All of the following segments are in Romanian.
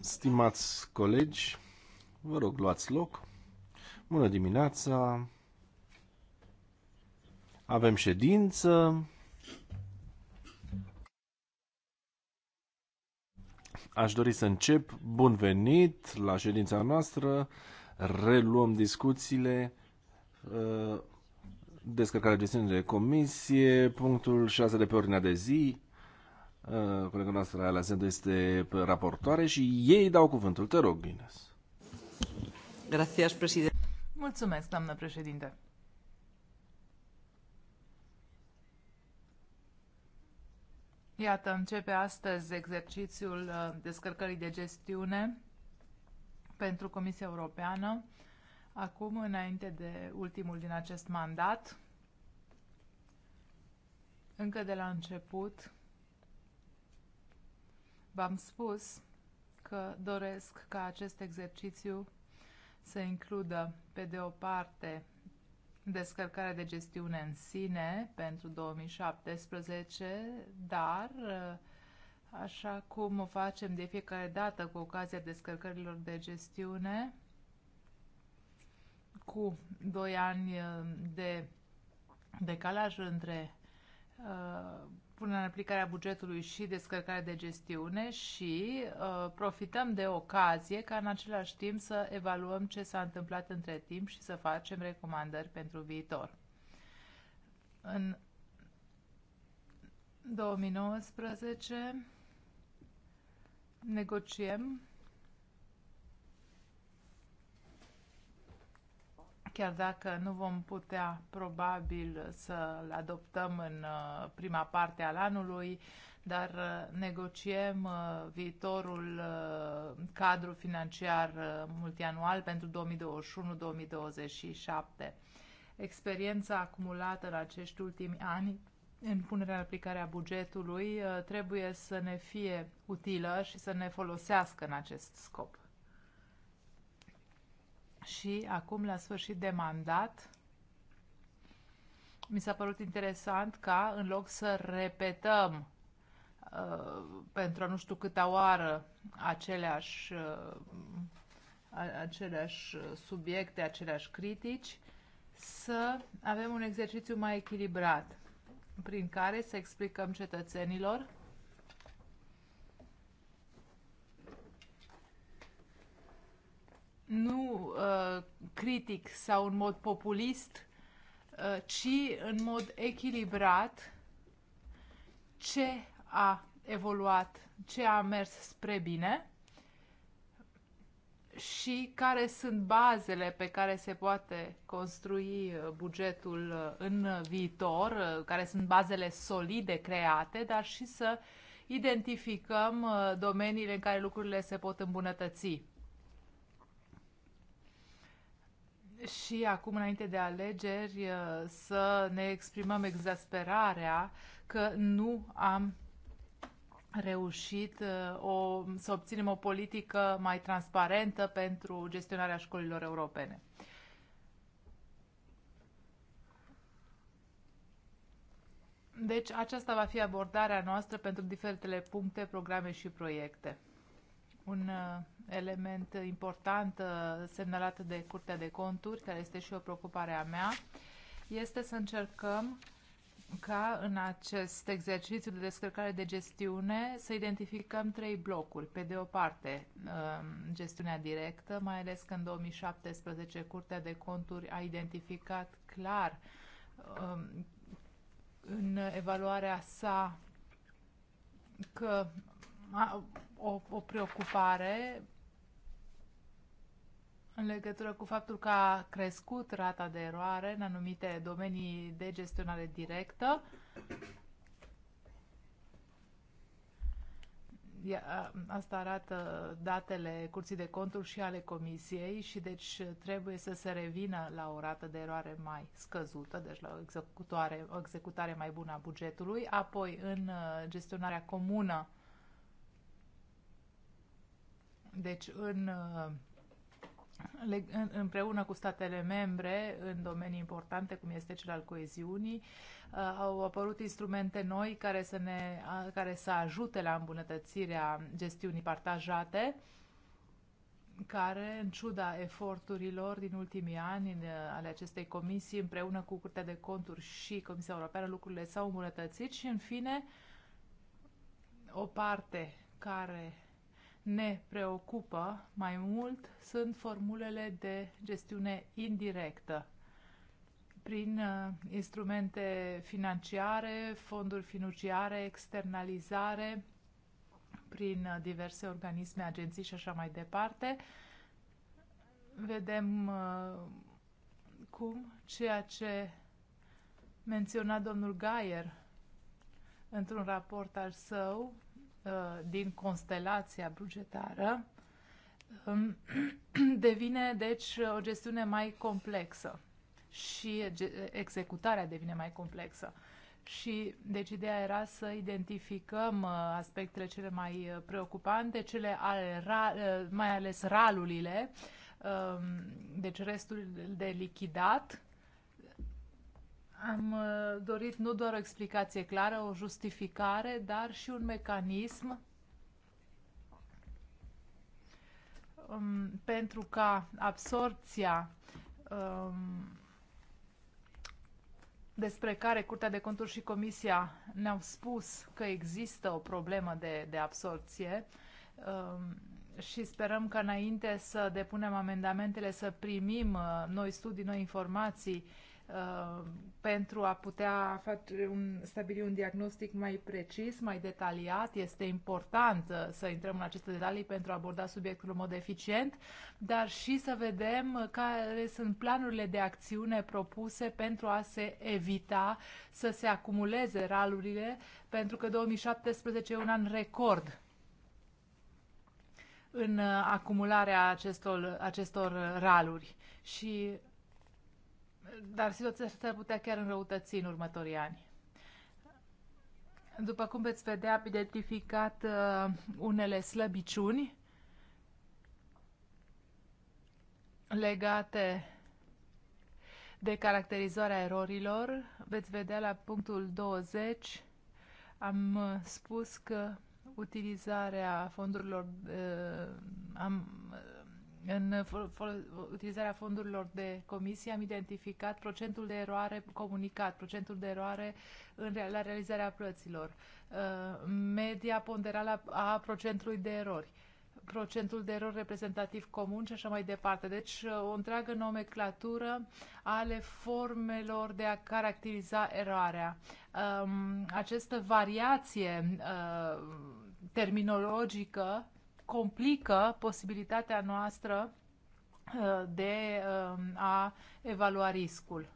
Stimați colegi, vă rog luați loc. Bună dimineața. Avem ședință. Aș dori să încep. Bun venit la ședința noastră. Reluăm discuțiile uh, descărcarea gestiunii de comisie, punctul 6 de pe ordinea de zi, Uh, colega noastră la Zendă este raportoare și ei dau cuvântul. Te rog, Ines. Gracias, președinte. Mulțumesc, doamnă președinte. Iată, începe astăzi exercițiul uh, descărcării de gestiune pentru Comisia Europeană, acum înainte de ultimul din acest mandat. Încă de la început V-am spus că doresc ca acest exercițiu să includă, pe de o parte, descărcarea de gestiune în sine pentru 2017, dar așa cum o facem de fiecare dată cu ocazia descărcărilor de gestiune, cu 2 ani eh, de decalaj între uh, punerea în aplicare a bugetului și descărcarea de gestiune și uh, profităm de ocazie ca în același timp să evaluăm ce s-a întâmplat între timp și să facem recomandări pentru viitor. În 2019 negociem chiar dacă nu vom putea probabil să-l adoptăm în uh, prima parte al anului, dar uh, negociem uh, viitorul cadru financiar multianual pentru 2021-2027. Experiența acumulată în acești ultimi ani în punerea în aplicare a bugetului trebuie să ne fie utilă și să ne folosească în acest scop și acum, la sfârșit de mandat, mi s-a părut interesant ca, în loc să repetăm uh, pentru a nu știu câta oară aceleași, uh, aceleași subiecte, aceleași critici, să avem un exercițiu mai echilibrat, prin care să explicăm cetățenilor nu uh, critic sau în mod populist, uh, ci în mod echilibrat ce a evoluat, ce a mers spre bine și care sunt bazele pe care se poate construi uh, bugetul uh, în viitor, uh, care sunt bazele solide create, dar și să identificăm domeniile în care lucrurile se pot îmbunătăți. și acum, înainte de alegeri, uh, să ne exprimăm exasperarea că nu am reușit uh, o, să obținem o politică mai transparentă pentru gestionarea școlilor europene. Deci aceasta va fi abordarea noastră pentru diferitele puncte, programe și proiecte un uh, element important uh, semnalat de Curtea de Conturi, care este și o preocupare a mea, este să încercăm ca în acest exercițiu de descărcare de gestiune să identificăm trei blocuri. Pe de o parte, um, gestiunea directă, mai ales că în 2017 Curtea de Conturi a identificat clar um, în evaluarea sa că o, o preocupare în legătură cu faptul că a crescut rata de eroare în anumite domenii de gestionare directă. Asta arată datele Curții de Conturi și ale Comisiei și deci trebuie să se revină la o rată de eroare mai scăzută, deci la o executare, o executare mai bună a bugetului. Apoi, în uh, gestionarea comună, deci, uh, în, împreună cu statele membre, în domenii importante, cum este cel al coeziunii, uh, au apărut instrumente noi care să, ne, care să ajute la îmbunătățirea gestiunii partajate, care, în ciuda eforturilor din ultimii ani în, uh, ale acestei comisii, împreună cu Curtea de Conturi și Comisia Europeană, lucrurile s-au îmbunătățit și, în fine, o parte care ne preocupă mai mult sunt formulele de gestiune indirectă prin uh, instrumente financiare, fonduri financiare, externalizare, prin uh, diverse organisme, agenții și așa mai departe. Vedem uh, cum ceea ce menționa domnul Gaier într-un raport al său Uh, din constelația bugetară, um, devine, deci, o gestiune mai complexă și executarea devine mai complexă. Și, deci, ideea era să identificăm uh, aspectele cele mai preocupante, cele ale, uh, mai ales ralurile, um, deci restul de lichidat, am uh, dorit nu doar o explicație clară, o justificare, dar și un mecanism um, pentru ca absorpția um, despre care Curtea de Conturi și Comisia ne-au spus că există o problemă de, de absorpție um, și sperăm că înainte să depunem amendamentele să primim uh, noi studii, noi informații uh, Uh, pentru a putea face un, stabili un diagnostic mai precis, mai detaliat. Este important uh, să intrăm în aceste detalii pentru a aborda subiectul în mod eficient, dar și să vedem care sunt planurile de acțiune propuse pentru a se evita să se acumuleze ralurile, pentru că 2017 e un an record în uh, acumularea acestor, acestor raluri. Și dar situația s-ar putea chiar înrăutăți în următorii ani. După cum veți vedea, am identificat uh, unele slăbiciuni legate de caracterizarea erorilor. Veți vedea la punctul 20 am uh, spus că utilizarea fondurilor, uh, am în utilizarea fondurilor de comisie am identificat procentul de eroare comunicat, procentul de eroare în, la realizarea plăților, uh, media ponderală a procentului de erori procentul de erori reprezentativ comun și așa mai departe. Deci uh, o întreagă nomenclatură ale formelor de a caracteriza eroarea. Um, această variație uh, terminologică complică posibilitatea noastră uh, de um, a evalua riscul.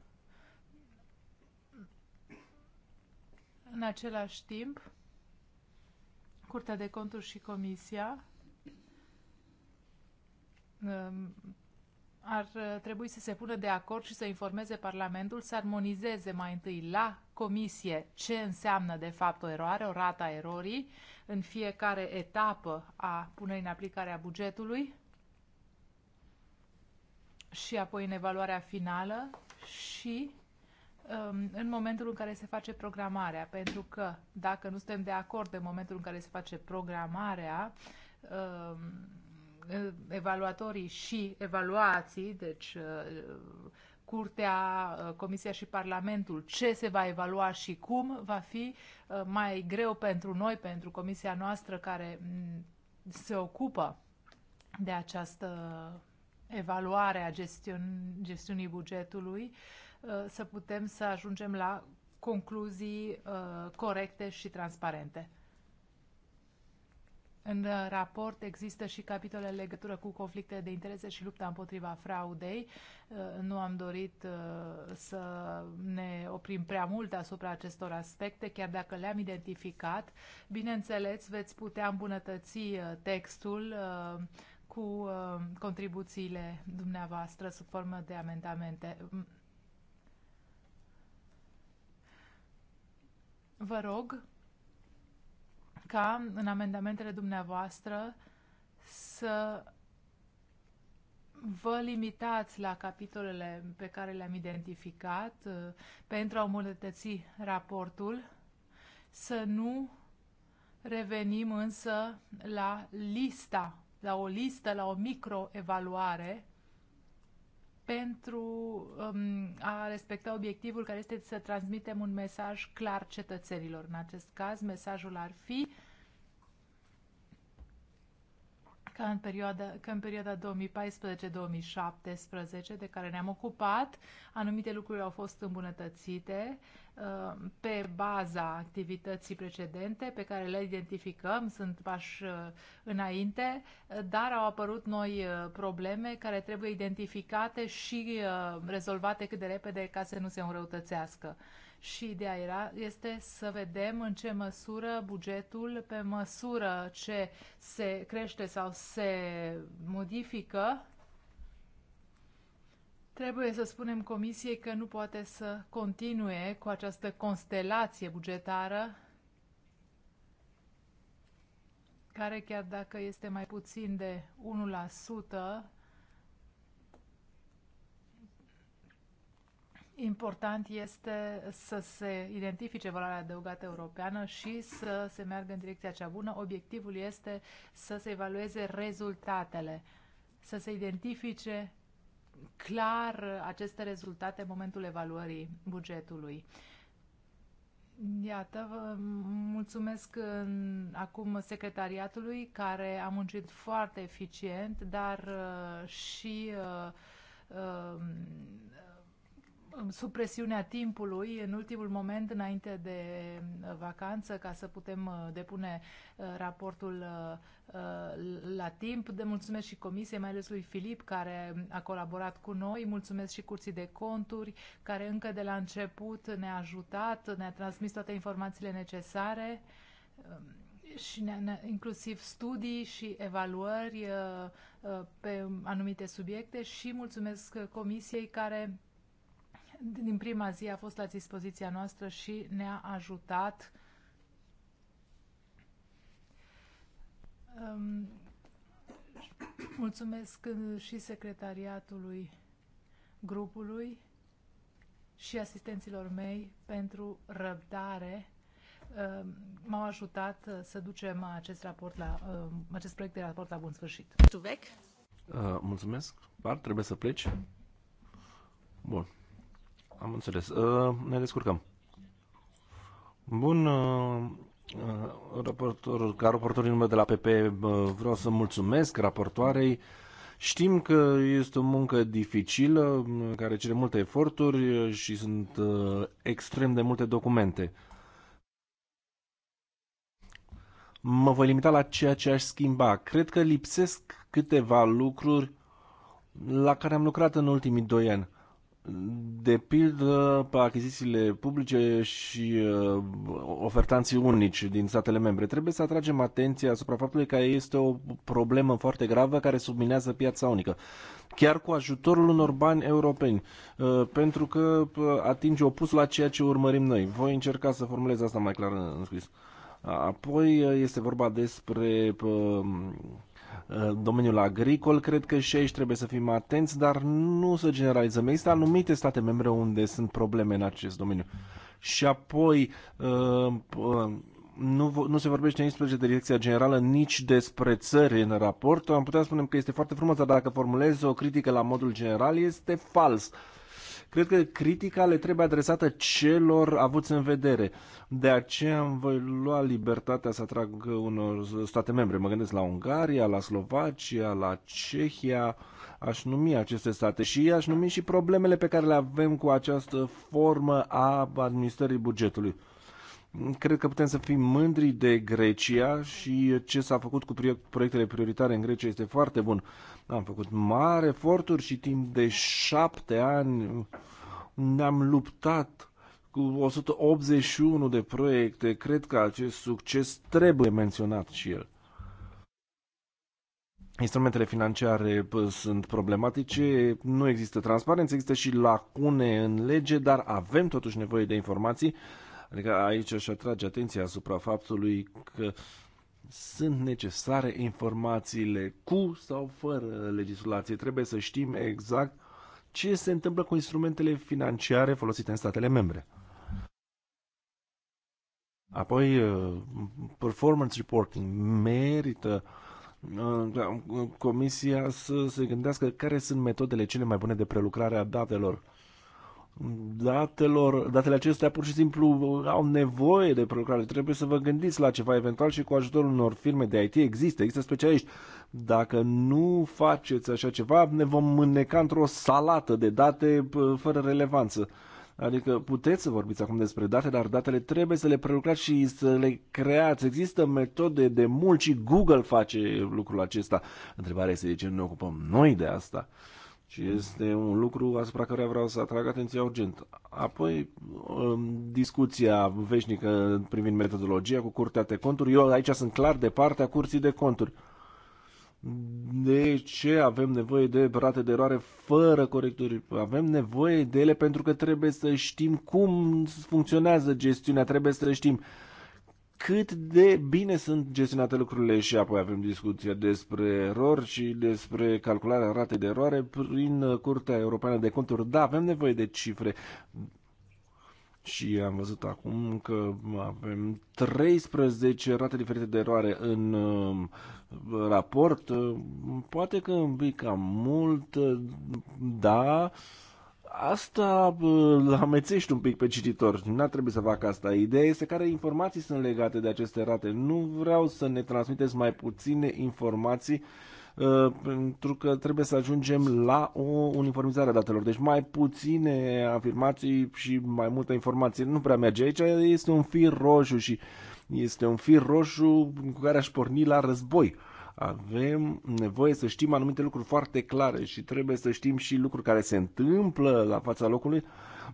În același timp, Curtea de Conturi și Comisia um, ar uh, trebui să se pună de acord și să informeze Parlamentul, să armonizeze mai întâi la comisie ce înseamnă de fapt o eroare, o rata erorii în fiecare etapă a punerii în aplicare a bugetului și apoi în evaluarea finală și um, în momentul în care se face programarea, pentru că dacă nu suntem de acord în momentul în care se face programarea, um, Uh, evaluatorii și evaluații, deci uh, Curtea, uh, Comisia și Parlamentul, ce se va evalua și cum, va fi mai greu pentru noi, pentru Comisia noastră care mm, se ocupă de această evaluare a gestiun gestiunii bugetului, să putem să ajungem la concluzii corecte și transparente. În raport există și capitole în legătură cu conflicte de interese și lupta împotriva fraudei. Uh, nu am dorit uh, să ne oprim prea mult asupra acestor aspecte, chiar dacă le-am identificat. Bineînțeles, veți putea îmbunătăți uh, textul cu contribuțiile dumneavoastră sub formă de amendamente. Vă rog ca în amendamentele dumneavoastră să vă limitați la capitolele pe care le-am identificat uh, pentru a îmbunătăți raportul, să nu revenim însă la lista, la o listă, la o microevaluare pentru um, a respecta obiectivul care este să transmitem un mesaj clar cetățenilor. În acest caz, mesajul ar fi uh, ca în perioada, că în perioada 2014-2017 de care ne-am ocupat, anumite lucruri au fost îmbunătățite uh, pe baza activității precedente pe care le identificăm, sunt pași uh, înainte, uh, dar au apărut noi probleme care trebuie identificate și rezolvate cât de repede ca să nu se înrăutățească și ideea era, este să vedem în ce măsură bugetul, pe măsură ce se crește sau se modifică, Trebuie să spunem Comisiei că nu poate să continue cu această constelație bugetară, care chiar dacă este mai puțin de important este să se identifice valoarea adăugată europeană și să se meargă în direcția cea bună. Obiectivul este să se evalueze rezultatele, să se identifice clar aceste rezultate în momentul evaluării bugetului. Iată, vă mulțumesc în, acum secretariatului care a muncit foarte eficient, dar uh, și uh, uh, sub presiunea timpului în ultimul moment înainte de uh, vacanță ca să putem uh, depune uh, raportul la timp. De mulțumesc și comisiei, mai ales lui Filip care a colaborat cu noi, mulțumesc și curții de conturi care încă de la început ne-a ajutat, ne-a transmis toate informațiile necesare um, și ne, inclusiv studii și evaluări pe anumite subiecte și mulțumesc comisiei care din prima zi a fost la dispoziția noastră și ne-a ajutat um, Mulțumesc și secretariatului grupului și asistenților mei pentru răbdare. Um, m-au ajutat să ducem acest, raport la, um, acest proiect de raport la bun sfârșit. Tuvec? Uh, mulțumesc. Bar, trebuie să pleci. Bun. Am înțeles. Ă, ne descurcăm. Bun, ă, ă, raportor, ca raportor în de la PP vreau să mulțumesc raportoarei. Știm că este o muncă dificilă, care cere multe eforturi și sunt extrem de multe documente. Mă voi limita la ceea ce aș schimba. Cred că lipsesc câteva lucruri la care am lucrat în ultimii doi ani de pildă pe achizițiile publice și uh, ofertanții unici din statele membre. Trebuie să atragem atenția asupra faptului că este o problemă foarte gravă care subminează piața unică chiar cu ajutorul unor bani europeni, uh, pentru că uh, atinge opusul la ceea ce urmărim noi. Voi încerca să formulez asta mai clar în scris. Apoi uh, este vorba despre domeniul agricol, cred că și aici trebuie să fim atenți, dar nu să generalizăm. Există anumite state membre unde sunt probleme în acest domeniu. Și apoi uh, uh, nu, nu se vorbește nici despre direcția generală, nici despre țări în raport. Am putea spune că este foarte frumos, dar dacă formulez o critică la modul general, este fals. Cred că critica le trebuie adresată celor avuți în vedere. De aceea îmi voi lua libertatea să atrag unor state membre. Mă gândesc la Ungaria, la Slovacia, la Cehia. Aș numi aceste state și aș numi și problemele pe care le avem cu această formă a administrării bugetului cred că putem să fim mândri de Grecia și ce s-a făcut cu proiectele prioritare în Grecia este foarte bun. Da, am făcut mari eforturi și timp de șapte ani ne-am luptat cu 181 de proiecte. Cred că acest succes trebuie menționat și el. Instrumentele financiare sunt problematice, nu există transparență, există și lacune în lege, dar avem totuși nevoie de informații. Adică aici aș atrage atenția asupra faptului că sunt necesare informațiile cu sau fără legislație. Trebuie să știm exact ce se întâmplă cu instrumentele financiare folosite în statele membre. Apoi, uh, performance reporting merită uh, Comisia să se gândească care sunt metodele cele mai bune de prelucrare a datelor datelor, datele acestea pur și simplu au nevoie de prelucrare. Trebuie să vă gândiți la ceva eventual și cu ajutorul unor firme de IT există, există specialiști. Dacă nu faceți așa ceva, ne vom mâneca într-o salată de date fără relevanță. Adică puteți să vorbiți acum despre date, dar datele trebuie să le prelucrați și să le creați. Există metode de mult și Google face lucrul acesta. Întrebarea este de ce nu ne ocupăm noi de asta. Și este un lucru asupra care vreau să atrag atenția urgent. Apoi, um, discuția veșnică privind metodologia cu Curtea de Conturi. Eu aici sunt clar de partea Curții de Conturi. De ce avem nevoie de rate de eroare fără corecturi? Avem nevoie de ele pentru că trebuie să știm cum funcționează gestiunea, trebuie să știm cât de bine sunt gestionate lucrurile și apoi avem discuția despre erori și despre calcularea ratei de eroare prin Curtea Europeană de Conturi. Da, avem nevoie de cifre și am văzut acum că avem 13 rate diferite de eroare în uh, raport. Uh, poate că un pic cam mult, uh, da, asta îl amețește un pic pe cititor. N-ar trebui să fac asta. Ideea este care informații sunt legate de aceste rate. Nu vreau să ne transmiteți mai puține informații uh, pentru că trebuie să ajungem la o uniformizare a datelor. Deci mai puține afirmații și mai multă informație. Nu prea merge aici. Este un fir roșu și este un fir roșu cu care aș porni la război. Uh, avem nevoie să știm anumite lucruri foarte clare și trebuie să știm și lucruri care se întâmplă la fața locului,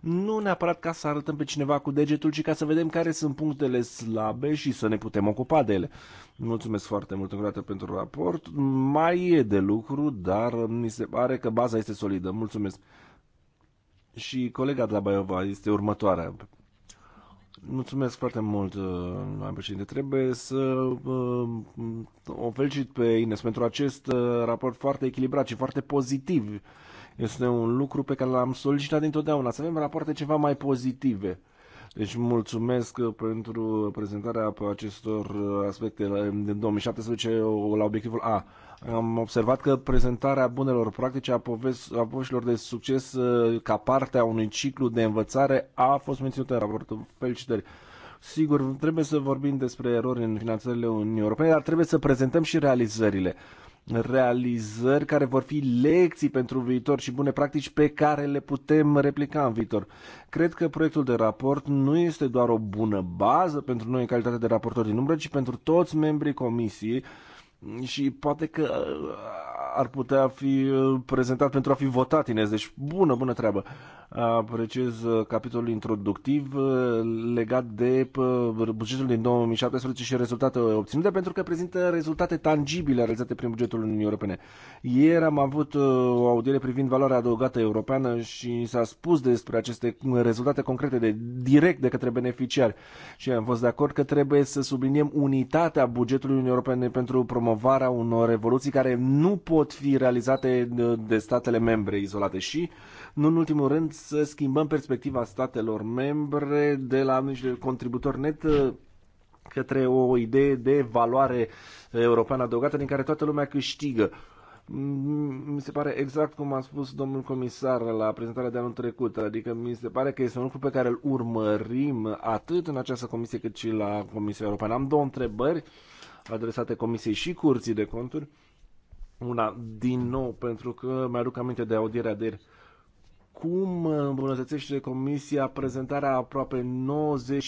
nu neapărat ca să arătăm pe cineva cu degetul, ci ca să vedem care sunt punctele slabe și să ne putem ocupa de ele. Mulțumesc foarte mult încă dată pentru raport. Mai e de lucru, dar mi se pare că baza este solidă. Mulțumesc. Și colega de la Baiova este următoarea. Mulțumesc foarte mult, uh, mai președinte. Trebuie să uh, o felicit pe Ines pentru acest uh, raport foarte echilibrat și foarte pozitiv. Este un lucru pe care l-am solicitat dintotdeauna, să avem rapoarte ceva mai pozitive. Deci mulțumesc pentru prezentarea pe acestor aspecte. În 2017 la obiectivul A am observat că prezentarea bunelor practici a, povest- a poveștilor de succes uh, ca parte a unui ciclu de învățare a fost menținută în raportul. Felicitări! Sigur, trebuie să vorbim despre erori în finanțările Uniunii Europene, dar trebuie să prezentăm și realizările realizări care vor fi lecții pentru viitor și bune practici pe care le putem replica în viitor. Cred că proiectul de raport nu este doar o bună bază pentru noi în calitate de raportori din umbră, ci pentru toți membrii comisiei și poate că uh, ar putea fi uh, prezentat pentru a fi votat Inez. Deci bună, bună treabă precis uh, capitolul introductiv uh, legat de uh, bugetul din 2017 și rezultatele obținute, pentru că prezintă rezultate tangibile realizate prin bugetul Uniunii Europene. Ieri am avut o audiere privind valoarea adăugată europeană și s-a spus despre aceste rezultate concrete de direct de către beneficiari și am fost de acord că trebuie să subliniem unitatea bugetului Uniunii Europene pentru promovarea unor revoluții care nu pot fi realizate de statele membre izolate și nu în ultimul rând să schimbăm perspectiva statelor membre de la contributor net uh, către o idee de valoare uh, europeană adăugată din care toată lumea câștigă. Mm, mi se pare exact cum a spus domnul comisar la prezentarea de anul trecut, adică mi se pare că este un lucru pe care îl urmărim atât în această comisie cât și la Comisia Europeană. Am două întrebări adresate comisiei și curții de conturi. Una, din nou, pentru că mi-aduc aminte de audierea de ieri cum îmbunătățește Comisia prezentarea aproape 96%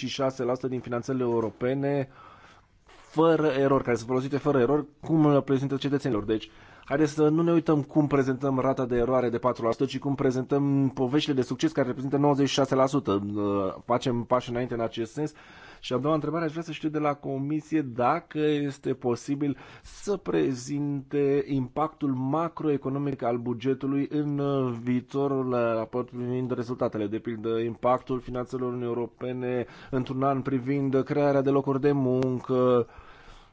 din finanțele europene fără erori, care sunt folosite fără erori, cum le prezintă cetățenilor. Deci, haideți să nu ne uităm cum prezentăm rata de eroare de 4%, ci cum prezentăm poveștile de succes care reprezintă 96%. Facem pași înainte în acest sens și a doua întrebare, aș vrea să știu de la Comisie dacă este posibil să prezinte impactul macroeconomic al bugetului în uh, viitorul uh, raport privind rezultatele, de pildă impactul finanțelor Uniunii Europene într-un an privind crearea de locuri de muncă,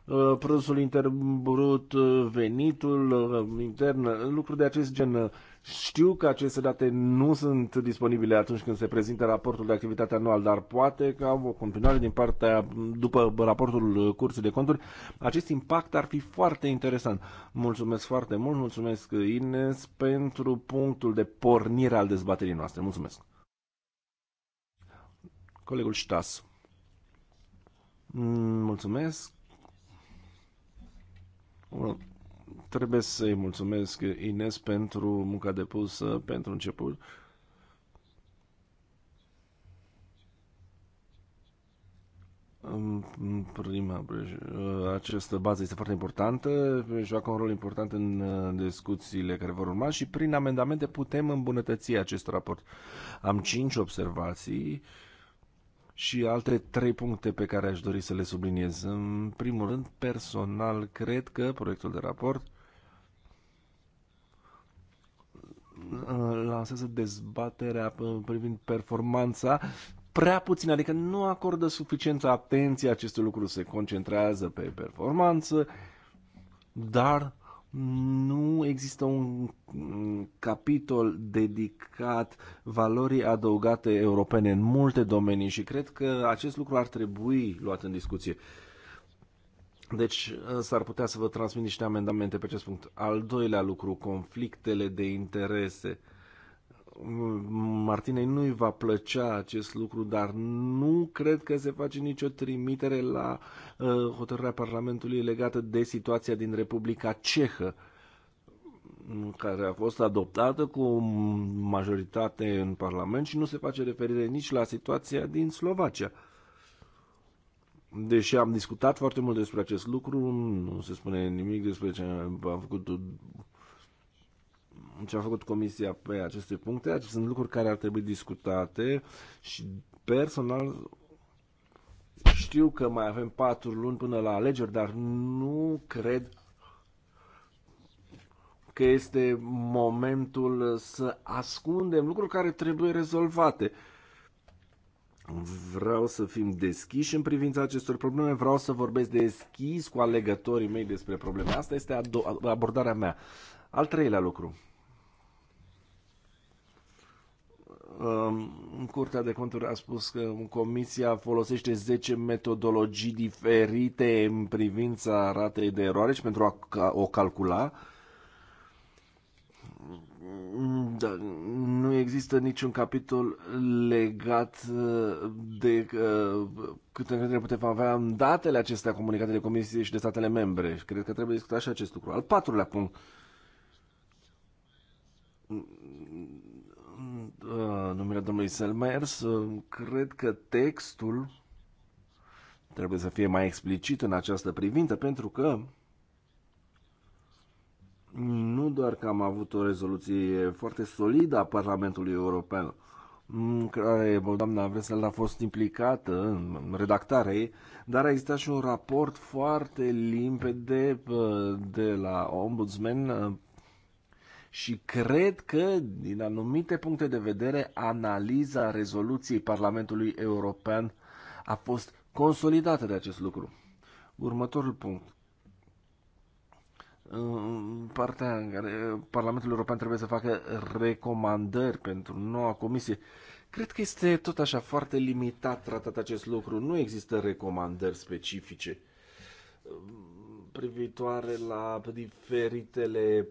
uh, produsul intern brut, venitul intern, lucruri de acest gen. Știu că aceste date nu sunt disponibile atunci când se prezintă raportul de activitate anual, dar poate că o continuare din partea, după raportul curții de conturi, acest impact ar fi foarte interesant. Mulțumesc foarte mult, mulțumesc Ines pentru punctul de pornire al dezbaterii noastre. Mulțumesc. Colegul Ștas. Mm, mulțumesc. Trebuie să-i mulțumesc Ines pentru munca depusă pentru început. În prima, această bază este foarte importantă, joacă un rol important în uh, discuțiile care vor urma și prin amendamente putem îmbunătăți acest raport. Am cinci observații și alte trei puncte pe care aș dori să le subliniez. În primul rând, personal, cred că proiectul de raport Uh, lansează dezbaterea uh, privind performanța prea puțin, adică nu acordă suficientă atenție acestui lucru, se concentrează pe performanță, dar nu există un capitol dedicat valorii adăugate europene în multe domenii și cred că acest lucru ar trebui luat în discuție. Deci s-ar putea să vă transmit niște amendamente pe acest punct. Al doilea lucru, conflictele de interese. Martinei nu-i va plăcea acest lucru, dar nu cred că se face nicio trimitere la uh, hotărârea Parlamentului legată de situația din Republica Cehă, care a fost adoptată cu o majoritate în Parlament și nu se face referire nici la situația din Slovacia. Uh, Deși am discutat foarte mult despre acest lucru, nu se spune nimic despre ce a făcut ce a făcut comisia pe aceste puncte. Acestea sunt lucruri care ar trebui discutate și personal știu că mai avem patru luni până la alegeri, dar nu cred că este momentul să ascundem lucruri care trebuie rezolvate. Uh, Vreau să fim deschiși în privința acestor probleme, vreau să vorbesc deschis cu alegătorii mei despre probleme. Asta este abordarea mea. Al treilea lucru. În Curtea de Conturi a spus că Comisia folosește 10 metodologii diferite în privința ratei de eroare și pentru a o calcula. Uh, da, nu există niciun capitol legat uh, de uh, câtă încredere putem avea în datele acestea comunicate de Comisie și de statele membre. Cred că trebuie discutat și acest lucru. Al patrulea punct. Uh, numirea domnului Selmers, uh, cred că textul trebuie să fie mai explicit în această privință, pentru că doar că am avut o rezoluție foarte solidă a Parlamentului European, în mm, care doamna Vesel a fost implicată în redactarea ei, dar a existat și un raport foarte limpede de la ombudsman și cred că, din anumite puncte de vedere, analiza rezoluției Parlamentului European a fost consolidată de acest lucru. Următorul punct partea în care Parlamentul European trebuie să facă recomandări pentru noua comisie. Cred că este tot așa foarte limitat tratat acest lucru. Nu există recomandări specifice um, privitoare la diferitele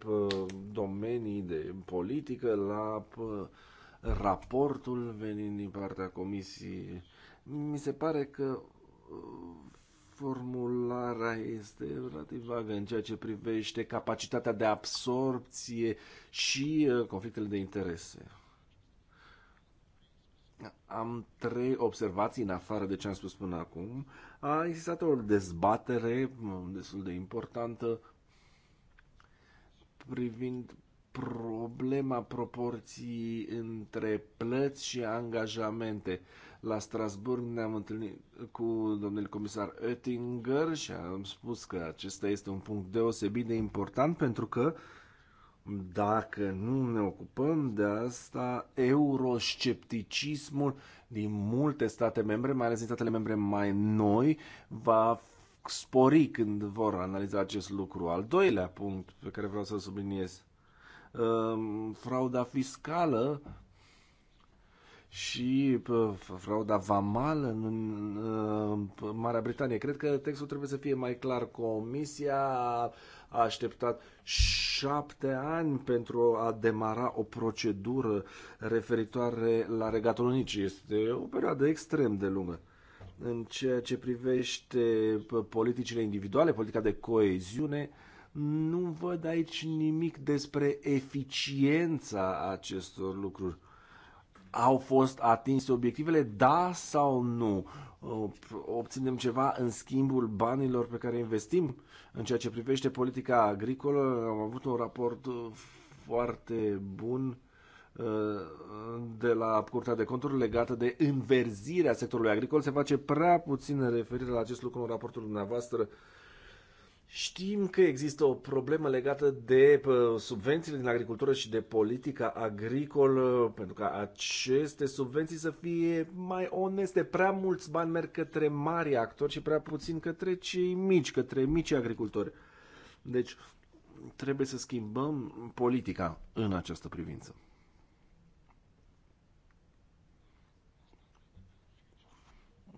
domenii de politică, la raportul venind din partea comisiei. Mi se pare că um, formularea este relativ vagă în ceea ce privește capacitatea de absorpție și uh, conflictele de interese. Am trei observații în afară de ce am spus până acum. A existat o dezbatere mm, destul de importantă privind problema proporției între plăți și angajamente. Uh, la Strasburg ne-am întâlnit cu domnul comisar Oettinger și am spus că acesta este un punct deosebit de important pentru că dacă nu ne ocupăm de asta, euroscepticismul din multe state membre, mai ales din statele membre mai noi, va spori când vor analiza acest lucru. Al doilea punct pe care vreau să-l subliniez, um, frauda fiscală și frauda vamală în, în, în Marea Britanie. Cred că textul trebuie să fie mai clar. Comisia a așteptat șapte ani pentru a demara o procedură referitoare la Regatul Unic. este o perioadă extrem de lungă. În ceea ce privește politicile individuale, politica de coeziune, nu văd aici nimic despre eficiența acestor lucruri au fost atinse obiectivele, da sau nu? Uh, obținem ceva în schimbul banilor pe care investim? În ceea ce privește politica agricolă, am avut un raport uh, foarte bun uh, de la Curtea de Conturi legată de înverzirea sectorului agricol. Se face prea puțin referire la acest lucru în raportul dumneavoastră Știm că există o problemă legată de subvențiile din agricultură și de politica agricolă, pentru că aceste subvenții să fie mai oneste. Prea mulți bani merg către mari actori și prea puțin către cei mici, către mici agricultori. Deci trebuie să schimbăm politica în această privință.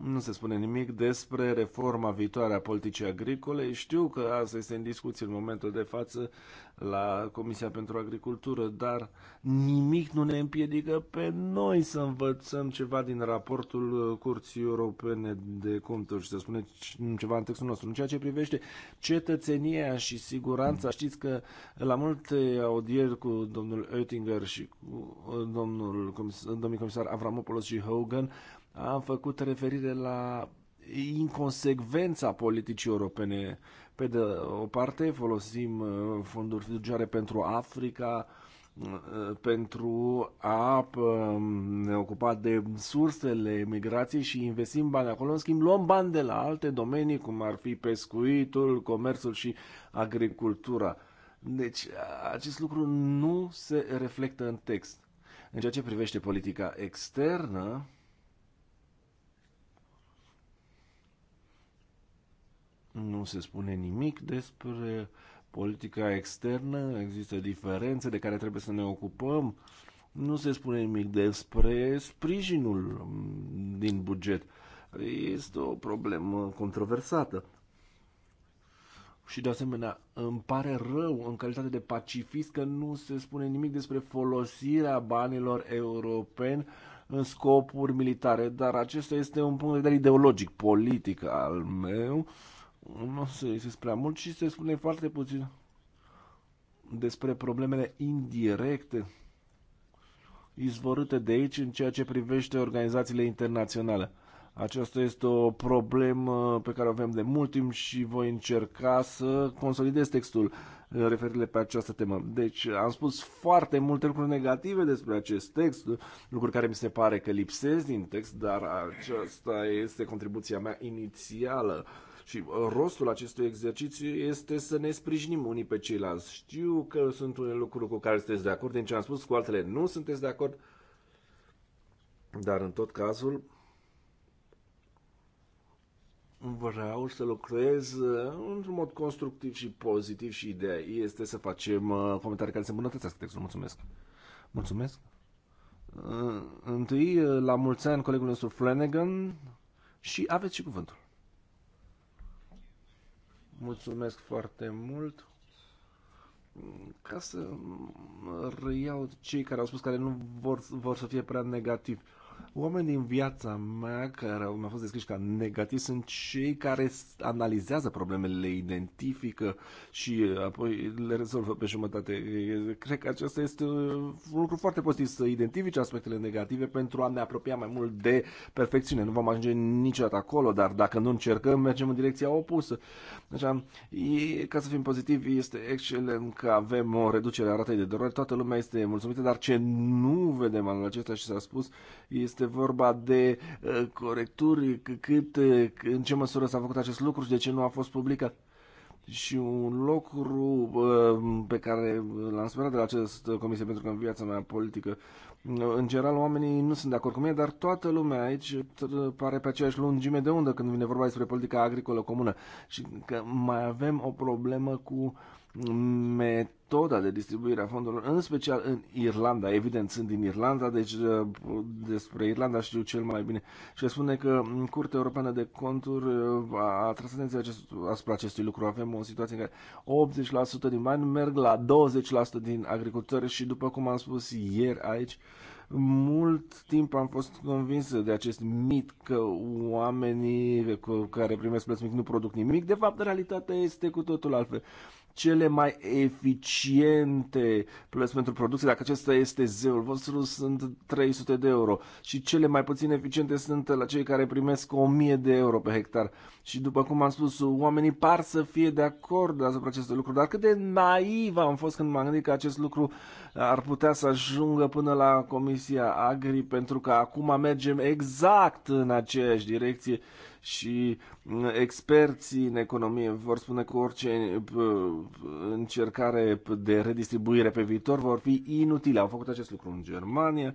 nu se spune nimic despre reforma viitoare a politicii agricole. Știu că asta este în discuție în momentul de față la Comisia pentru Agricultură, dar nimic nu ne împiedică pe noi să învățăm ceva din raportul Curții Europene de Conturi și să spune ceva în textul nostru. În ceea ce privește cetățenia și siguranța, știți că la multe audieri cu domnul Oettinger și cu uh, domnul domnul comisar Avramopoulos și Hogan, am făcut referire la inconsecvența politicii europene. Pe de o parte folosim uh, fonduri fiduciare pentru Africa, uh, pentru a um, ne ocupa de sursele migrației și investim bani acolo. În schimb, luăm bani de la alte domenii, cum ar fi pescuitul, comerțul și agricultura. Deci, acest lucru nu se reflectă în text. În ceea ce privește politica externă, nu se spune nimic despre politica externă, există diferențe de care trebuie să ne ocupăm, nu se spune nimic despre sprijinul mm, din buget. Este o problemă controversată. Și de asemenea, îmi pare rău în calitate de pacifist că nu se spune nimic despre folosirea banilor europeni în scopuri militare, dar acesta este un punct de vedere ideologic, politic al meu nu se zice prea mult și se spune foarte puțin despre problemele indirecte izvorâte de aici în ceea ce privește organizațiile internaționale. Aceasta este o problemă pe care o avem de mult timp și voi încerca să consolidez textul uh, referire pe această temă. Deci am spus foarte multe lucruri negative despre acest text, lucruri care mi se pare că lipsesc din text, dar aceasta este contribuția mea inițială uh, și uh, rostul acestui exercițiu este să ne sprijinim unii pe ceilalți. Știu că sunt unele lucruri cu care sunteți de acord, din ce am spus, cu altele nu sunteți de acord, dar în tot cazul vreau să lucrez uh, într-un mod constructiv și pozitiv și ideea este să facem uh, comentarii care să îmbunătățească textul. Mulțumesc! Mulțumesc! Întâi, la mulți ani, colegul nostru Flanagan și aveți și cuvântul. Mulțumesc foarte mult. Ca să reiau cei care au spus care nu vor, vor să fie prea negativ oameni din viața mea care mi-au fost descriși ca negativ sunt cei care analizează problemele, le identifică și uh, apoi le rezolvă pe jumătate. Cred că acesta este uh, un lucru foarte pozitiv, să identifice aspectele negative pentru a ne apropia mai mult de perfecțiune. Nu vom ajunge niciodată acolo, dar dacă nu încercăm, mergem în direcția opusă. Deci, Așa, ca să fim pozitivi, este excelent că avem o reducere a ratei de dorări, toată lumea este mulțumită, dar ce nu vedem anul acesta și s-a spus este este vorba de uh, corecturi, cât, uh, în ce măsură s-a făcut acest lucru și de ce nu a fost publicat. Și un lucru uh, pe care l-am sperat de la acest comisie, pentru că în viața mea politică, în general, oamenii nu sunt de acord cu mine, dar toată lumea aici pare pe aceeași lungime de undă când vine vorba despre politica agricolă comună. Și că mai avem o problemă cu uh, metoda de distribuire a fondurilor, în special în Irlanda. Evident, sunt din Irlanda, deci uh, despre Irlanda știu cel mai bine. Și spune că Curtea Europeană de Conturi uh, a tras atenția acest, asupra acestui lucru. Avem o situație în care 80% din bani merg la 20% din agricultori și, după cum am spus ieri aici, mult timp am fost convins de acest mit că oamenii care primesc plăți mic nu produc nimic. De fapt, realitatea este cu totul altfel cele mai eficiente plăți pentru producție, dacă acesta este zeul vostru, sunt 300 de euro și cele mai puțin eficiente sunt la cei care primesc 1000 de euro pe hectar. Și după cum am spus, oamenii par să fie de acord asupra acestui lucru, dar cât de naiv am fost când m-am gândit că acest lucru ar putea să ajungă până la Comisia Agri, pentru că acum mergem exact în aceeași direcție și mm, experții în economie vor spune că orice încercare de redistribuire pe viitor vor fi inutile. Au făcut acest lucru în Germania,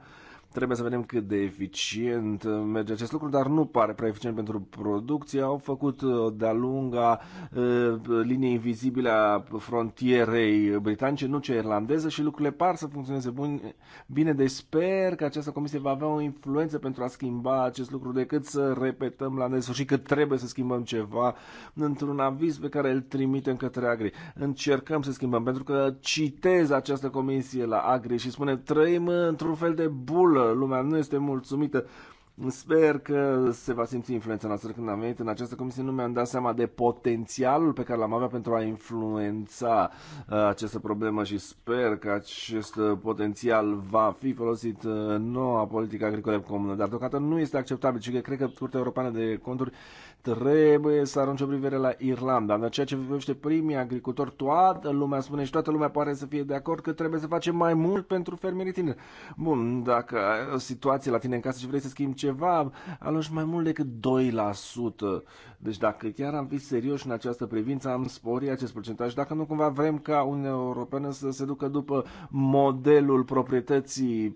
Trebuie să vedem cât de eficient uh, merge acest lucru, dar nu pare prea eficient pentru producție. Au făcut uh, de-a lunga uh, linie invizibile a frontierei britanice, nu cea irlandeză, și lucrurile par să funcționeze bun, bine. Deci sper că această comisie va avea o influență pentru a schimba acest lucru, decât să repetăm la nesfârșit că trebuie să schimbăm ceva într-un aviz pe care îl trimitem către Agri. Încercăm să schimbăm, pentru că citez această comisie la Agri și spune trăim într-un fel de bulă lumea nu este mulțumită Sper că se va simți influența noastră când am venit în această comisie. Nu mi-am dat seama de potențialul pe care l-am avea pentru a influența uh, această problemă și sper că acest uh, potențial va fi folosit în noua politică agricolă comună. Dar deocamdată nu este acceptabil și că cred că Curtea Europeană de Conturi trebuie să arunce o privire la Irlanda. Dar ceea ce privește primii agricultori, toată lumea spune și toată lumea pare să fie de acord că trebuie să facem mai mult pentru fermierii tineri. Bun, dacă situația la tine în casă și vrei să schimbi ceva, aloși mai mult decât 2%. Deci dacă chiar am fi serioși în această privință, am spori acest procentaj. Dacă nu cumva vrem ca Uniunea Europeană să se ducă după modelul proprietății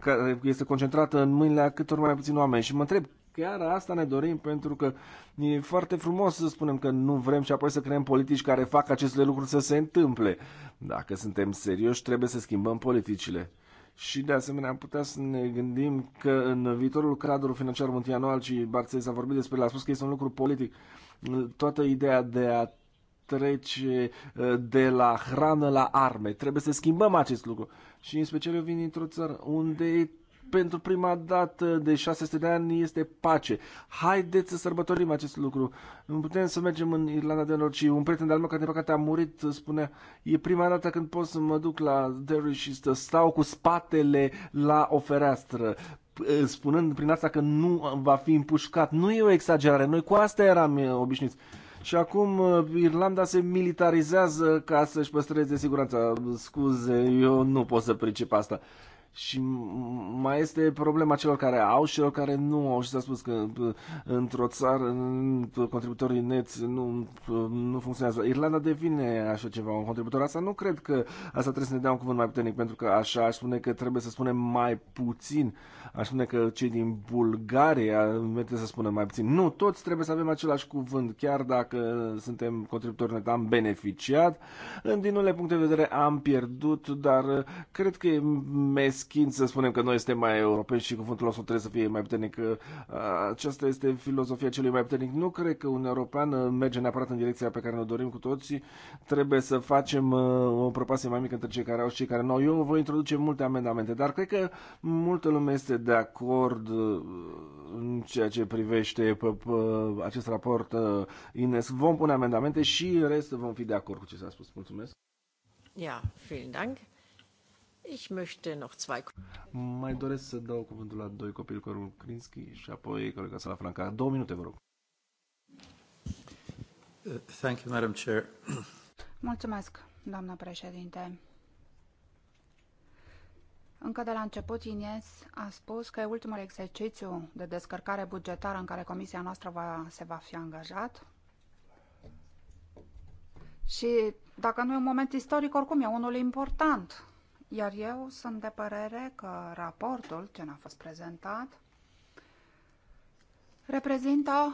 care este concentrată în mâinile a câtor mai puțin oameni. Și mă întreb, chiar asta ne dorim pentru că e foarte frumos să spunem că nu vrem și apoi să creăm politici care fac aceste lucruri să se întâmple. Dacă suntem serioși, trebuie să schimbăm politicile și de asemenea am putea să ne gândim că în viitorul cadru financiar multianual și Barței s-a vorbit despre, l-a spus că este un lucru politic, toată ideea de a trece uh, de la hrană la arme. Trebuie să schimbăm acest lucru. Și în special eu vin într-o țară unde pentru prima dată de 600 de ani este pace. Haideți să sărbătorim acest lucru. Nu putem să mergem în Irlanda de Nord și un prieten de-al meu care de păcate a murit spunea e prima dată când pot să mă duc la Derry și să stau cu spatele la o fereastră eh, spunând prin asta că nu va fi împușcat. Nu e o exagerare, noi cu asta eram eh, obișnuiți. Și acum eh, Irlanda se militarizează ca să-și păstreze siguranța. Scuze, eu nu pot să pricep asta. Și mai este problema celor care au și celor care nu au. Și s-a spus că într-o țară contributorii neți nu, nu funcționează. Irlanda devine așa ceva un contributor. Asta nu cred că asta trebuie să ne dea un cuvânt mai puternic, pentru că așa aș spune că trebuie să spunem mai puțin. Aș spune că cei din Bulgaria merită să spunem mai puțin. Nu, toți trebuie să avem același cuvânt, chiar dacă suntem contributori net. Am beneficiat. Din unele puncte de vedere am pierdut, dar cred că e mes meschin să spunem că noi suntem mai europeni și cuvântul nostru trebuie să fie mai puternic. Uh, aceasta este filozofia celui mai puternic. Nu cred că un european merge neapărat în direcția pe care ne dorim cu toții. Trebuie să facem uh, o propasie mai mică între cei care au și cei care nu au. Eu voi introduce multe amendamente, dar cred că multă lume este de acord uh, în ceea ce privește pe, pe acest raport Ines. Vom pune amendamente și în rest vom fi de acord cu ce s-a spus. Mulțumesc! Ja, vielen Dank. Ich möchte noch zwei... Mai doresc să dau cuvântul la doi copii, Corul Krinski și apoi colega Sala Franca. Două minute, vă rog. Thank you, Madam Chair. Mulțumesc, doamnă președinte. Încă de la început, Ines a spus că e ultimul exercițiu de descărcare bugetară în care comisia noastră va, se va fi angajat. Și dacă nu e un moment istoric, oricum e unul important iar eu sunt de părere că raportul ce ne a fost prezentat reprezintă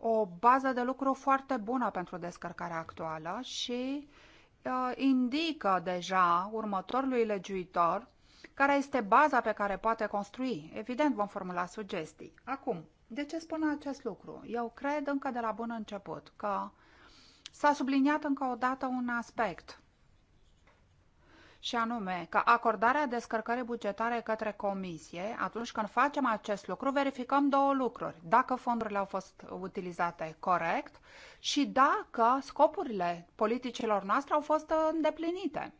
o bază de lucru foarte bună pentru descărcarea actuală și uh, indică deja următorului legiuitor care este baza pe care poate construi. Evident, vom formula sugestii. Acum, de ce spun acest lucru? Eu cred încă de la bun început că s-a subliniat încă o dată un aspect – și anume că acordarea descărcării bugetare către comisie, atunci când facem acest lucru, verificăm două lucruri. Dacă fondurile au fost utilizate corect și dacă scopurile politicilor noastre au fost îndeplinite.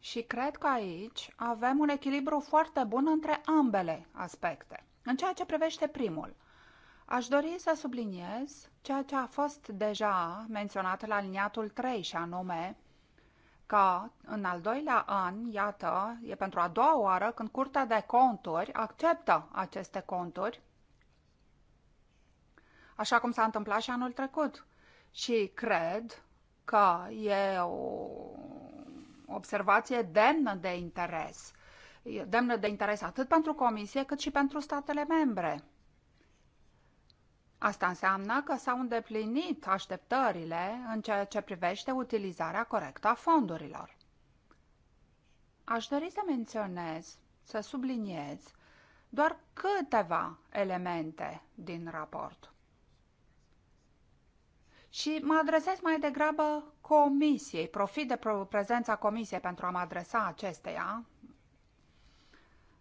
Și cred că aici avem un echilibru foarte bun între ambele aspecte. În ceea ce privește primul, Aș dori să subliniez ceea ce a fost deja menționat la liniatul 3 și anume că în al doilea an, iată, e pentru a doua oară când Curtea de Conturi acceptă aceste conturi, așa cum s-a întâmplat și anul trecut. Și cred că e o observație demnă de interes, demnă de interes atât pentru Comisie cât și pentru statele membre. Asta înseamnă că s-au îndeplinit așteptările în ceea ce privește utilizarea corectă a fondurilor. Aș dori să menționez, să subliniez doar câteva elemente din raport. Și mă adresez mai degrabă comisiei, profit de prezența comisiei pentru a mă adresa acesteia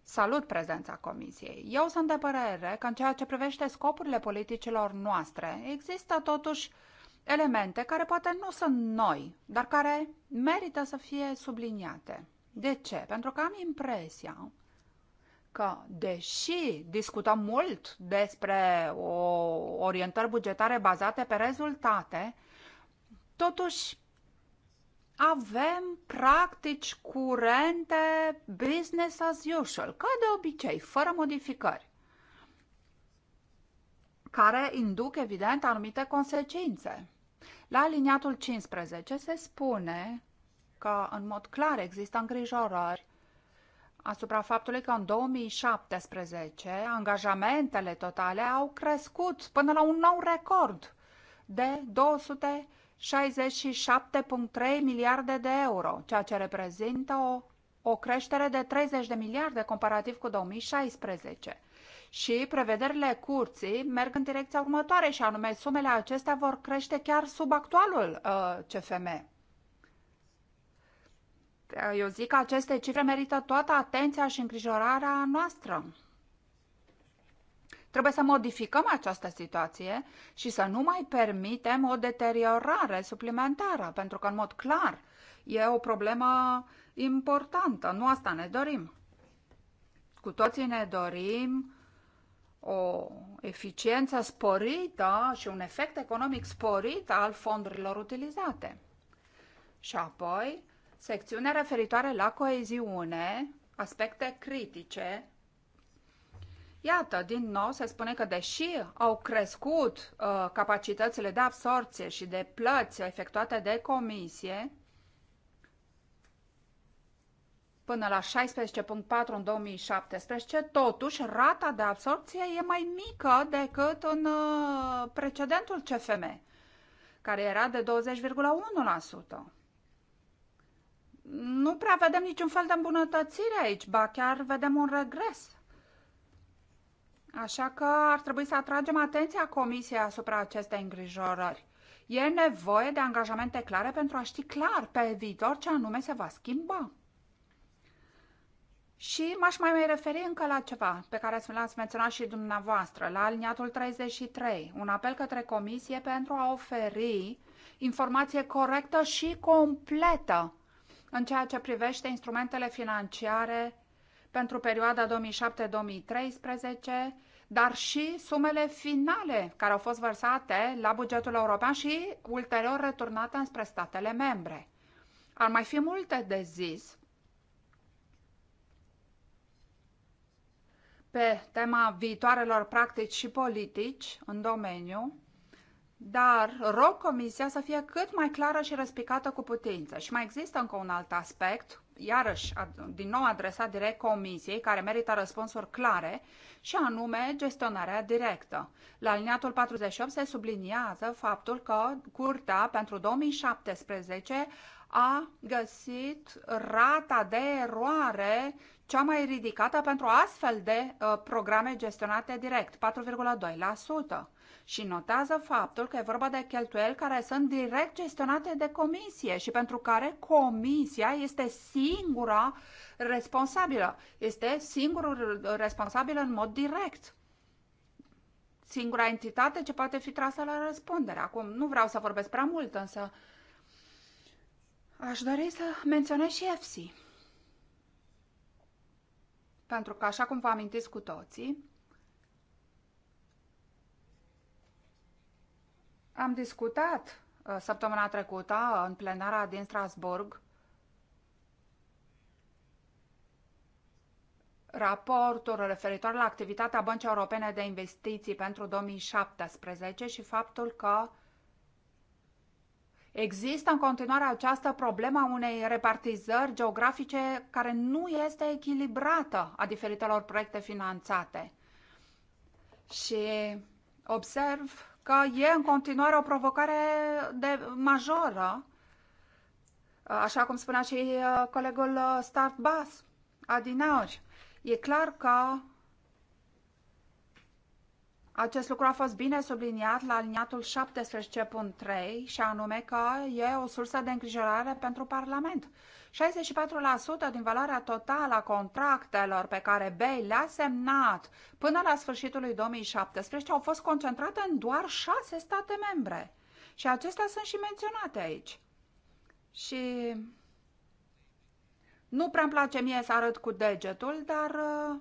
Salut prezența Comisiei. Eu sunt de părere că în ceea ce privește scopurile politicilor noastre, există totuși elemente care poate nu sunt noi, dar care merită să fie subliniate. De ce? Pentru că am impresia că, deși discutăm mult despre o orientări bugetare bazate pe rezultate, totuși avem practici curente, business as usual, ca de obicei, fără modificări, care induc, evident, anumite consecințe. La aliniatul 15 se spune că, în mod clar, există îngrijorări asupra faptului că în 2017 angajamentele totale au crescut până la un nou record de 200 67,3 miliarde de euro, ceea ce reprezintă o, o creștere de 30 de miliarde comparativ cu 2016. Și prevederile curții merg în direcția următoare și anume sumele acestea vor crește chiar sub actualul uh, CFM. Eu zic că aceste cifre merită toată atenția și îngrijorarea noastră. Trebuie să modificăm această situație și să nu mai permitem o deteriorare suplimentară, pentru că, în mod clar, e o problemă importantă. Nu asta ne dorim. Cu toții ne dorim o eficiență sporită și un efect economic sporit al fondurilor utilizate. Și apoi, secțiunea referitoare la coeziune, aspecte critice Iată, din nou se spune că deși au crescut uh, capacitățile de absorție și de plăți efectuate de comisie până la 16.4 în 2017, totuși rata de absorție e mai mică decât în uh, precedentul CFM, care era de 20,1% nu prea vedem niciun fel de îmbunătățire aici, ba chiar vedem un regres. Așa că ar trebui să atragem atenția Comisiei asupra acestei îngrijorări. E nevoie de angajamente clare pentru a ști clar pe viitor ce anume se va schimba. Și m-aș mai, mai referi încă la ceva pe care l-ați menționat și dumneavoastră, la aliniatul 33, un apel către Comisie pentru a oferi informație corectă și completă în ceea ce privește instrumentele financiare pentru perioada 2007-2013, dar și sumele finale care au fost vărsate la bugetul european și ulterior returnate înspre statele membre. Ar mai fi multe de zis pe tema viitoarelor practici și politici în domeniu, dar rog Comisia să fie cât mai clară și răspicată cu putință. Și mai există încă un alt aspect iarăși, din nou adresat direct comisiei, care merită răspunsuri clare, și anume gestionarea directă. La aliniatul 48 se subliniază faptul că Curtea pentru 2017 a găsit rata de eroare cea mai ridicată pentru astfel de uh, programe gestionate direct, 4,2% și notează faptul că e vorba de cheltuieli care sunt direct gestionate de comisie și pentru care comisia este singura responsabilă, este singurul responsabil în mod direct singura entitate ce poate fi trasă la răspundere. Acum, nu vreau să vorbesc prea mult, însă aș dori să menționez și EFSI. Pentru că, așa cum vă amintiți cu toții, Am discutat uh, săptămâna trecută în plenara din Strasburg raportul referitor la activitatea Băncii Europene de Investiții pentru 2017 și faptul că există în continuare această problemă a unei repartizări geografice care nu este echilibrată a diferitelor proiecte finanțate. Și observ că e în continuare o provocare de majoră, așa cum spunea și uh, colegul uh, Start Bass adinauri. E clar că acest lucru a fost bine subliniat la aliniatul 17.3 și anume că e o sursă de îngrijorare pentru Parlament 64% din valoarea totală a contractelor pe care Bay le-a semnat până la sfârșitul lui 2017 au fost concentrate în doar șase state membre. Și acestea sunt și menționate aici. Și nu prea-mi place mie să arăt cu degetul, dar uh,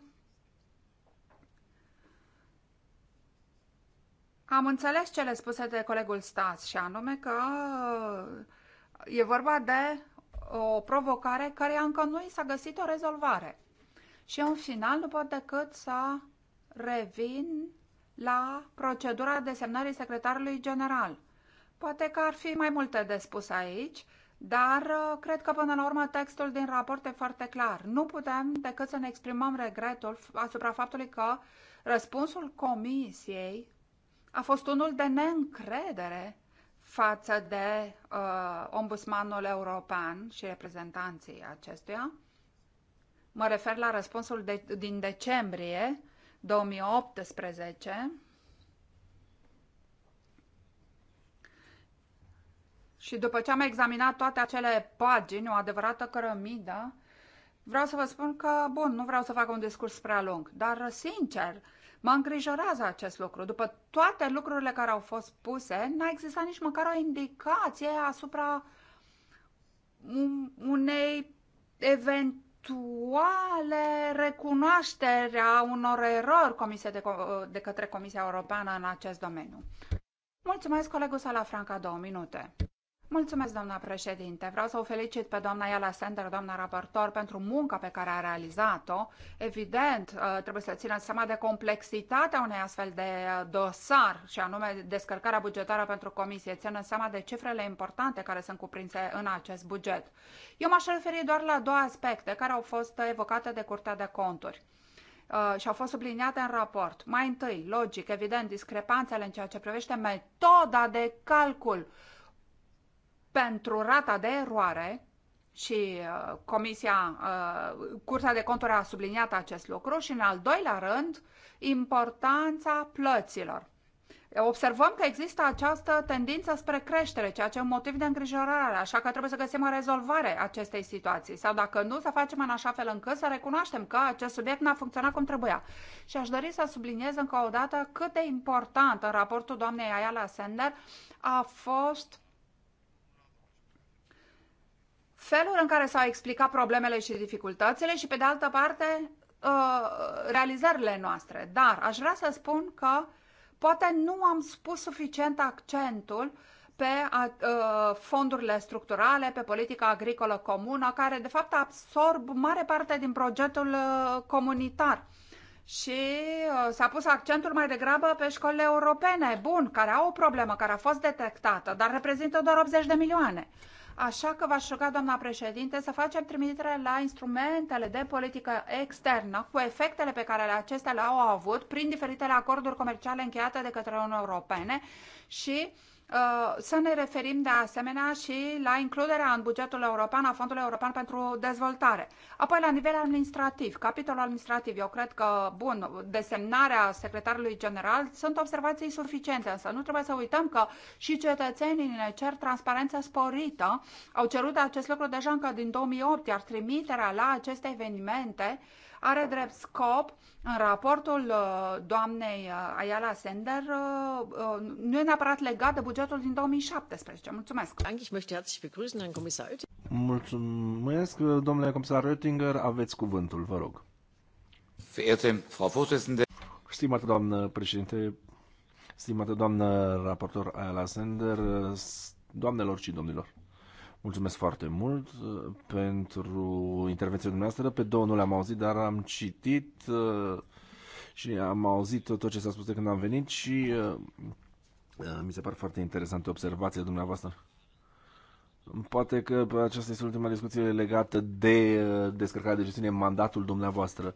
am înțeles cele spuse de colegul Stas și anume că uh, e vorba de o provocare care încă nu i s-a găsit o rezolvare. Și în final nu pot decât să revin la procedura desemnării secretarului general. Poate că ar fi mai multe de spus aici, dar uh, cred că până la urmă textul din raport e foarte clar. Nu putem decât să ne exprimăm regretul asupra faptului că răspunsul comisiei a fost unul de neîncredere față de uh, ombudsmanul european și reprezentanții acestuia. Mă refer la răspunsul de, din decembrie 2018 și după ce am examinat toate acele pagini, o adevărată cărămidă, vreau să vă spun că, bun, nu vreau să fac un discurs prea lung, dar, sincer, uh, Mă îngrijorează acest lucru. După toate lucrurile care au fost puse, n-a existat nici măcar o indicație asupra unei eventuale recunoaștere a unor erori comise de, de către Comisia Europeană în acest domeniu. Mulțumesc, colegul Salafranca, două minute. Mulțumesc, doamna președinte. Vreau să o felicit pe doamna Iala Sender, doamna raportor, pentru munca pe care a realizat-o. Evident, uh, trebuie să ținem seama de complexitatea unei astfel de uh, dosar, și anume descărcarea bugetară pentru comisie. Ținem seama de cifrele importante care sunt cuprinse în acest buget. Eu m-aș referi doar la două aspecte care au fost evocate de Curtea de Conturi uh, și au fost subliniate în raport. Mai întâi, logic, evident, discrepanțele în ceea ce privește metoda de calcul pentru rata de eroare și uh, Comisia, uh, Curtea de Conturi a subliniat acest lucru și în al doilea rând, importanța plăților. Observăm că există această tendință spre creștere, ceea ce e un motiv de îngrijorare, așa că trebuie să găsim o rezolvare acestei situații. Sau dacă nu, să facem în așa fel încât să recunoaștem că acest subiect n-a funcționat cum trebuia. Și aș dori să subliniez încă o dată cât de important în raportul doamnei Ayala Sender a fost felul în care s-au explicat problemele și dificultățile și, pe de altă parte, uh, realizările noastre. Dar aș vrea să spun că poate nu am spus suficient accentul pe uh, fondurile structurale, pe politica agricolă comună, care de fapt absorb mare parte din proiectul uh, comunitar. Și s-a pus accentul mai degrabă pe școlile europene, bun, care au o problemă care a fost detectată, dar reprezintă doar 80 de milioane. Așa că v-aș ruga, doamna președinte, să facem trimitere la instrumentele de politică externă cu efectele pe care acestea le-au avut prin diferitele acorduri comerciale încheiate de către Uniunea Europene și uh, Uh, să ne referim de asemenea și la includerea în bugetul european a Fondului European pentru Dezvoltare. Apoi, la nivel administrativ, capitolul administrativ, eu cred că, bun, desemnarea secretarului general sunt observații suficiente, însă nu trebuie să uităm că și cetățenii ne cer transparență sporită, au cerut acest lucru deja încă din 2008, iar trimiterea la aceste evenimente uh, are drept scop în raportul uh, doamnei uh, Ayala Sender uh, nu e neapărat legat de bugetul din 2017. Mulțumesc! Mulțumesc, domnule comisar Oettinger. Aveți cuvântul, vă rog. Stimată doamnă președinte, stimată doamnă raportor Ayala Sender, doamnelor și domnilor. Mulțumesc foarte mult uh, pentru intervenția dumneavoastră. Pe două nu le-am auzit, dar am citit uh, și am auzit tot ce s-a spus de când am venit și uh, mi se par foarte interesante observațiile dumneavoastră. Poate că aceasta este ultima discuție legată de descărcarea de gestiune, mandatul dumneavoastră.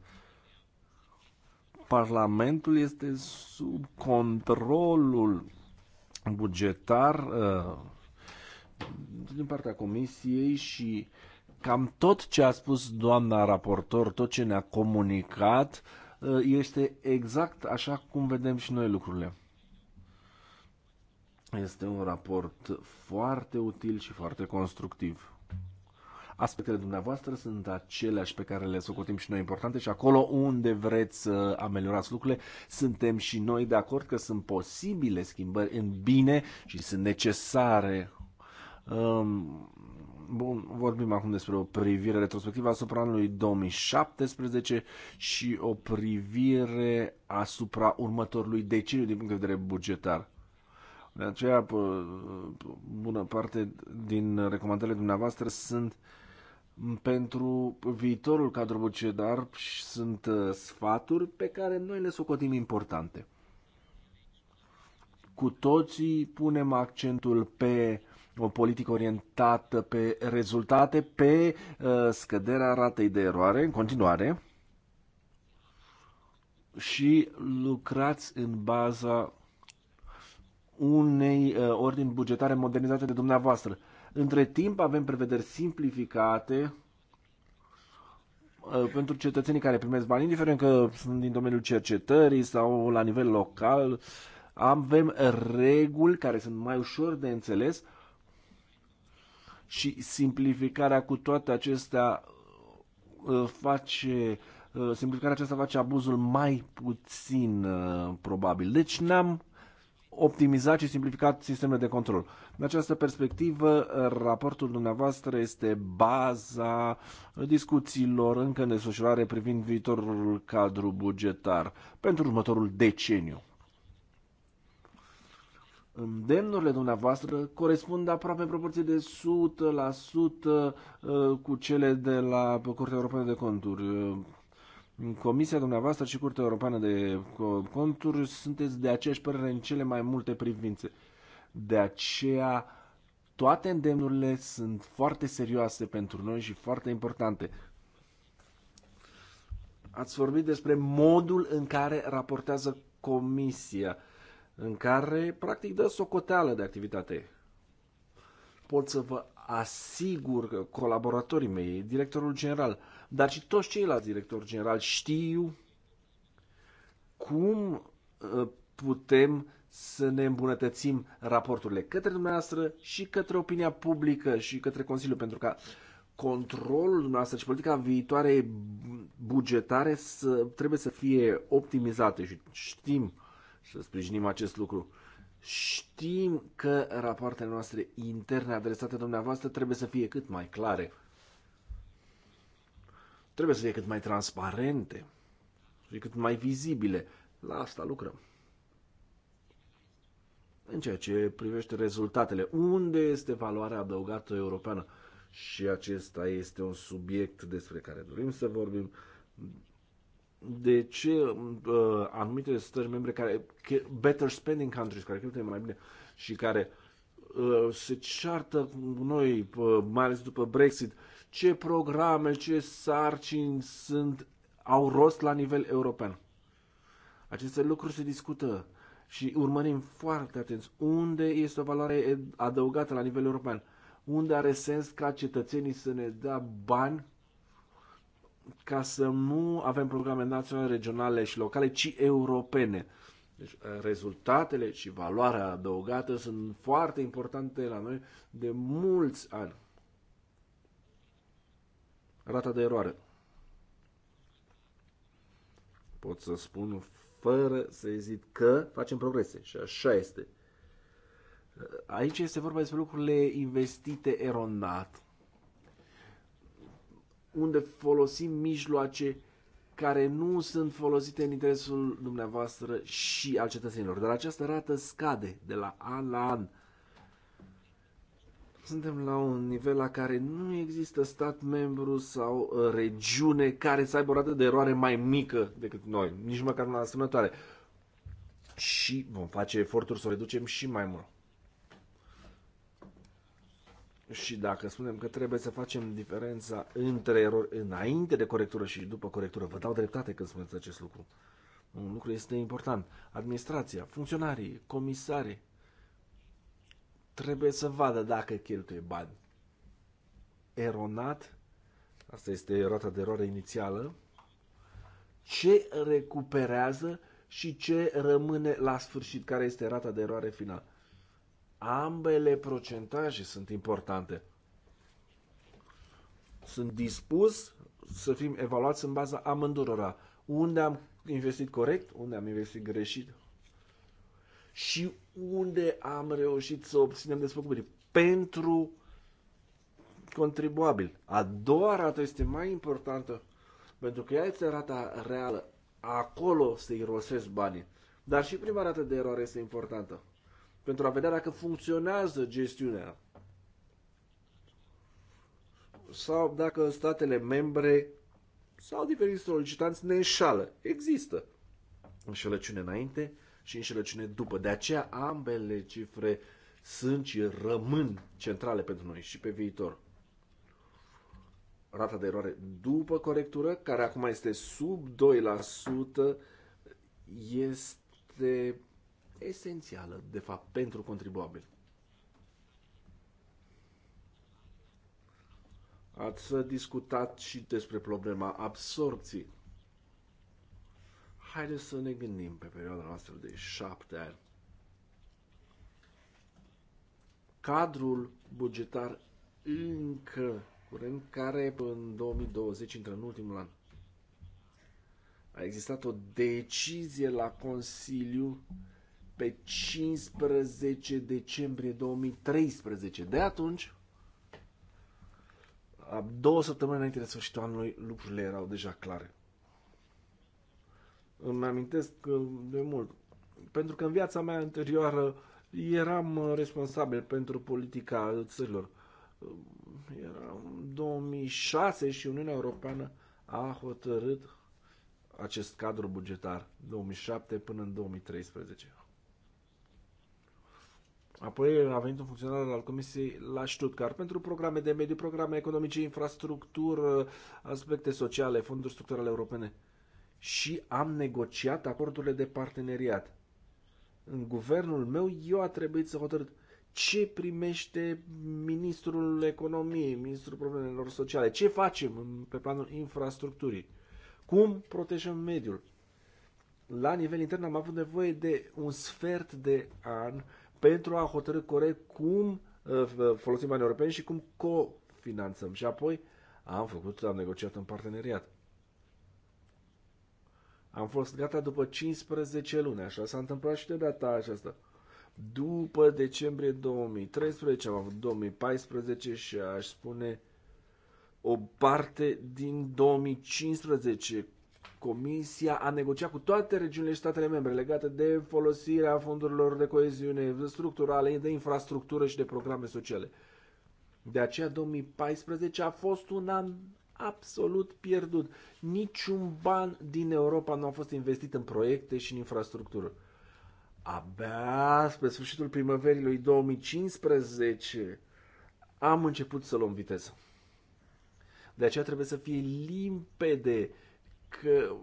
Parlamentul este sub controlul bugetar din partea comisiei și cam tot ce a spus doamna raportor, tot ce ne-a comunicat, uh, este exact așa cum vedem și noi lucrurile. Este un raport foarte util și foarte constructiv. Aspectele dumneavoastră sunt aceleași pe care le socotim și noi importante și acolo unde vreți să ameliorați lucrurile, suntem și noi de acord că sunt posibile schimbări în bine și sunt necesare Ehm, bun, vorbim acum despre o privire retrospectivă asupra anului 2017 și o privire asupra următorului deceniu din punct de vedere bugetar. De aceea, bună parte din recomandările dumneavoastră sunt pentru viitorul cadru bugetar și sunt ă, sfaturi pe care noi le socotim importante. Cu toții punem accentul pe uh, o politică orientată pe rezultate, pe uh, scăderea ratei de eroare în continuare și lucrați în baza unei uh, ordini bugetare modernizate de dumneavoastră. Între timp avem prevederi simplificate uh, pentru cetățenii care primesc bani, indiferent că sunt din domeniul cercetării sau la nivel local, avem reguli care sunt mai ușor de înțeles și simplificarea cu toate acestea uh, face uh, simplificarea aceasta face abuzul mai puțin uh, probabil. Deci n am optimizat și simplificat sistemele de control. În această perspectivă, raportul dumneavoastră este baza discuțiilor încă în desfășurare privind viitorul cadru bugetar pentru următorul deceniu îndemnurile dumneavoastră corespund aproape în proporție de 100% uh, cu cele de la Curtea Europeană de Conturi. Uh, Comisia dumneavoastră și Curtea Europeană de Conturi sunteți de aceeași părere în cele mai multe privințe. De aceea, toate îndemnurile sunt foarte serioase pentru noi și foarte importante. Ați vorbit despre modul în care raportează Comisia în care practic dă socoteală de activitate. Pot să vă asigur că colaboratorii mei, directorul general, dar și toți ceilalți directori general știu cum ă, putem să ne îmbunătățim raporturile către dumneavoastră și către opinia publică și către Consiliu, pentru ca controlul dumneavoastră și politica viitoare bugetare să, trebuie să fie optimizate și știm să sprijinim acest lucru. Știm că rapoartele noastre interne adresate dumneavoastră trebuie să fie cât mai clare. Trebuie să fie cât mai transparente și cât mai vizibile. La asta lucrăm. În ceea ce privește rezultatele, unde este valoarea adăugată europeană? Și acesta este un subiect despre care dorim să vorbim de ce uh, anumite stări membre care, better spending countries, care cheltuie mai bine și care uh, se ceartă cu noi, uh, mai ales după Brexit, ce programe, ce sarcini sunt, au rost la nivel european. Aceste lucruri se discută și urmărim foarte atenți unde este o valoare adăugată la nivel european, unde are sens ca cetățenii să ne dea bani ca să nu avem programe naționale, regionale și locale, ci europene. Deci uh, rezultatele și valoarea adăugată sunt foarte importante la noi de mulți ani. Rata de eroare. Pot să spun fără să ezit că facem progrese și așa este. Uh, aici este vorba despre lucrurile investite eronat unde folosim mijloace care nu sunt folosite în interesul dumneavoastră și al cetățenilor. Dar această rată scade de la an la an. Suntem la un nivel la care nu există stat membru sau uh, regiune care să aibă o rată de eroare mai mică decât noi, nici măcar una asemănătoare. Și vom face eforturi să o reducem și mai mult. Și dacă spunem că trebuie să facem diferența între erori înainte de corectură și după corectură, vă dau dreptate când spuneți acest lucru. Un lucru este important. Administrația, funcționarii, comisarii trebuie să vadă dacă cheltuie bani. Eronat, asta este rata de eroare inițială, ce recuperează și ce rămâne la sfârșit, care este rata de eroare finală Ambele procentaje sunt importante. Sunt dispus să fim evaluați în baza amândurora. Unde am investit corect, unde am investit greșit și unde am reușit să obținem desfăcuriri pentru contribuabil. A doua rată este mai importantă pentru că ea este rata reală. Acolo se irosesc banii. Dar și prima rată de eroare este importantă pentru a vedea dacă funcționează gestiunea sau dacă statele membre sau diferiți solicitanți ne înșală. Există înșelăciune înainte și înșelăciune după. De aceea ambele cifre sunt și rămân centrale pentru noi și pe viitor. Rata de eroare după corectură, care acum este sub 2%, este esențială, de fapt, pentru contribuabil. Ați discutat și despre problema absorpției. Haideți să ne gândim pe perioada noastră de șapte ani. Cadrul bugetar încă curent, care în 2020 intră în ultimul an. A existat o decizie la Consiliu pe 15 decembrie 2013. De atunci, a două săptămâni înainte de sfârșitul anului, lucrurile erau deja clare. Îmi amintesc uh, de mult, pentru că în viața mea anterioară eram uh, responsabil pentru politica țărilor. Uh, era în 2006 și Uniunea Europeană a hotărât acest cadru bugetar 2007 până în 2013. Apoi a venit un funcționar al Comisiei la Stuttgart pentru programe de mediu, programe economice, infrastructură, aspecte sociale, fonduri structurale europene. Și am negociat acordurile de parteneriat. În guvernul meu eu a trebuit să hotărât ce primește ministrul economiei, ministrul problemelor sociale, ce facem pe planul infrastructurii, cum protejăm mediul. La nivel intern am avut nevoie de un sfert de an pentru a hotărâ corect cum uh, uh, folosim banii europeni și cum cofinanțăm. Și apoi am făcut, am negociat în parteneriat. Am fost gata după 15 luni, așa s-a întâmplat și de data aceasta. După decembrie 2013 am avut 2014 și aș spune o parte din 2015 Comisia a negociat cu toate regiunile și statele membre legate de folosirea fondurilor de coeziune structurale, de infrastructură și de programe sociale. De aceea 2014 a fost un an absolut pierdut. Niciun ban din Europa nu a fost investit în proiecte și în infrastructură. Abia spre sfârșitul primăverii lui 2015 am început să luăm viteză. De aceea trebuie să fie limpede că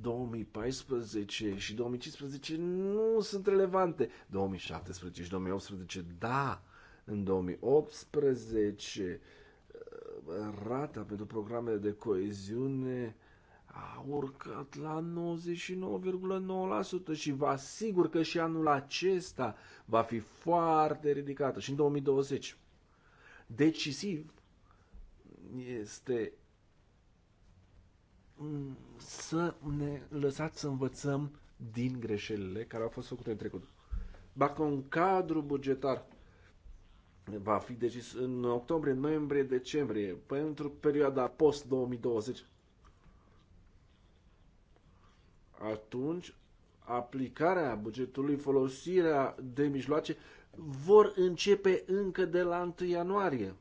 2014 și 2015 nu sunt relevante. 2017 și 2018, da. În 2018, rata pentru programele de coeziune a urcat la 99,9% și vă asigur că și anul acesta va fi foarte ridicată și în 2020. Decisiv este să ne lăsați să învățăm din greșelile care au fost făcute în trecut. Dacă un cadru bugetar va fi decis în octombrie, noiembrie, decembrie, pentru perioada post-2020, atunci aplicarea bugetului, folosirea de mijloace vor începe încă de la 1 ianuarie.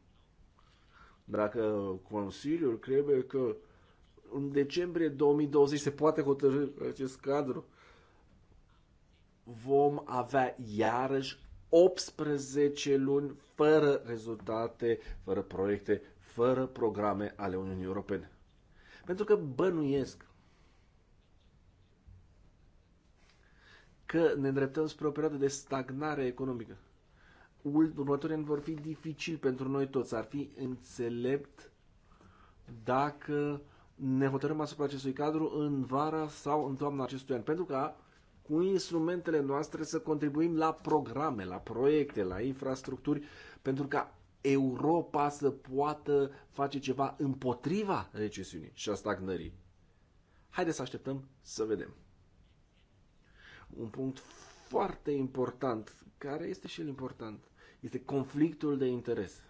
Dacă Consiliul crede că în decembrie 2020 se poate hotărâ acest cadru, vom avea iarăși 18 luni fără rezultate, fără proiecte, fără programe ale Uniunii Europene. Pentru că bănuiesc că ne îndreptăm spre o perioadă de stagnare economică. Următorii ani vor fi dificil pentru noi toți. Ar fi înțelept dacă ne hotărâm asupra acestui cadru în vara sau în toamna acestui an, pentru ca cu instrumentele noastre să contribuim la programe, la proiecte, la infrastructuri, pentru ca Europa să poată face ceva împotriva recesiunii și a stagnării. Haideți să așteptăm să vedem. Un punct foarte important, care este și el important, este conflictul de interes.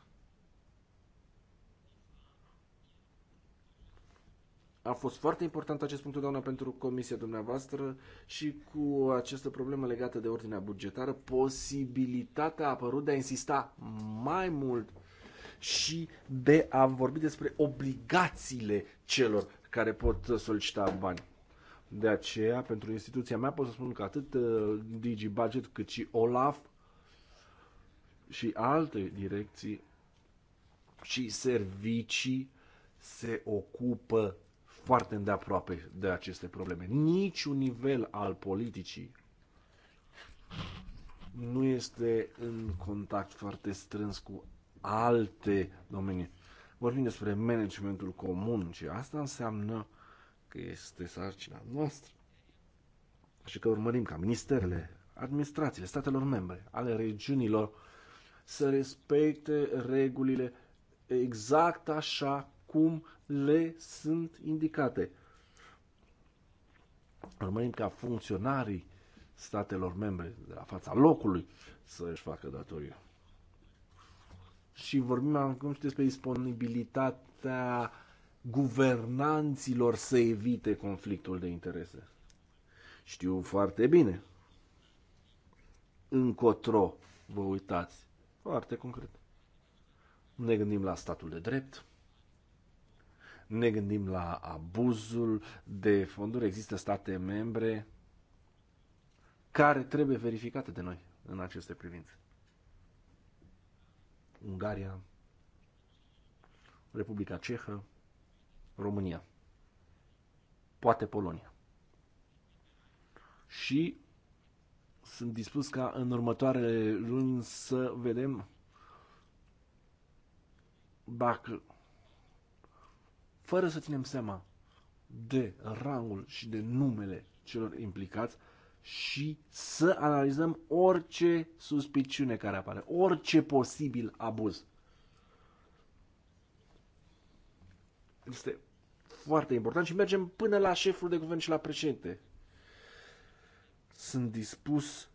A fost foarte important acest punct totdeauna pentru comisia dumneavoastră și cu această problemă legată de ordinea bugetară, posibilitatea a apărut de a insista mai mult și de a vorbi despre obligațiile celor care pot solicita bani. De aceea, pentru instituția mea, pot să spun că atât uh, DigiBudget cât și OLAF și alte direcții și servicii se ocupă foarte îndeaproape de aceste probleme. Niciun nivel al politicii nu este în contact foarte strâns cu alte domenii. Vorbim despre managementul comun și asta înseamnă că este sarcina noastră și că urmărim ca ministerele, administrațiile statelor membre, ale regiunilor să respecte regulile exact așa cum le sunt indicate. Urmărim ca funcționarii statelor membre de la fața locului să își facă datoria. Și vorbim acum și despre disponibilitatea guvernanților să evite conflictul de interese. Știu foarte bine încotro vă uitați. Foarte concret. Ne gândim la statul de drept, ne gândim la abuzul de fonduri. Există state membre care trebuie verificate de noi în aceste privințe. Ungaria, Republica Cehă, România, poate Polonia. Și sunt dispus ca în următoarele luni să vedem dacă fără să ținem seama de rangul și de numele celor implicați și să analizăm orice suspiciune care apare, orice posibil abuz. Este foarte important și mergem până la șeful de guvern și la președinte. Sunt dispus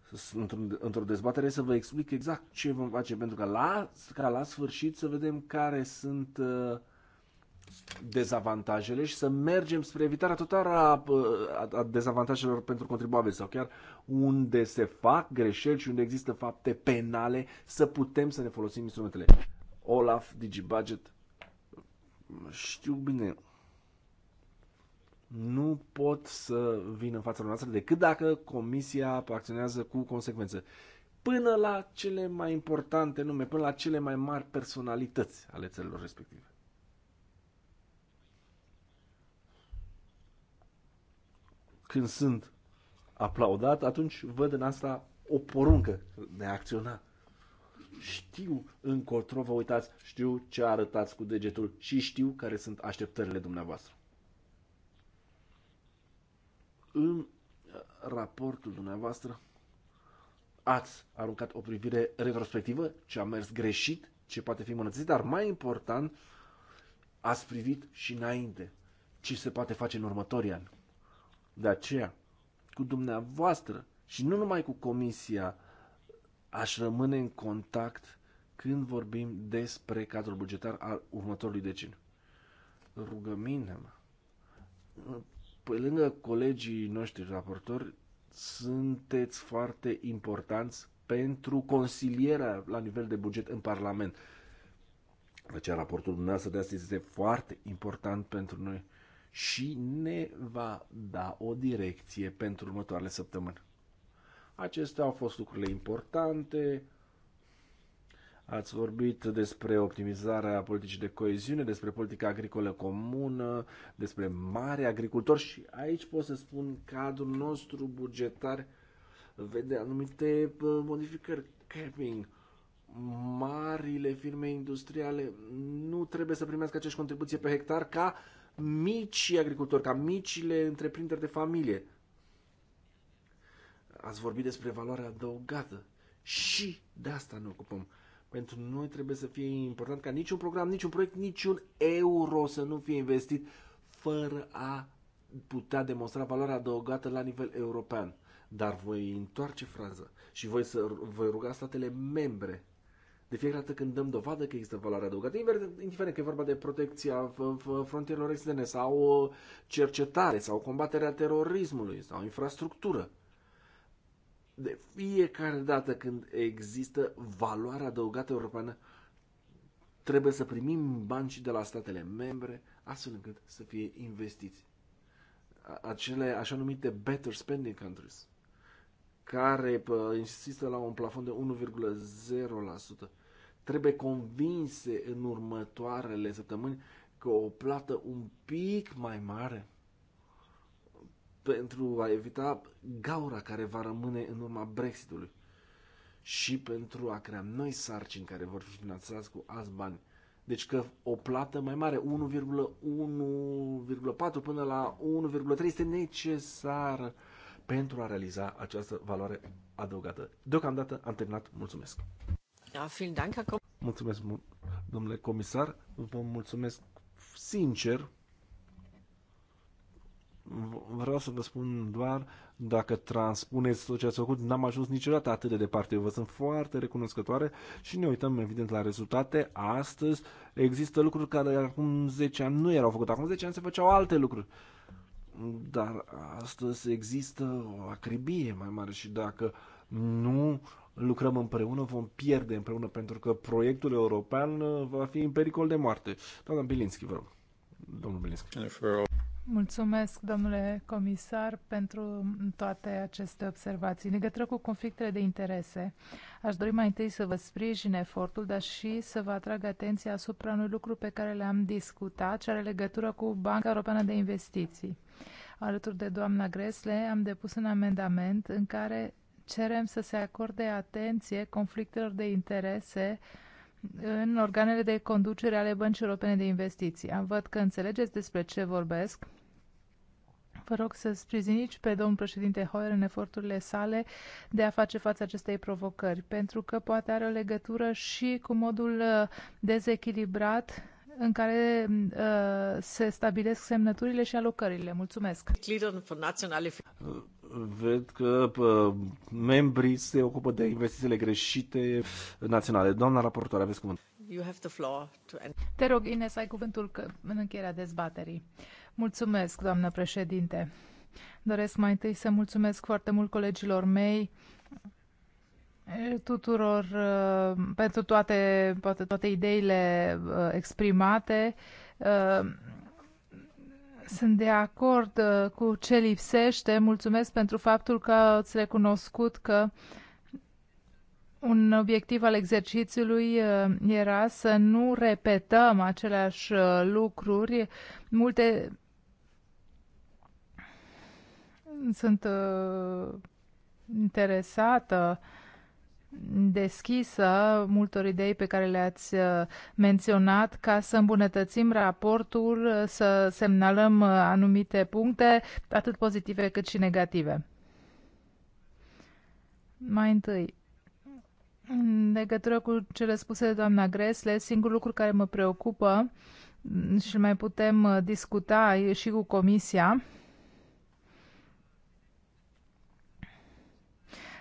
într-o dezbatere să vă explic exact ce vom face, pentru că la, ca la sfârșit să vedem care sunt uh, dezavantajele și să mergem spre evitarea totală a, a dezavantajelor pentru contribuabili sau chiar unde se fac greșeli și unde există fapte penale să putem să ne folosim instrumentele. Olaf, DigiBudget, știu bine, nu pot să vin în fața noastră decât dacă comisia acționează cu consecvență. Până la cele mai importante nume, până la cele mai mari personalități ale țărilor respective. când sunt aplaudat, atunci văd în asta o poruncă de a acționa. Știu încotro vă uitați, știu ce arătați cu degetul și știu care sunt așteptările dumneavoastră. În raportul dumneavoastră ați aruncat o privire retrospectivă, ce a mers greșit, ce poate fi îmbunătățit, dar mai important, ați privit și înainte ce se poate face în următorii ani. De aceea, cu dumneavoastră și nu numai cu comisia, aș rămâne în contact când vorbim despre cadrul bugetar al următorului deceniu. Rugămine, mă. Pe lângă colegii noștri raportori, sunteți foarte importanți pentru consilierea la nivel de buget în Parlament. Deci raportul dumneavoastră de astăzi este foarte important pentru noi și ne va da o direcție pentru următoarele săptămâni. Acestea au fost lucrurile importante. Ați vorbit despre optimizarea politicii de coeziune, despre politica agricolă comună, despre mari agricultori și aici pot să spun cadrul nostru bugetar vede anumite modificări. Capping, marile firme industriale nu trebuie să primească acești contribuție pe hectar ca uh, mici agricultori, ca micile întreprinderi de familie. Ați vorbit despre valoarea adăugată și de asta ne ocupăm. Pentru noi trebuie să fie important ca niciun program, niciun proiect, niciun euro să nu fie investit fără a putea demonstra valoarea adăugată la nivel european. Dar voi întoarce fraza și voi, să, voi ruga statele membre de fiecare dată când dăm dovadă că există valoare adăugată, indiferent că e vorba de protecția frontierelor externe sau uh, cercetare sau combaterea terorismului sau infrastructură. De fiecare dată când există valoare adăugată europeană, trebuie să primim bani și de la statele membre, astfel încât să fie investiți. Acele așa numite better spending countries, care insistă la un plafon de 1,0% trebuie convinse în următoarele săptămâni că o plată un pic mai mare pentru a evita gaura care va rămâne în urma Brexitului și pentru a crea noi sarcini care vor fi finanțați cu azi bani. Deci că o plată mai mare, 1,1,4 până la 1,3 este necesară pentru a realiza această valoare adăugată. Deocamdată am terminat. Mulțumesc! Ja, da, vielen Dank, Herr Mulțumesc, domnule comisar. Vă mulțumesc sincer. Vreau să vă spun doar, dacă transpuneți tot ce ați făcut, n-am ajuns niciodată atât de departe. Eu vă sunt foarte recunoscătoare și ne uităm, evident, la rezultate. Astăzi există lucruri care acum 10 ani nu erau făcute. Acum 10 ani se făceau alte lucruri dar astăzi există o acribie mai mare și dacă nu lucrăm împreună, vom pierde împreună, pentru că proiectul european uh, va fi în pericol de moarte. Doamna Bilinski, vă rog. Domnul Bilinski. Mulțumesc, domnule comisar, pentru toate aceste observații. În legătură cu conflictele de interese, aș dori mai întâi să vă sprijin efortul, dar și să vă atrag atenția asupra unui lucru pe care le-am discutat, ce are legătură cu Banca Europeană de Investiții. Alături de doamna Gresle am depus un amendament în care cerem să se acorde atenție conflictelor de interese în organele de conducere ale Băncii Europene de Investiții. Am văd că înțelegeți despre ce vorbesc. Vă rog să sprijiniți pe domnul președinte Hoyer în eforturile sale de a face față acestei provocări, pentru că poate are o legătură și cu modul uh, dezechilibrat în care uh, se stabilesc semnăturile și alocările. Mulțumesc! Văd că uh, membrii se ocupă de investițiile greșite naționale. Doamna raportoare, aveți cuvântul. You have the floor to end. Te rog, Ines, ai cuvântul că, în încheierea dezbaterii. Mulțumesc, doamnă președinte. Doresc mai întâi să mulțumesc foarte mult colegilor mei tuturor uh, pentru toate, poate toate ideile uh, exprimate. Uh, sunt de acord cu ce lipsește. Mulțumesc pentru faptul că ați recunoscut că un obiectiv al exercițiului era să nu repetăm aceleași lucruri. Multe sunt interesată uh, deschisă multor idei pe care le-ați uh, menționat ca să îmbunătățim raportul, uh, să semnalăm uh, anumite puncte, atât pozitive cât și negative. Mai întâi, în legătură cu cele spuse de doamna Gresle, singurul lucru care mă preocupă și mai putem discuta și cu comisia,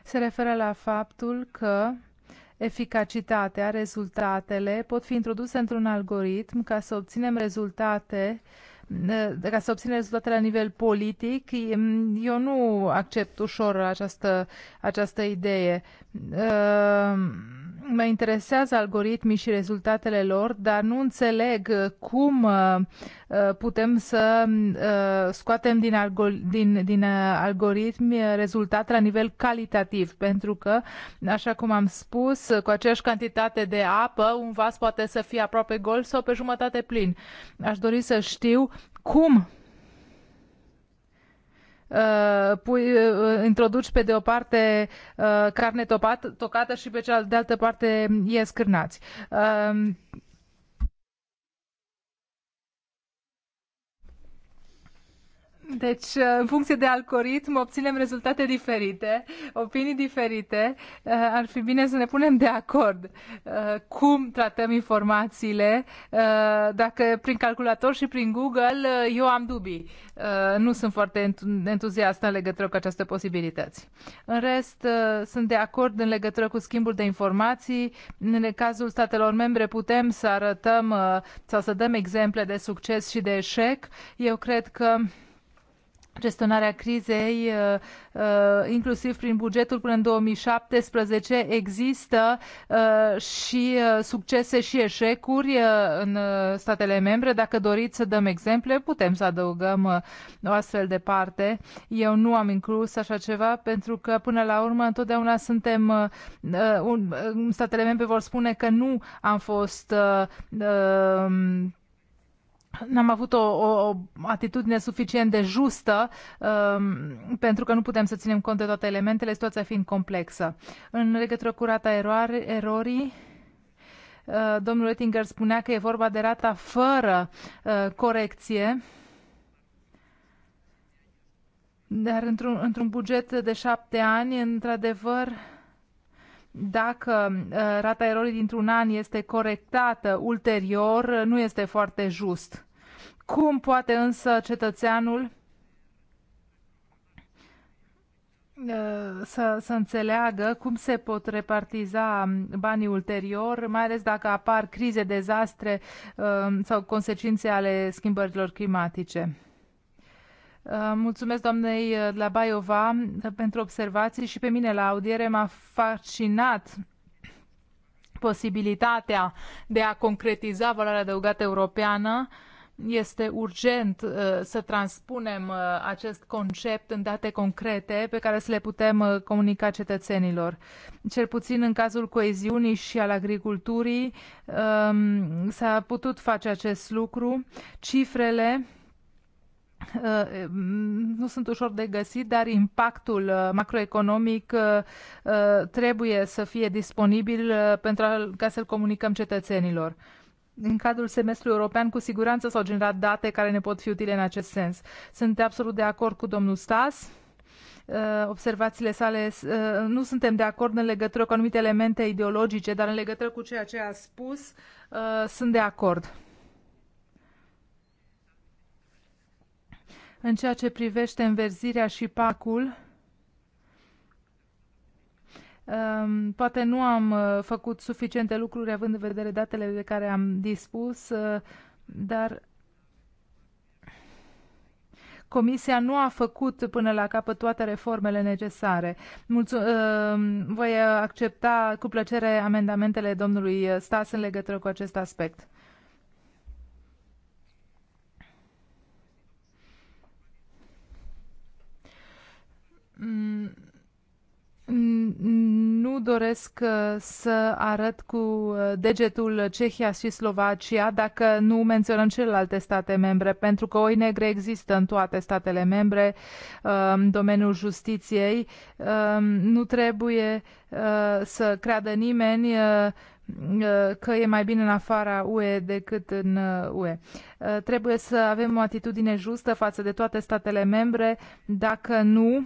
se referă la faptul că eficacitatea, rezultatele pot fi introduse într-un algoritm ca să obținem rezultate eh, ca să obținem rezultate la nivel politic, eu nu accept ușor această, această idee. Uh mă interesează algoritmii și rezultatele lor, dar nu înțeleg uh, cum uh, uh, putem să scoatem din, algor din, din algoritmi rezultate la nivel calitativ, pentru că, așa cum am spus, cu aceeași cantitate de apă, un vas poate să fie aproape gol sau pe jumătate plin. Aș dori să știu cum Uh, pui, uh, introduci pe de o parte uh, carne topat, tocată și pe cealaltă de altă parte e scârnați. Deci, uh, în funcție de algoritm, obținem rezultate diferite, opinii diferite. Uh, ar fi bine să ne punem de acord uh, cum tratăm informațiile. Dacă prin calculator și prin Google, eu am dubii. Nu sunt foarte entuziastă în legătură cu această posibilități. În rest, sunt de acord în legătură cu schimbul de informații. În cazul statelor membre putem să arătăm sau să dăm exemple de succes și de eșec. Eu cred că gestionarea crizei, uh, uh, inclusiv prin bugetul până în 2017, există uh, și succese și eșecuri în statele membre. Dacă doriți să dăm exemple, putem să adăugăm o astfel de parte. Eu nu am inclus așa ceva pentru că, până la urmă, întotdeauna suntem. Statele membre vor spune că nu am fost n-am avut o, o, atitudine suficient de justă um, pentru că nu putem să ținem cont de toate elementele, situația fiind complexă. În legătură cu rata eroare, erorii, uh, domnul Oettinger spunea că e vorba de rata fără uh, corecție. Dar într-un, într-un buget de șapte ani, într-adevăr, dacă uh, rata erorii dintr-un an este corectată ulterior, nu este foarte just. Cum poate însă cetățeanul uh, să, să înțeleagă cum se pot repartiza banii ulterior, mai ales dacă apar crize, dezastre uh, sau consecințe ale schimbărilor climatice. Uh, mulțumesc doamnei la Baiova pentru observații și pe mine la audiere m-a fascinat posibilitatea de a concretiza valoarea adăugată europeană uh, este urgent uh, să transpunem uh, acest concept în date concrete pe care să le putem uh, comunica cetățenilor. Cel puțin în cazul coeziunii și al agriculturii um, s-a putut face acest lucru. Cifrele nu sunt ușor de găsit, dar impactul macroeconomic trebuie să fie disponibil pentru a, ca să-l comunicăm cetățenilor în cadrul semestrului european cu siguranță s-au generat date care ne pot fi utile în acest sens. Sunt absolut de acord cu domnul Stas uh, observațiile sale, uh, nu suntem de acord în legătură cu anumite elemente ideologice, dar în legătură cu ceea ce a spus, uh, sunt de acord. În ceea ce privește înverzirea și pacul, Ehm, poate nu am uh, făcut suficiente lucruri având în vedere datele de care am dispus, uh, dar Comisia nu a făcut până la capăt toate reformele necesare. Mulțu- ehm, voi accepta cu plăcere amendamentele domnului Stas în legătură cu acest aspect. Mm nu doresc uh, să arăt cu uh, degetul Cehia și Slovacia dacă nu menționăm celelalte state membre, pentru că oi negre există în toate statele membre în um, domeniul justiției. Um, nu trebuie uh, să creadă nimeni că e mai bine în afara UE decât în UE. Trebuie să avem o atitudine justă față de toate statele membre. Dacă nu,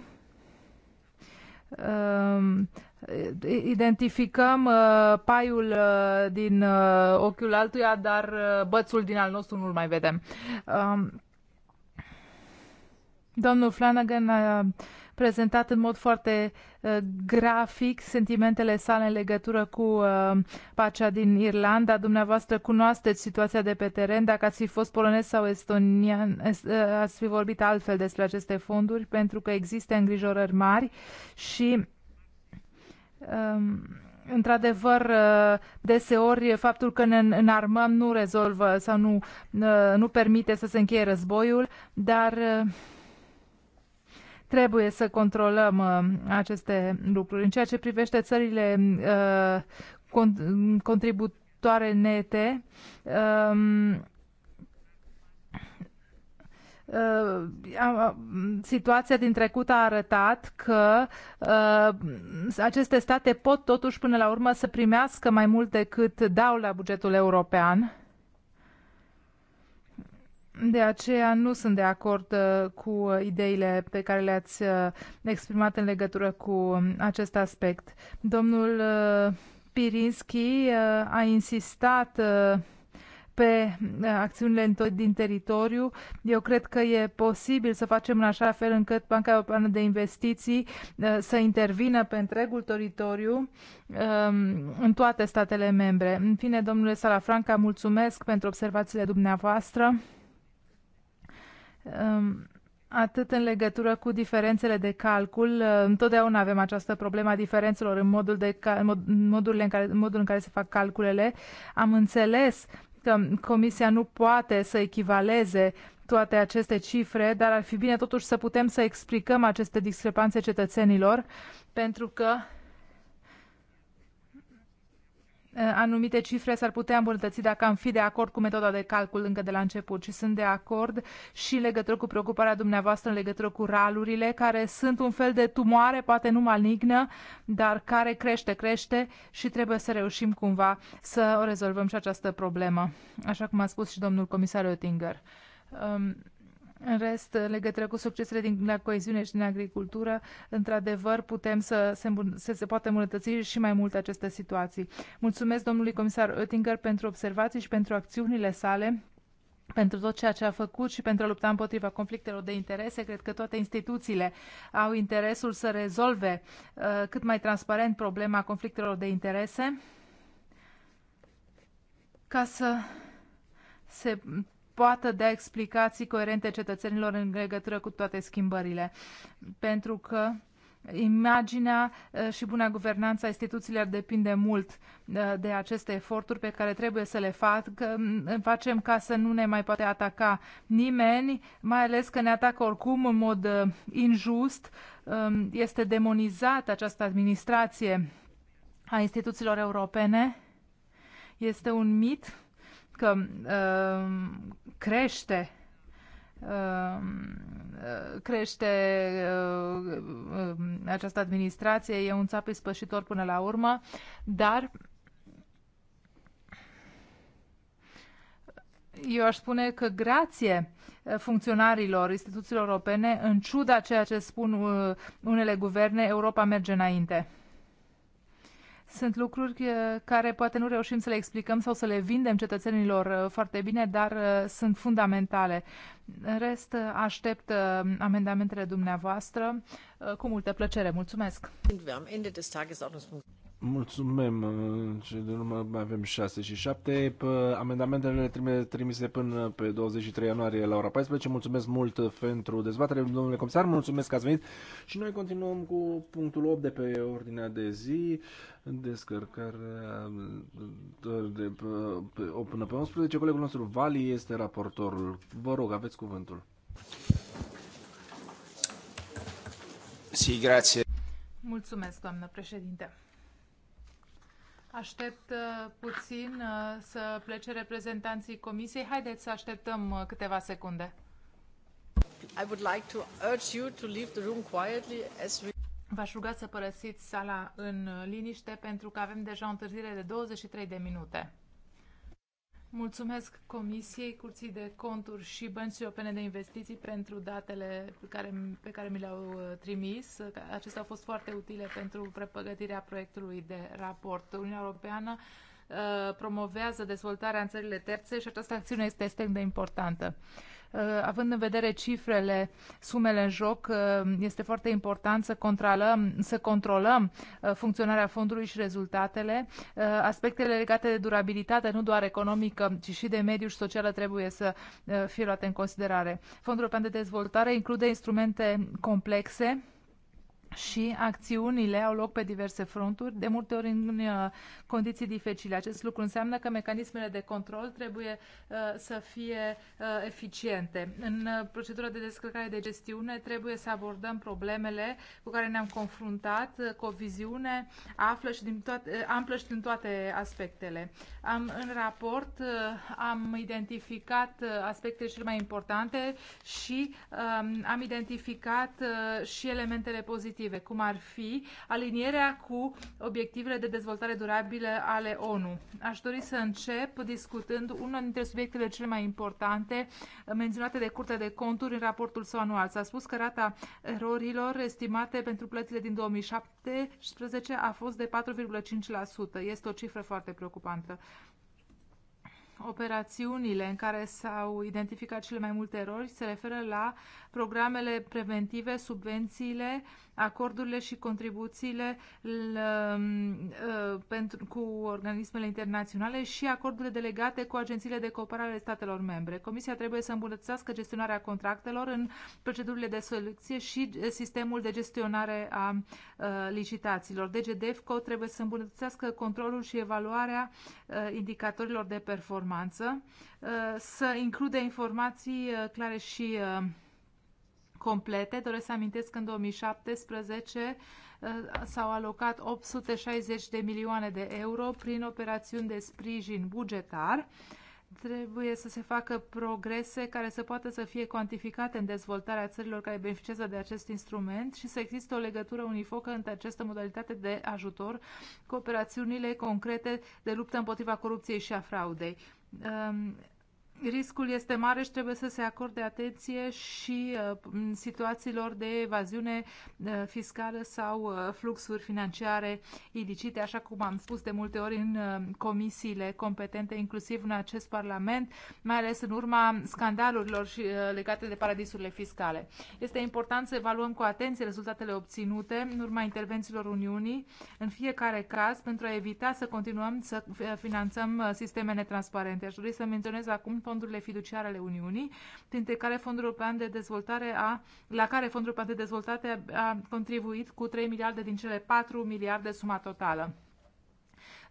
Ehm, identificăm uh, paiul uh, din uh, ochiul altuia, dar bățul din al nostru nu-l mai vedem. Ehm, domnul Flanagan uh, prezentat în mod foarte uh, grafic sentimentele sale în legătură cu uh, pacea din Irlanda. Dumneavoastră cunoașteți situația de pe teren. Dacă ați fi fost polonez sau estonian, uh, ați fi vorbit altfel despre aceste fonduri, pentru că există îngrijorări mari și um, într-adevăr, deseori faptul că ne înarmăm nu rezolvă sau nu, nu permite să se încheie războiul, dar Trebuie să controlăm uh, aceste lucruri. În ceea ce privește țările uh, contributoare nete, um, uh, situația din trecut a arătat că uh, aceste state pot totuși până la urmă să primească mai mult decât dau la bugetul european de aceea nu sunt de acord uh, cu ideile pe care le-ați uh, exprimat în legătură cu um, acest aspect. Domnul uh, Pirinski a insistat pe acțiunile din teritoriu. Eu cred că e posibil să facem în așa fel încât Banca Europeană de Investiții să intervină pe întregul teritoriu um, în toate statele membre. În fine, domnule Salafranca, mulțumesc pentru observațiile dumneavoastră. Ehm, atât în legătură cu diferențele de calcul, ehm, întotdeauna avem această problemă a diferențelor în, modul de, mod, modurile în, care, modul în care se fac calculele. Am înțeles că Comisia nu poate să echivaleze toate aceste cifre, dar ar fi bine totuși să putem să explicăm aceste discrepanțe cetățenilor, pentru că Eh, anumite cifre s-ar putea îmbunătăți dacă am fi de acord cu metoda de calcul încă de la început și sunt de acord și în legătură cu preocuparea dumneavoastră în legătură cu ralurile, care sunt un fel de tumoare, poate nu malignă, dar care crește, crește și trebuie să reușim cumva să o rezolvăm și această problemă, așa cum a spus și domnul comisar Oettinger. Um, în rest, în legătură cu succesele din la coeziune și din agricultură, într-adevăr, putem să se, să se poată îmbunătăți și mai mult aceste situații. Mulțumesc domnului comisar Oettinger pentru observații și pentru acțiunile sale pentru tot ceea ce a făcut și pentru a lupta împotriva conflictelor de interese. Cred că toate instituțiile au interesul să rezolve uh, cât mai transparent problema conflictelor de interese ca să se poată da explicații coerente cetățenilor în legătură cu toate schimbările. Pentru că imaginea uh, și buna guvernanță a instituțiilor depinde mult uh, de aceste eforturi pe care trebuie să le fac, mm, facem ca să nu ne mai poate ataca nimeni, mai ales că ne atacă oricum în mod uh, injust. Um, este demonizată această administrație a instituțiilor europene. Este un mit că um, crește um, crește um, această administrație, e un țap ispășitor până la urmă, dar eu aș spune că grație funcționarilor instituțiilor europene, în ciuda ceea ce spun uh, unele guverne, Europa merge înainte. Sunt lucruri uh, care poate nu reușim să le explicăm sau să le vindem cetățenilor uh, foarte bine, dar uh, sunt fundamentale. În rest, aștept amendamentele dumneavoastră cu multă plăcere. Mulțumesc! Mulțumim. Ce de urmă mai avem 6 și 7. Amendamentele trimise până pe 23 ianuarie la ora 14. Mulțumesc mult pentru dezbatere, domnule comisar. Mulțumesc că ați venit. Și noi continuăm cu punctul 8 de pe ordinea de zi. Descărcarea de pe 8 până pe 11. Colegul nostru Vali este raportorul. Vă rog, aveți cuvântul. Si, grație. Mulțumesc, doamnă președinte. Aștept uh, puțin uh, să plece reprezentanții comisiei. Haideți să așteptăm uh, câteva secunde. I would like to urge you to leave the room quietly as we... V-aș ruga să părăsiți sala în liniște pentru că avem deja o întârziere de 23 de minute. Mulțumesc Comisiei, Curții de Conturi și Băncii Opene de Investiții pentru datele pe care, pe care mi le-au uh, trimis. Acestea au fost foarte utile pentru pregătirea proiectului de raport. Uniunea Europeană uh, promovează dezvoltarea în țările terțe și această acțiune este extrem de importantă. Uh, având în vedere cifrele, sumele în joc, uh, este foarte important să controlăm, să controlăm uh, funcționarea fondului și rezultatele. Aspectele legate de durabilitate, nu doar economică, ci și de mediu și socială, trebuie să fie luate în considerare. Fondul European de Dezvoltare include instrumente complexe și acțiunile au loc pe diverse fronturi, de multe ori în uh, condiții dificile. Acest lucru înseamnă că mecanismele de control trebuie uh, să fie uh, eficiente. În procedura de descărcare de gestiune trebuie să abordăm problemele cu care ne-am confruntat cu o viziune află și din toate, amplă și din toate aspectele. Am, în raport am identificat aspectele cele mai importante și am identificat și elementele pozitive obiective, cum ar fi alinierea cu obiectivele de dezvoltare durabilă ale ONU. Aș dori să încep discutând unul dintre subiectele cele mai importante eh, menționate de Curtea de Conturi în raportul său anual. S-a spus că rata erorilor estimate pentru plățile din 2017 a fost de 4,5%. Este o cifră foarte preocupantă operațiunile în care s-au identificat cele mai multe erori se referă la programele preventive, subvențiile, acordurile și contribuțiile um, uh, cu organismele internaționale și acordurile delegate cu agențiile de cooperare ale statelor membre. Comisia trebuie să îmbunătățească gestionarea contractelor în procedurile de selecție și sistemul de gestionare a uh, licitațiilor. DGDEFCO deci, trebuie să îmbunătățească controlul și evaluarea uh, indicatorilor de performanță, să include informații clare și complete. Doresc să amintesc că în 2017 uh, s-au alocat 860 de milioane de euro prin operațiuni de sprijin bugetar. Trebuie să se facă progrese care să poată să fie cuantificate în dezvoltarea țărilor care beneficiază de acest instrument și să există o legătură unifocă între această modalitate de ajutor cu operațiunile concrete de luptă împotriva corupției și a fraudei um, riscul este mare și trebuie să se acorde atenție și uh, situațiilor de evaziune uh, fiscală sau uh, fluxuri financiare ilicite, așa cum am spus de multe ori în comisiile competente, inclusiv în acest Parlament, mai ales în urma scandalurilor și legate de paradisurile fiscale. Este important să evaluăm cu atenție rezultatele obținute în urma intervențiilor Uniunii, în fiecare caz, pentru a evita să continuăm să finanțăm sisteme netransparente. Aș dori să menționez acum fondurile fiduciare ale Uniunii, dintre care Fondul European de Dezvoltare a, la care Fondul European de Dezvoltare a, a contribuit cu 3 miliarde din cele 4 miliarde suma totală.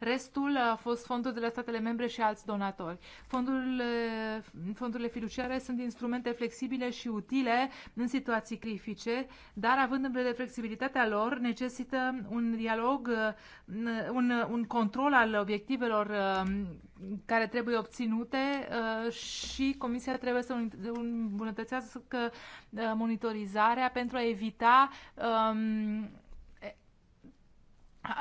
Restul a fost fonduri de la statele membre și alți donatori. Fondurile, eh, fondurile fiduciare sunt instrumente flexibile și utile în situații critice, dar având în vedere flexibilitatea lor, necesită un dialog, eh, un, un control al obiectivelor eh, care trebuie obținute și Comisia trebuie să îmbunătățească monitorizarea pentru a evita um,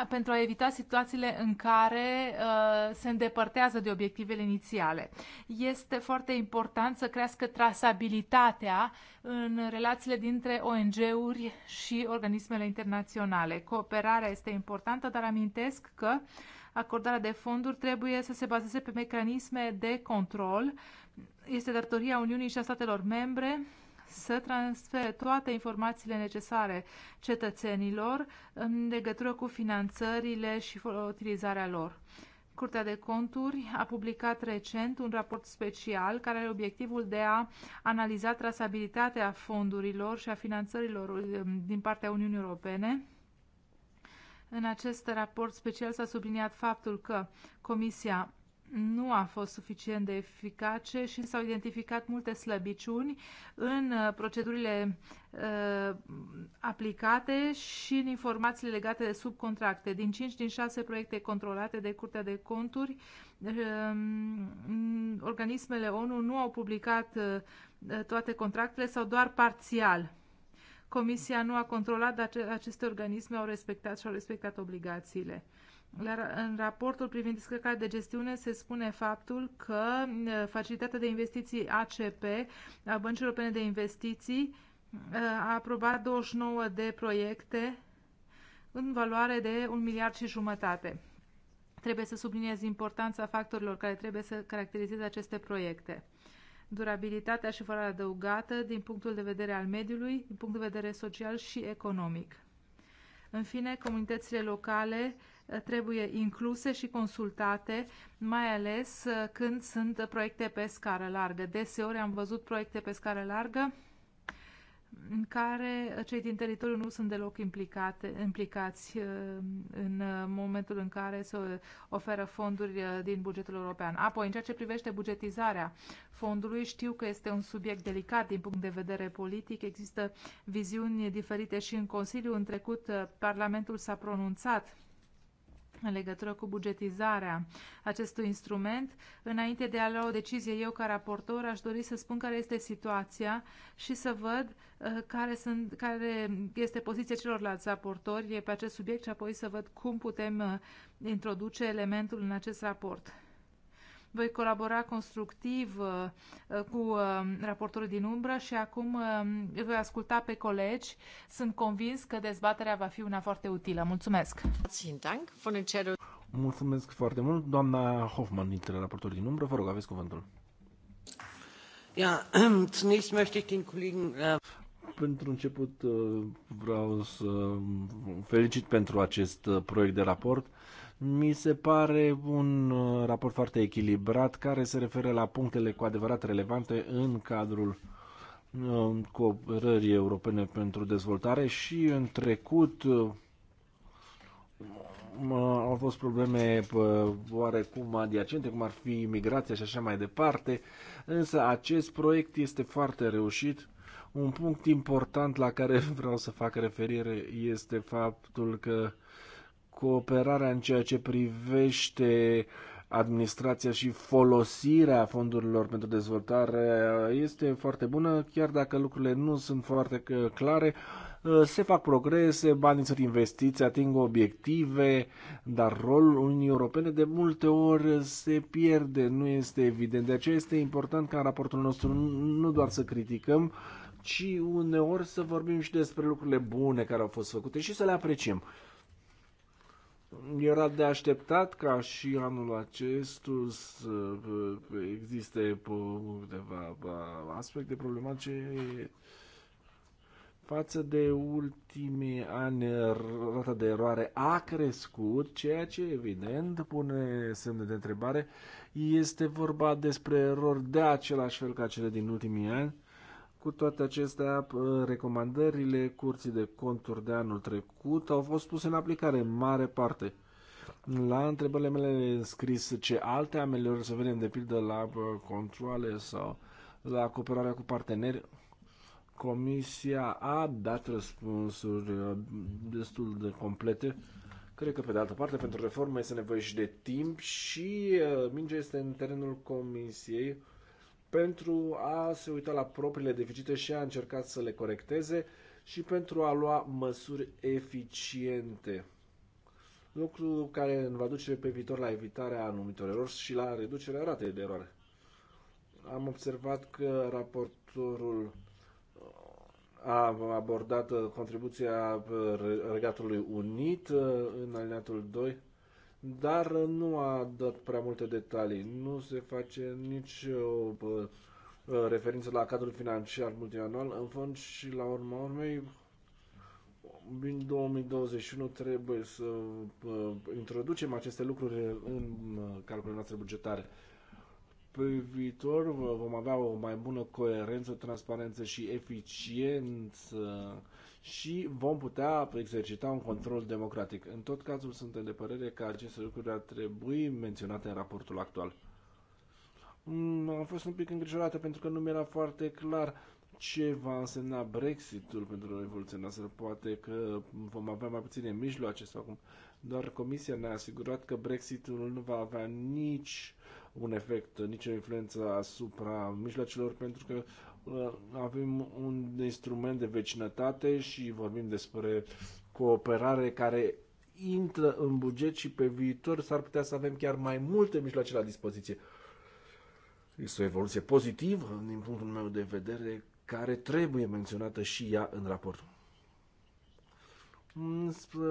pentru a evita situațiile în care uh, se îndepărtează de obiectivele inițiale. Este foarte important să crească trasabilitatea în relațiile dintre ONG-uri și organismele internaționale. Cooperarea este importantă, dar amintesc că acordarea de fonduri trebuie să se bazeze pe mecanisme de control. Este datoria Uniunii și a statelor membre să transfere toate informațiile necesare cetățenilor în legătură cu finanțările și utilizarea lor. Curtea de Conturi a publicat recent un raport special care are obiectivul de a analiza trasabilitatea fondurilor și a finanțărilor um, din partea Uniunii Europene. În acest raport special s-a subliniat faptul că Comisia nu a fost suficient de eficace și s-au identificat multe slăbiciuni în uh, procedurile uh, aplicate și în informațiile legate de subcontracte. Din 5 din 6 proiecte controlate de Curtea de Conturi, uh, organismele ONU nu au publicat uh, toate contractele sau doar parțial. Comisia nu a controlat, dar aceste organisme au respectat și au respectat obligațiile în raportul privind descărcarea de gestiune se spune faptul că facilitatea de investiții ACP a Băncii Europene de Investiții a aprobat 29 de proiecte în valoare de un miliard și jumătate. Trebuie să subliniez importanța factorilor care trebuie să caracterizeze aceste proiecte. Durabilitatea și valoarea adăugată din punctul de vedere al mediului, din punct de vedere social și economic. În fine, comunitățile locale trebuie incluse și consultate, mai ales uh, când sunt proiecte pe scară largă. Deseori am văzut proiecte pe scară largă în care cei din teritoriu nu sunt deloc implicate, implicați uh, în uh, momentul în care se oferă fonduri din bugetul european. Apoi, în ceea ce privește bugetizarea fondului, știu că este un subiect delicat din punct de vedere politic. Există viziuni diferite și în Consiliu. În trecut, Parlamentul s-a pronunțat în legătură cu bugetizarea acestui instrument. Înainte de a lua o decizie eu ca raportor, aș dori să spun care este situația și să văd uh, care, sunt, care este poziția celorlalți raportori pe acest subiect și apoi să văd cum putem uh, introduce elementul în acest raport. Voi colabora constructiv uh, uh, cu uh, raportorul din umbră și acum îi voi asculta pe colegi. Sunt convins că dezbaterea va fi una foarte utilă. Mulțumesc! Mulțumesc foarte mult. Doamna Hoffman, dintre raportorul din umbră, vă rog, aveți cuvântul. Ja, zunächst möchte ich den Kollegen äh, pentru început vreau să um, felicit pentru acest proiect de raport. Mi se pare un uh, raport foarte echilibrat care se referă la punctele cu adevărat relevante în cadrul uh, cooperării europene pentru dezvoltare și în trecut uh, au fost probleme oarecum adiacente, cum ar fi migrația și așa mai departe, însă acest proiect este foarte reușit. Un punct important la care vreau să fac referire este faptul că uh, cooperarea în ceea ce privește administrația și folosirea fondurilor pentru dezvoltare este foarte bună, chiar dacă lucrurile nu sunt foarte clare. Se fac progrese, banii sunt investiți, ating obiective, dar rolul Uniunii Europene de multe ori se pierde, nu este evident. De aceea este important ca în raportul nostru nu doar să criticăm, ci uneori să vorbim și despre lucrurile bune care au fost făcute și să le apreciem. Era de așteptat ca și anul acestul să uh, existe câteva aspecte problematice față de ultimii ani rata de eroare a crescut, ceea ce evident pune semne de întrebare. Este vorba despre erori de același fel ca cele din ultimii ani cu toate acestea, recomandările curții de conturi de anul trecut au fost puse în aplicare în mare parte. La întrebările mele scris ce alte ameliorări să vedem, de pildă la controle sau la cooperarea cu parteneri, Comisia a dat răspunsuri uh, destul de complete. Cred că, pe de altă parte, pentru reformă este nevoie și de timp și uh, mingea este în terenul Comisiei pentru a se uita la propriile deficite și a încerca să le corecteze și pentru a lua măsuri eficiente. Lucru care ne va duce pe viitor la evitarea anumitor erori și la reducerea ratei de eroare. Am observat că raportorul uh, a abordat uh, contribuția uh, Regatului Unit în alineatul 2 dar nu a dat prea multe detalii. Nu se face nici o uh, uh, referință la cadrul financiar multianual. În fond și la urma urmei, din 2021 trebuie să uh, introducem aceste lucruri în calculele noastre bugetare. Pe viitor vom avea o mai bună coerență, transparență și eficiență și vom putea exercita un control democratic. În tot cazul, suntem de părere că aceste lucruri ar trebui menționate în raportul actual. Mm, am fost un pic îngrijorată pentru că nu mi-era foarte clar ce va însemna Brexitul pentru revoluția noastră. Poate că vom avea mai puține mijloace sau cum. Doar Comisia ne-a asigurat că Brexitul nu va avea nici un efect, nicio influență asupra mijloacelor pentru că avem un instrument de vecinătate și vorbim despre cooperare care intră în buget și pe viitor s-ar putea să avem chiar mai multe mijloace la dispoziție. Este o evoluție pozitivă, din punctul meu de vedere, care trebuie menționată și ea în raport. Spre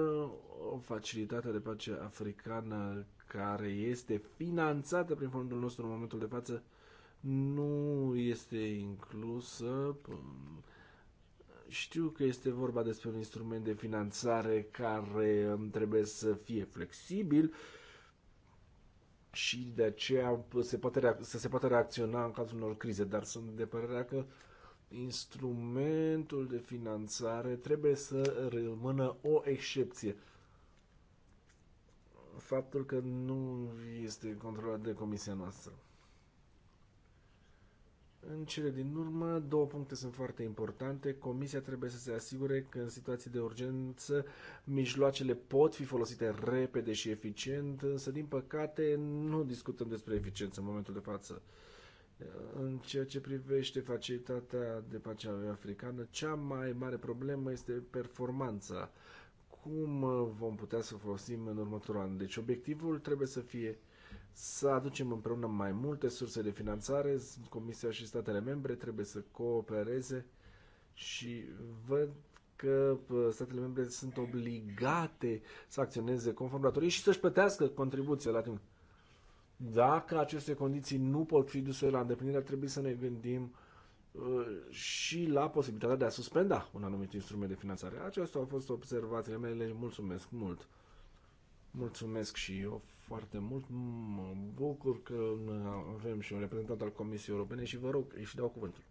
o facilitate de pace africană care este finanțată prin fondul nostru în momentul de față, nu este inclusă. Știu că este vorba despre un instrument de finanțare care trebuie să fie flexibil și de aceea se poate să se poate reacționa în cazul unor crize, dar sunt de părerea că instrumentul de finanțare trebuie să rămână o excepție. Faptul că nu este controlat de comisia noastră. În cele din urmă, două puncte sunt foarte importante. Comisia trebuie să se asigure că în situații de urgență mijloacele pot fi folosite repede și eficient, însă din păcate nu discutăm despre eficiență în momentul de față. În ceea ce privește facilitatea de pace africană, cea mai mare problemă este performanța. Cum uh, vom putea să folosim în următorul an? Deci obiectivul trebuie să fie să aducem împreună mai multe surse de finanțare. Comisia și statele membre trebuie să coopereze și văd că statele membre sunt obligate să acționeze conform datoriei și să-și plătească contribuția la timp. Dacă aceste condiții nu pot fi duse la îndeplinire, ar trebui să ne gândim ă, și la posibilitatea de a suspenda un anumit instrument de finanțare. Acestea au fost observațiile mele, mulțumesc mult. Mulțumesc și eu foarte mult. Mă bucur că avem și un reprezentant al Comisiei Europene și vă rog, își dau cuvântul.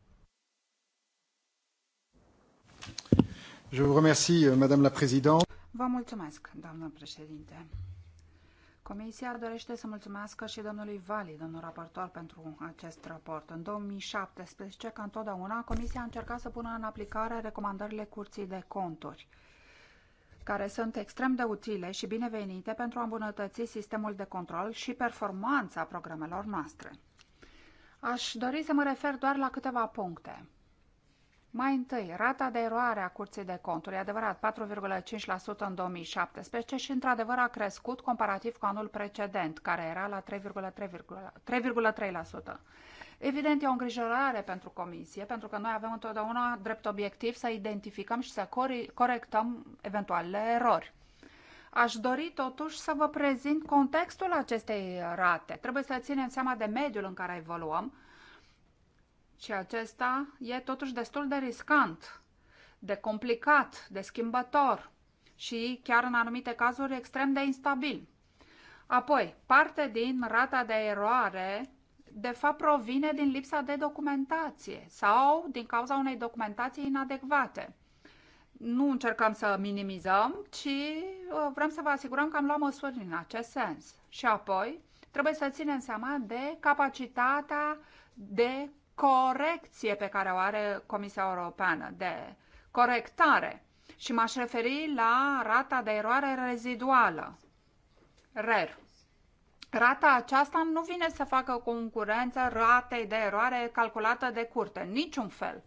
Je vous remercie, Madame la Présidente. Vă mulțumesc, doamnă președinte. Comisia dorește să mulțumească și domnului Vali, domnul raportor, pentru acest raport. În 2017, ca întotdeauna, Comisia a încercat să pună în aplicare recomandările Curții de Conturi – care sunt extrem de utile și binevenite pentru a îmbunătăți sistemul de control și performanța programelor noastre. Aș dori să mă refer doar la câteva puncte. Mai întâi, rata de eroare a Curții de Conturi, e adevărat 4,5% în 2017 și într-adevăr a crescut comparativ cu anul precedent, care era la 3,3%. Evident, e o îngrijorare pentru comisie, pentru că noi avem întotdeauna drept obiectiv să identificăm și să corectăm eventualele erori. Aș dori totuși să vă prezint contextul acestei rate. Trebuie să ținem seama de mediul în care evoluăm și acesta e totuși destul de riscant, de complicat, de schimbător și chiar în anumite cazuri extrem de instabil. Apoi, parte din rata de eroare de fapt provine din lipsa de documentație sau din cauza unei documentații inadecvate. Nu încercăm să minimizăm, ci uh, vrem să vă asigurăm că am luat măsuri în acest sens. Și apoi trebuie să ținem seama de capacitatea de corecție pe care o are Comisia Europeană, de corectare. Și m-aș referi la rata de eroare reziduală, RER. Rata aceasta nu vine să facă concurență ratei de eroare calculată de curte, niciun fel,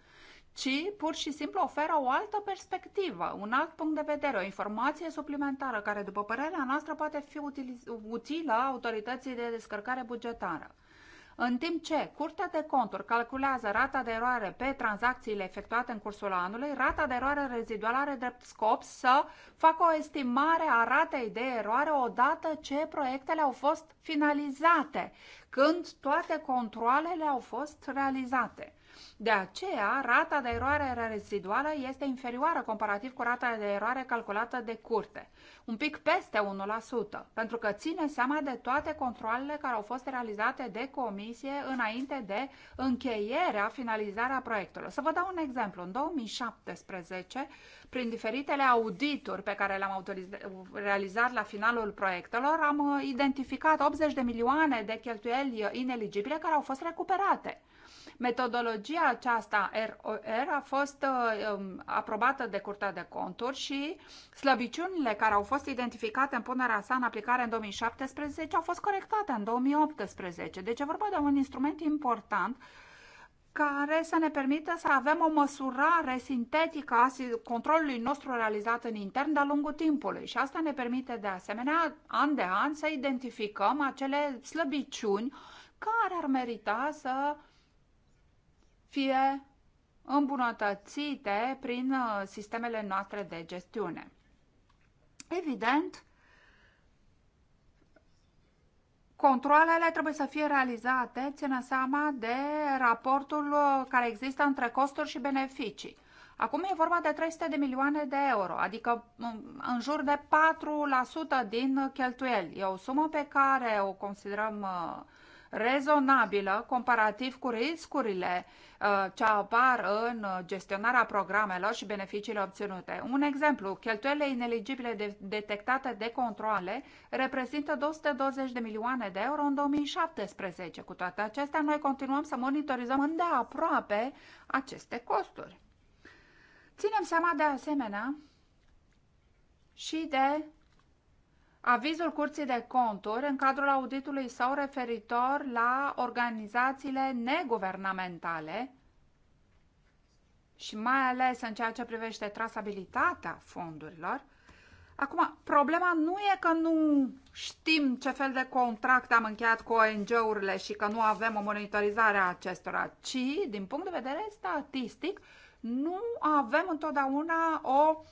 ci pur și simplu oferă o altă perspectivă, un alt punct de vedere, o informație suplimentară care, după părerea noastră, poate fi utilă autorității de descărcare bugetară. În timp ce Curtea de Conturi calculează rata de eroare pe tranzacțiile efectuate în cursul anului, rata de eroare reziduală are drept scop să facă o estimare a ratei de eroare odată ce proiectele au fost finalizate, când toate controlele au fost realizate. De aceea, rata de eroare reziduală este inferioară comparativ cu rata de eroare calculată de curte, un pic peste 1%, pentru că ține seama de toate controlele care au fost realizate de comisie înainte de încheierea, finalizarea proiectului. Să vă dau un exemplu. În 2017, prin diferitele audituri pe care le-am realizat la finalul proiectelor, am uh, identificat 80 de milioane de cheltuieli uh, ineligibile care au fost recuperate. Metodologia aceasta ROR a fost uh, um, aprobată de Curtea de Conturi și slăbiciunile care au fost identificate în punerea sa în aplicare în 2017 au fost corectate în 2018. Deci e vorba de un instrument important care să ne permită să avem o măsurare sintetică a controlului nostru realizat în intern de-a lungul timpului. Și asta ne permite de asemenea, an de an, să identificăm acele slăbiciuni care ar merita să fie îmbunătățite prin uh, sistemele noastre de gestiune. Evident, Controlele trebuie să fie realizate ținând seama de raportul uh, care există între costuri și beneficii. Acum e vorba de 300 de milioane de euro, adică um, în jur de 4% din cheltuieli. E o sumă pe care o considerăm uh, rezonabilă comparativ cu riscurile uh, ce apar în uh, gestionarea programelor și beneficiile obținute. Un exemplu, cheltuielile ineligibile de detectate de controle reprezintă 220 de milioane de euro în 2017. Cu toate acestea, noi continuăm să monitorizăm îndeaproape aceste costuri. Ținem seama de asemenea și de avizul Curții de Conturi în cadrul auditului său referitor la organizațiile neguvernamentale și mai ales în ceea ce privește trasabilitatea fondurilor. Acum, problema nu e că nu știm ce fel de contract am încheiat cu ONG-urile și că nu avem o monitorizare a acestora, ci, din punct de vedere statistic, nu avem întotdeauna o uh,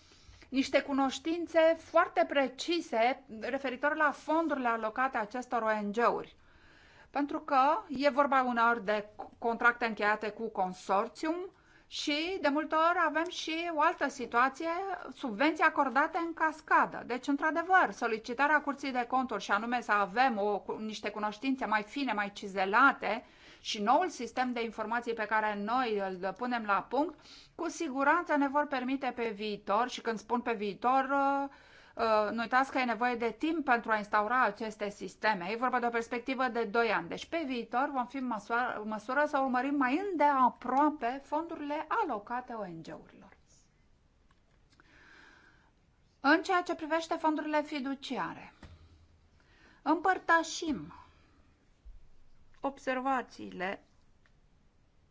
niște cunoștințe foarte precise referitor la fondurile alocate acestor ONG-uri. Pentru că e vorba uneori de contracte încheiate cu consorțium și de multe ori avem și o altă situație, subvenții acordate în cascadă. Deci, într-adevăr, solicitarea curții de conturi și anume să avem o, niște cunoștințe mai fine, mai cizelate, și noul sistem de informații pe care noi îl punem la punct, cu siguranță ne vor permite pe viitor, și când spun pe viitor, uh, uh, nu uitați că e nevoie de timp pentru a instaura aceste sisteme. E vorba de o perspectivă de 2 ani. Deci pe viitor vom fi în măsoară, măsură să urmărim mai îndeaproape fondurile alocate ONG-urilor. În ceea ce privește fondurile fiduciare, împărtășim observațiile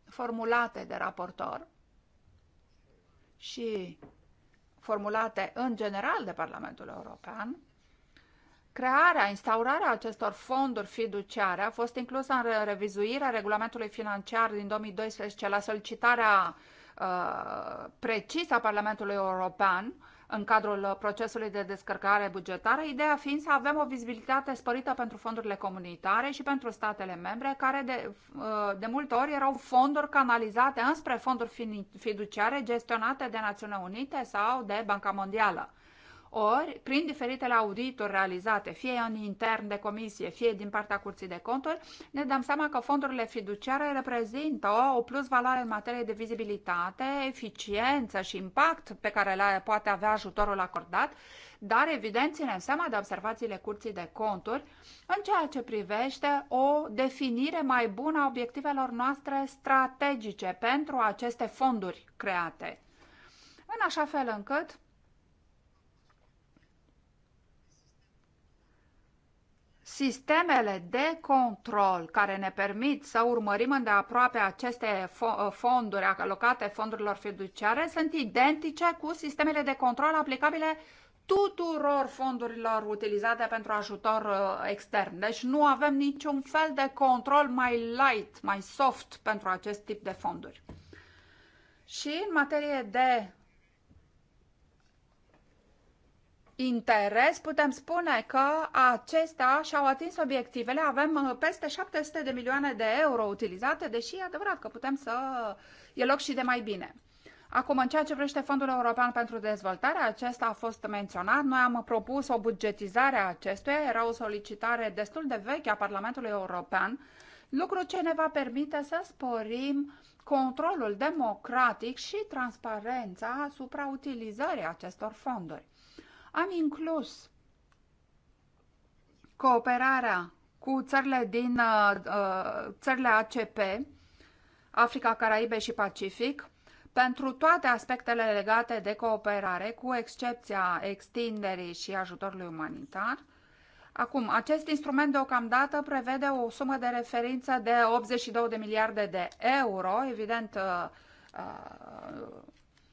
formulate de raportor și formulate în general de Parlamentul European, crearea, instaurarea acestor fonduri fiduciare a fost inclusă în revizuirea regulamentului financiar din 2012 la solicitarea uh, precisă a Parlamentului European în cadrul uh, procesului de descărcare bugetară, ideea fiind să avem o vizibilitate sporită pentru fondurile comunitare și pentru statele membre, care de, uh, de multe ori erau fonduri canalizate înspre fonduri fiduciare gestionate de Națiunea Unite sau de Banca Mondială. Ori, prin diferitele audituri realizate, fie în intern de comisie, fie din partea curții de conturi, ne dăm seama că fondurile fiduciare reprezintă o plus valoare în materie de vizibilitate, eficiență și impact pe care le poate avea ajutorul acordat, dar evident ținem seama de observațiile curții de conturi în ceea ce privește o definire mai bună a obiectivelor noastre strategice pentru aceste fonduri create. În așa fel încât Sistemele de control care ne permit să urmărim îndeaproape aceste fonduri alocate fondurilor fiduciare sunt identice cu sistemele de control aplicabile tuturor fondurilor utilizate pentru ajutor uh, extern. Deci nu avem niciun fel de control mai light, mai soft pentru acest tip de fonduri. Și în materie de interes, putem spune că acestea și-au atins obiectivele. Avem uh, peste 700 de milioane de euro utilizate, deși e adevărat că putem să e loc și de mai bine. Acum, în ceea ce vrește Fondul European pentru Dezvoltare, acesta a fost menționat. Noi am propus o bugetizare a acestuia, era o solicitare destul de veche a Parlamentului European, lucru ce ne va permite să sporim controlul democratic și transparența asupra utilizării acestor fonduri. Am inclus cooperarea cu țările din uh, uh, țările ACP, Africa, Caraibe și Pacific, pentru toate aspectele legate de cooperare, cu excepția extinderii și ajutorului umanitar. Acum, acest instrument deocamdată prevede o sumă de referință de 82 de miliarde de euro, evident uh,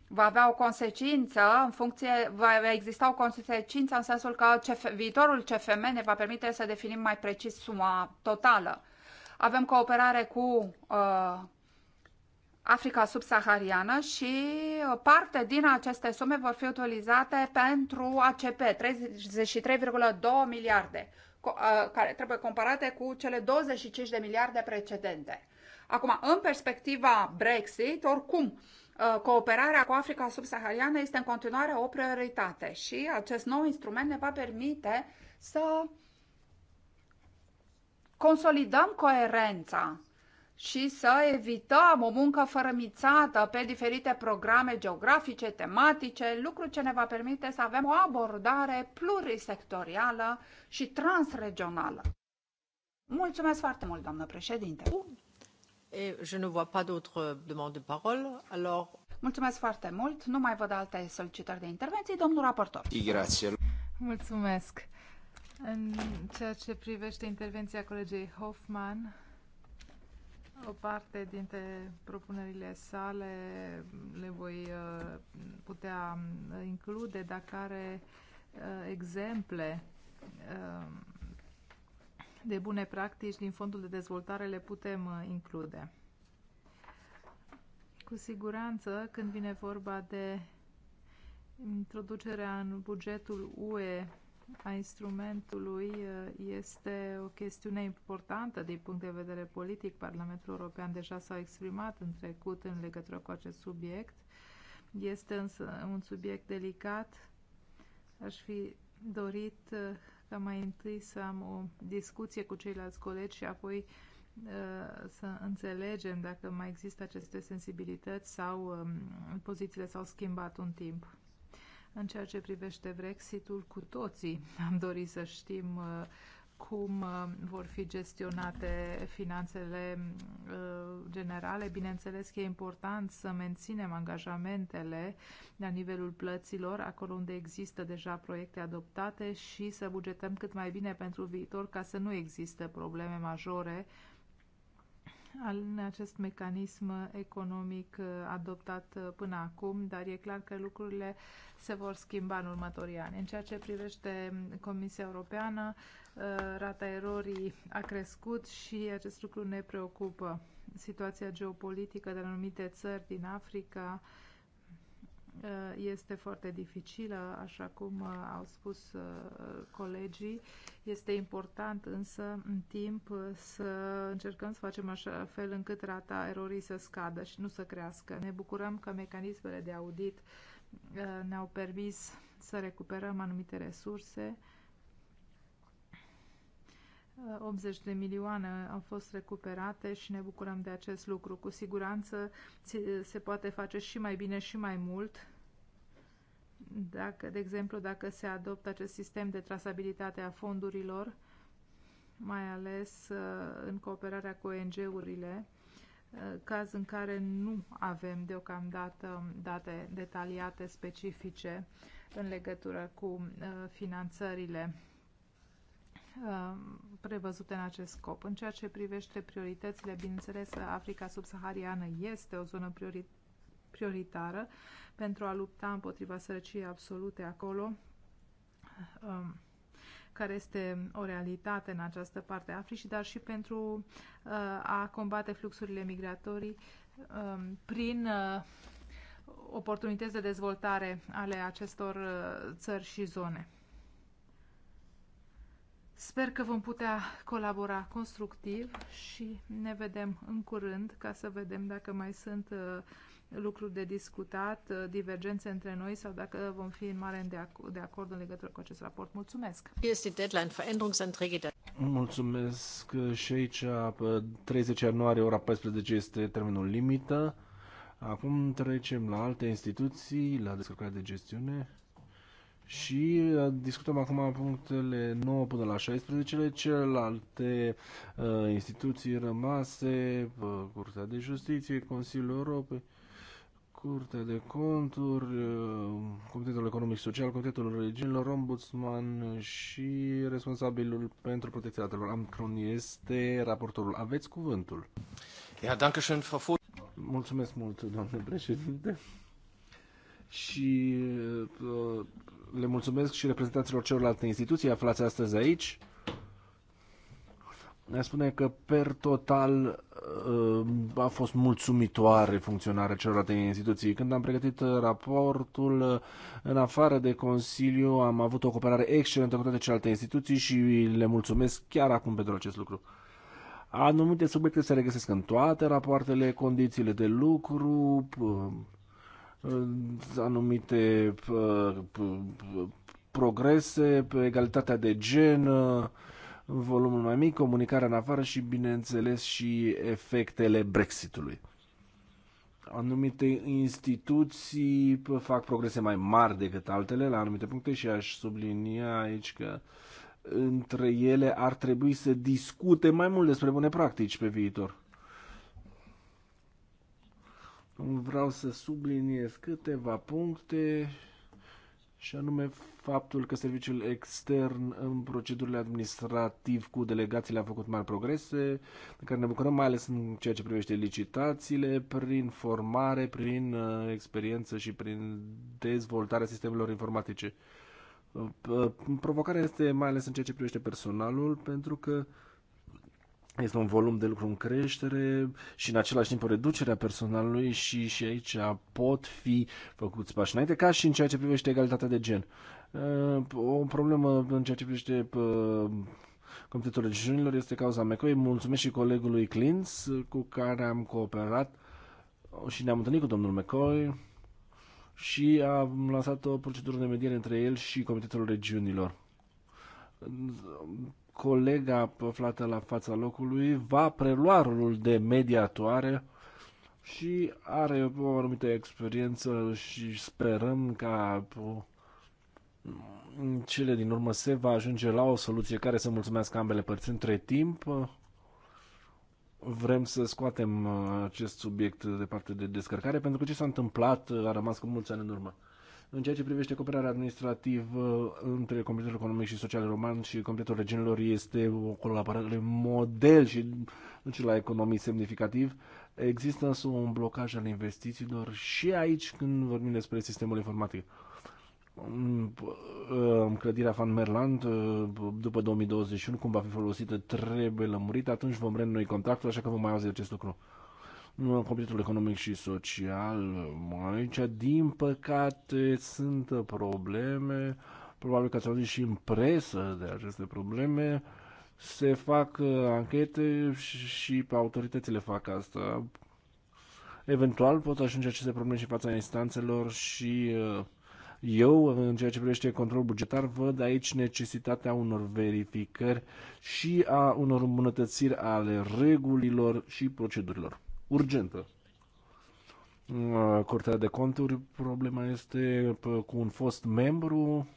va avea o consecință în funcție, va exista o consecință în sensul că CF, viitorul CFM ne va permite să definim mai precis suma totală. Avem cooperare cu uh, Africa subsahariană și uh, parte din aceste sume vor fi utilizate pentru ACP, 33,2 miliarde, uh, care trebuie comparate cu cele 25 de miliarde precedente. Acum, în perspectiva Brexit, oricum, Uh, cooperarea cu Africa subsahariană este în continuare o prioritate și acest nou instrument ne va permite să consolidăm coerența și să evităm o muncă fărămițată pe diferite programe geografice, tematice, lucru ce ne va permite să avem o abordare plurisectorială și transregională. Mulțumesc foarte mult, doamnă președinte! Mulțumesc foarte mult. Nu mai văd alte solicitări de intervenții. Domnul raportor. Mulțumesc. În ceea ce privește intervenția colegei Hoffman, o parte dintre propunerile sale le voi uh, putea uh, include, dacă are uh, exemple de bune practici din fondul de dezvoltare le putem uh, include. Cu siguranță, când vine vorba de introducerea în bugetul UE a instrumentului uh, este o chestiune importantă din punct de vedere politic. Parlamentul European deja s-a exprimat în trecut în legătură cu acest subiect. Este însă un subiect delicat. Aș fi dorit uh, ca mai întâi să am o discuție cu ceilalți colegi și apoi uh, să înțelegem dacă mai există aceste sensibilități sau um, pozițiile s-au schimbat un timp. În ceea ce privește Brexitul, cu toții am dorit să știm uh, cum uh, vor fi gestionate finanțele uh, generale. Bineînțeles că e important să menținem angajamentele la nivelul plăților, acolo unde există deja proiecte adoptate și să bugetăm cât mai bine pentru viitor ca să nu există probleme majore uh, în acest mecanism economic uh, adoptat uh, până acum, dar e clar că lucrurile se vor schimba în următorii ani. În ceea ce privește mm, Comisia Europeană, uh, rata erorii a crescut și acest lucru ne preocupă. Situația geopolitică de anumite țări din Africa, Eh, este foarte dificilă, așa cum eh, au spus eh, colegii. Este important însă în timp să încercăm să facem așa fel încât rata erorii să scadă și nu să crească. Ne bucurăm că mecanismele de audit ne-au permis să recuperăm anumite resurse 80 uh, de milioane au fost recuperate și ne bucurăm de acest lucru. Cu siguranță se poate face și mai bine și mai mult. Dacă, de exemplu, dacă se adoptă acest sistem de trasabilitate a fondurilor, mai ales uh, în cooperarea cu ONG-urile, uh, caz în care nu avem deocamdată date detaliate specifice în legătură cu finanțările Um, prevăzute în acest scop. În ceea ce privește prioritățile, bineînțeles, Africa subsahariană este o zonă priori prioritară pentru a lupta împotriva sărăciei absolute acolo, um, care este o realitate în această parte a Africii, dar și pentru uh, a combate fluxurile migratorii um, prin uh, oportunități de dezvoltare ale acestor uh, țări și zone. Sper că vom putea colabora constructiv și ne vedem în curând ca să vedem dacă mai sunt uh, lucruri de discutat, uh, divergențe între noi sau dacă vom fi în mare de acord în legătură cu acest raport. Mulțumesc! Da- Mulțumesc și aici 30 ianuarie ora 14 este termenul limită. Acum trecem la alte instituții, la descărcarea de gestiune. Și uh, discutăm acum punctele 9 până la 16, celelalte uh, instituții rămase, uh, Curtea de Justiție, Consiliul Europei, Curtea de Conturi, uh, Comitetul Economic Social, Comitetul Regiunilor, Ombudsman și responsabilul pentru protecția datelor, Amcron, este raportorul. Aveți cuvântul. Ja, danke schön, Frau Mulțumesc mult, doamne președinte și uh, le mulțumesc și reprezentanților celorlalte instituții aflați astăzi aici. Ne spune că, per total, uh, a fost mulțumitoare funcționarea celorlalte instituții. Când am pregătit uh, raportul, în afară de Consiliu, am avut o cooperare excelentă cu toate celelalte instituții și le mulțumesc chiar acum pentru acest lucru. Anumite subiecte se regăsesc în toate rapoartele, condițiile de lucru, anumite progrese, pe egalitatea de gen, uh, volumul mai mic, comunicarea în afară și, bineînțeles, și efectele Brexitului. Anumite instituții fac progrese mai mari decât altele la anumite puncte și aș sublinia aici că între ele ar trebui să discute mai mult despre bune practici pe viitor vreau să subliniez câteva puncte și anume faptul că serviciul extern în procedurile administrativ cu delegațiile a făcut mari progrese, de care ne bucurăm mai ales în ceea ce privește licitațiile, prin formare, prin uh, experiență și prin dezvoltarea sistemelor informatice. Uh, uh, provocarea este mai ales în ceea ce privește personalul, pentru că uh, este un volum de lucru în creștere și în același timp o reducere a personalului și, și aici pot fi făcuți pași înainte, ca și în ceea ce privește egalitatea de gen. Uh, o problemă în ceea ce privește uh, Comitetul Regiunilor este cauza MECOI. Mulțumesc și colegului Clins cu care am cooperat și ne-am întâlnit cu domnul MECOI și am lansat o procedură de mediere între el și Comitetul Regiunilor colega aflată la fața locului va prelua rolul de mediatoare și are o anumită experiență și sperăm ca mm, în cele din urmă se va ajunge la o soluție care să mulțumească ambele părți între timp. Vrem să scoatem uh, acest subiect de parte de descărcare pentru că ce s-a întâmplat uh, a rămas cu mulți ani în urmă. În ceea ce privește cooperarea administrativă între Comitetul Economic și Social Roman și Comitetul Regiunilor este o colaborare model și duce la economii semnificativ. Există însă un blocaj al investițiilor și aici când vorbim despre sistemul informatic clădirea Van Merland după 2021, cum va fi folosită, trebuie lămurită, atunci vom renoi contractul, așa că vom mai auzi acest lucru. Comitetul Economic și Social. Aici, din păcate, sunt probleme, probabil că ați auzit și în presă de aceste probleme, se fac uh, anchete și pe autoritățile fac asta. Eventual pot ajunge aceste probleme și fața instanțelor și uh, eu, în ceea ce privește controlul bugetar, văd aici necesitatea unor verificări și a unor îmbunătățiri ale regulilor și procedurilor urgentă. Uh, Curtea de conturi, problema este cu un fost membru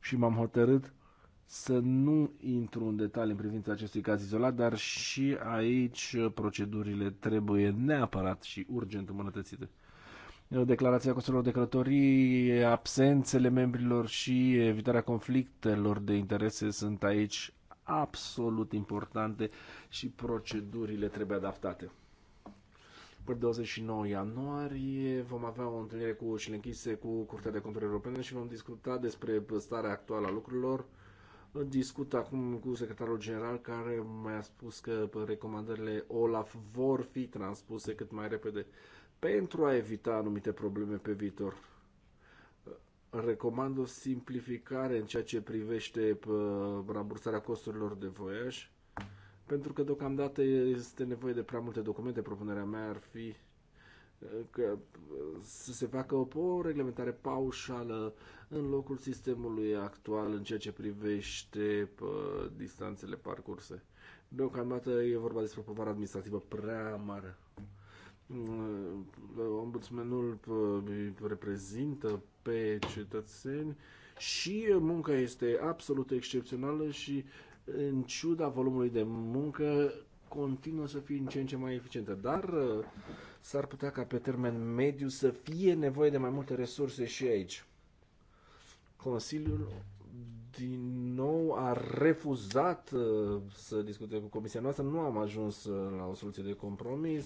și m-am hotărât să nu intru în detalii în privința acestui caz izolat, dar și aici uh, procedurile trebuie neapărat și urgent îmbunătățite. Uh, declarația costurilor de călătorii, absențele membrilor și evitarea conflictelor de interese sunt aici absolut importante și procedurile trebuie adaptate. Pe 29 ianuarie vom avea o întâlnire cu ușile închise cu Curtea de Conturi Europene și vom discuta despre starea actuală a lucrurilor. Discut acum cu secretarul general care mi-a spus că recomandările OLAF vor fi transpuse cât mai repede pentru a evita anumite probleme pe viitor recomand o simplificare în ceea ce privește rambursarea costurilor de voiaj, pentru că deocamdată este nevoie de prea multe documente. Propunerea mea ar fi ă, că să se facă o reglementare paușală în locul sistemului actual în ceea ce privește distanțele parcurse. Deocamdată e vorba despre o povară administrativă prea mare. Mm, uh, ombudsmanul uh, reprezintă pe cetățeni și munca este absolut excepțională și în ciuda volumului de muncă continuă să fie în ce în ce mai eficientă, dar uh, s-ar putea ca pe termen mediu să fie nevoie de mai multe resurse și aici. Consiliul din nou a refuzat să discute cu comisia noastră, nu am ajuns la o soluție de compromis.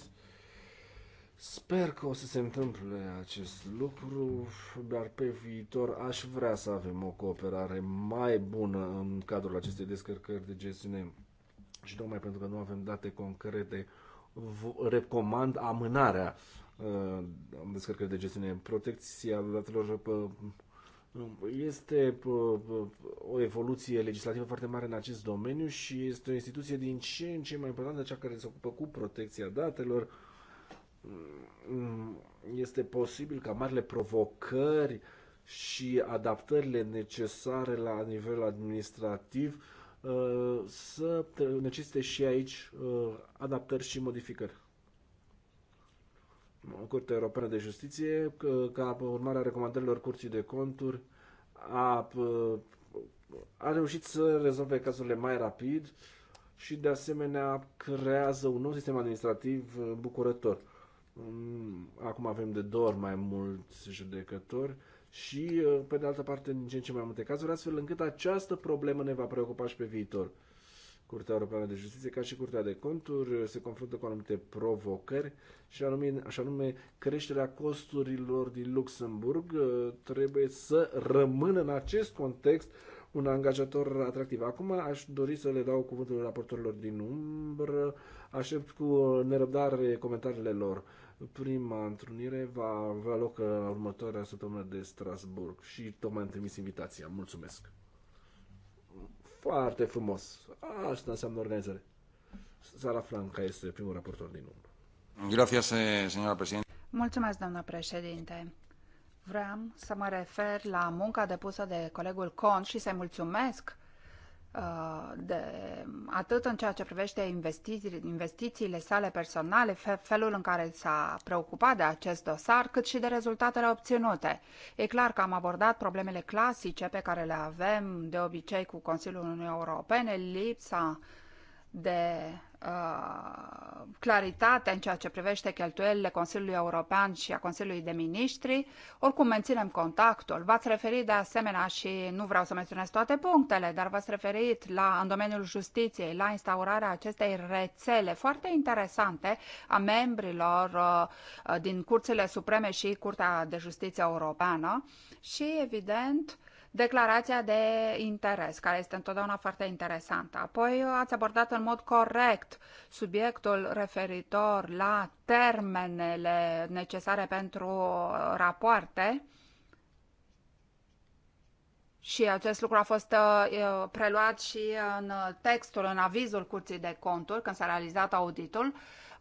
Sper că o să se întâmple acest lucru, dar pe viitor aș vrea să avem o cooperare mai bună în cadrul acestei descărcări de gestiune și tocmai pentru că nu avem date concrete, recomand amânarea uh, descărcării de gestiune. Protecția datelor uh, este uh, o evoluție legislativă foarte mare în acest domeniu și este o instituție din ce în ce mai importantă, cea care se ocupă cu protecția datelor Mm, este posibil ca marile provocări și adaptările necesare la nivel administrativ uh, să necesite și aici uh, adaptări și modificări. Curtea Europeană de Justiție, ca urmare a recomandărilor Curții de Conturi, a, uh, a reușit să rezolve cazurile mai rapid și, de asemenea, creează un nou sistem administrativ bucurător. Acum avem de dor mai mulți judecători și, uh, pe de altă parte, din ce în ce mai multe cazuri, astfel încât această problemă ne va preocupa și pe viitor. Curtea Europeană de Justiție, ca și Curtea de Conturi, uh, se confruntă cu anumite provocări și anume, așa anume creșterea costurilor din Luxemburg uh, trebuie să rămână în acest context un angajator atractiv. Acum aș dori să le dau cuvântul raportorilor din umbră, aștept cu nerăbdare comentariile lor. Prima întrunire va avea loc uh, următoarea săptămână de Strasburg și tocmai am trimis invitația. Mulțumesc! Foarte frumos! Asta înseamnă organizare. Sara Franca este primul raportor din urmă. Gracias, eh, señora presidente. Mulțumesc, doamna președinte. Vreau să mă refer la munca depusă de colegul Con și să-i mulțumesc Uh, de, atât în ceea ce privește investițiile, investițiile sale personale, fe, felul în care s-a preocupat de acest dosar, cât și de rezultatele obținute. E clar că am abordat problemele clasice pe care le avem de obicei cu Consiliul Uniunii Europene, lipsa de Uh, claritate în ceea ce privește cheltuielile Consiliului European și a Consiliului de Ministri. Oricum, menținem contactul. V-ați referit de asemenea și nu vreau să menționez toate punctele, dar v-ați referit la, în domeniul justiției la instaurarea acestei rețele foarte interesante a membrilor uh, din Curțile Supreme și Curtea de Justiție Europeană și, evident, declarația de interes, care este întotdeauna foarte interesantă. Apoi uh, ați abordat în mod corect subiectul referitor la termenele necesare pentru uh, rapoarte. Și acest lucru a fost uh, preluat și în textul, în avizul Curții de Conturi, când s-a realizat auditul.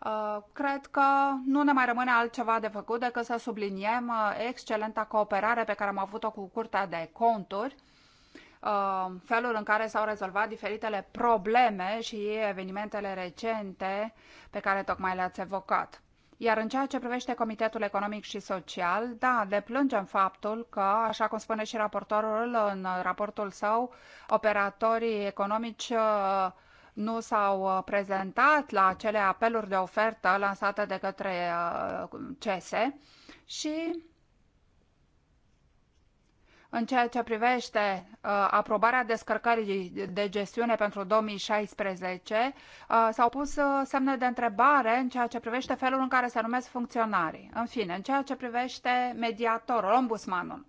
Uh, cred că nu ne mai rămâne altceva de făcut decât să subliniem uh, excelenta cooperare pe care am avut-o cu Curtea de Conturi, uh, felul în care s-au rezolvat diferitele probleme și evenimentele recente pe care tocmai le-ați evocat. Iar în ceea ce privește Comitetul Economic și Social, da, deplângem faptul că, așa cum spune și raportorul în raportul său, operatorii economici uh, nu s-au uh, prezentat la acele apeluri de ofertă lansate de către uh, CESE și în ceea ce privește uh, aprobarea descărcării de gestiune pentru 2016, uh, s-au pus uh, semne de întrebare în ceea ce privește felul în care se numesc funcționarii. În fine, în ceea ce privește mediatorul, ombudsmanul.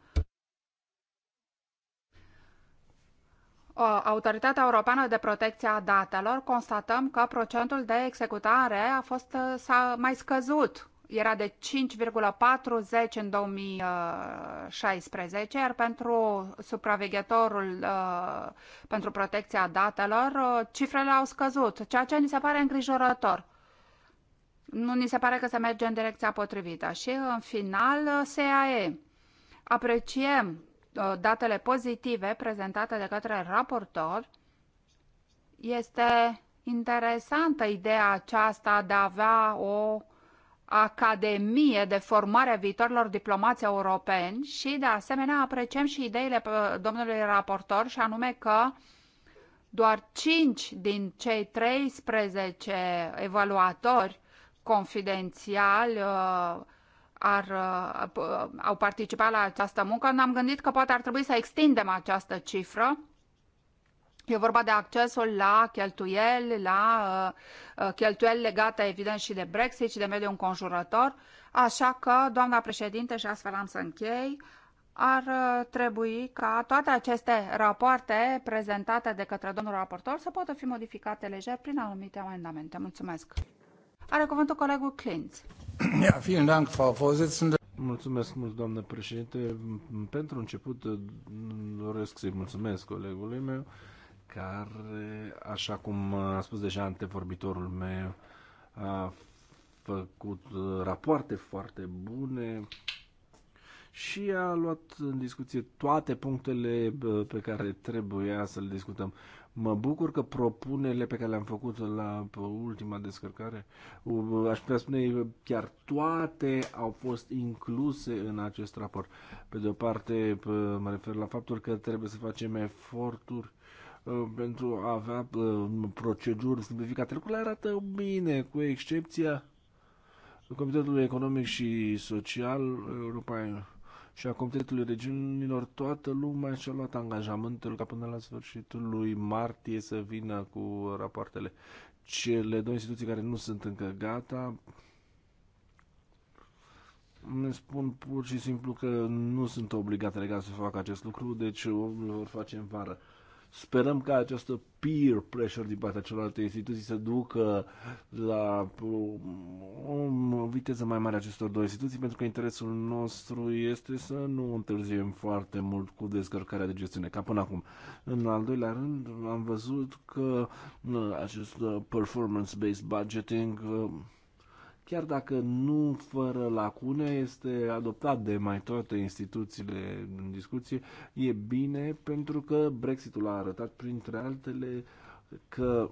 Uh, Autoritatea Europeană de Protecție a Datelor, constatăm că procentul de executare a fost uh, s-a mai scăzut. Era de 5,40 în 2016, uh, iar pentru supraveghetorul pentru protecția datelor, cifrele au scăzut, ceea ce ni se pare îngrijorător nu ni se pare că se merge în direcția potrivită. Și în final, SAE. Apreciem Uh, datele pozitive prezentate de către raportor, este interesantă ideea aceasta de a avea o academie de formare a viitorilor diplomați europeni și, de asemenea, apreciem și ideile uh, domnului raportor și anume că doar 5 din cei 13 evaluatori confidențiali uh, ar, uh, au participat la această muncă, ne-am gândit că poate ar trebui să extindem această cifră E vorba de accesul la cheltuieli, la uh, uh, cheltuieli legate, evident, și de Brexit și de mediul înconjurător. Așa că, doamna președinte, și astfel am să închei, ar trebui ca toate aceste rapoarte prezentate de către domnul raportor să poată fi modificate lejer prin anumite amendamente. Mulțumesc! Are cuvântul colegul Clint. Mulțumesc mult, doamnă președinte. Pentru început doresc să-i mulțumesc colegului meu, care, așa cum a spus deja antevorbitorul meu, a făcut uh, rapoarte foarte bune și a luat în discuție toate punctele pe care trebuia să le discutăm. Mă bucur că propunerile pe care le-am făcut la ultima descărcare, uh, aș putea spune chiar toate au fost incluse în acest raport. Pe de o parte, mă refer la faptul că trebuie să facem eforturi uh, pentru a avea uh, proceduri simplificate. Lucrurile arată bine, cu excepția Comitetului Economic și Social European și a Comitetului Regiunilor, toată lumea și-a luat angajamentul ca până la sfârșitul lui martie să vină cu rapoartele. Cele două instituții care nu sunt încă gata ne spun pur și simplu că nu sunt obligate legat să facă acest lucru, deci vor face în vară. Sperăm ca această peer pressure din partea celorlalte instituții să ducă la o viteză mai mare acestor două instituții, pentru că interesul nostru este să nu întârziem foarte mult cu descărcarea de gestiune, ca până acum. În al doilea rând, am văzut că uh, acest uh, performance-based budgeting uh, chiar dacă nu fără lacune, este adoptat de mai toate instituțiile în discuție, e bine pentru că Brexitul a arătat, printre altele, că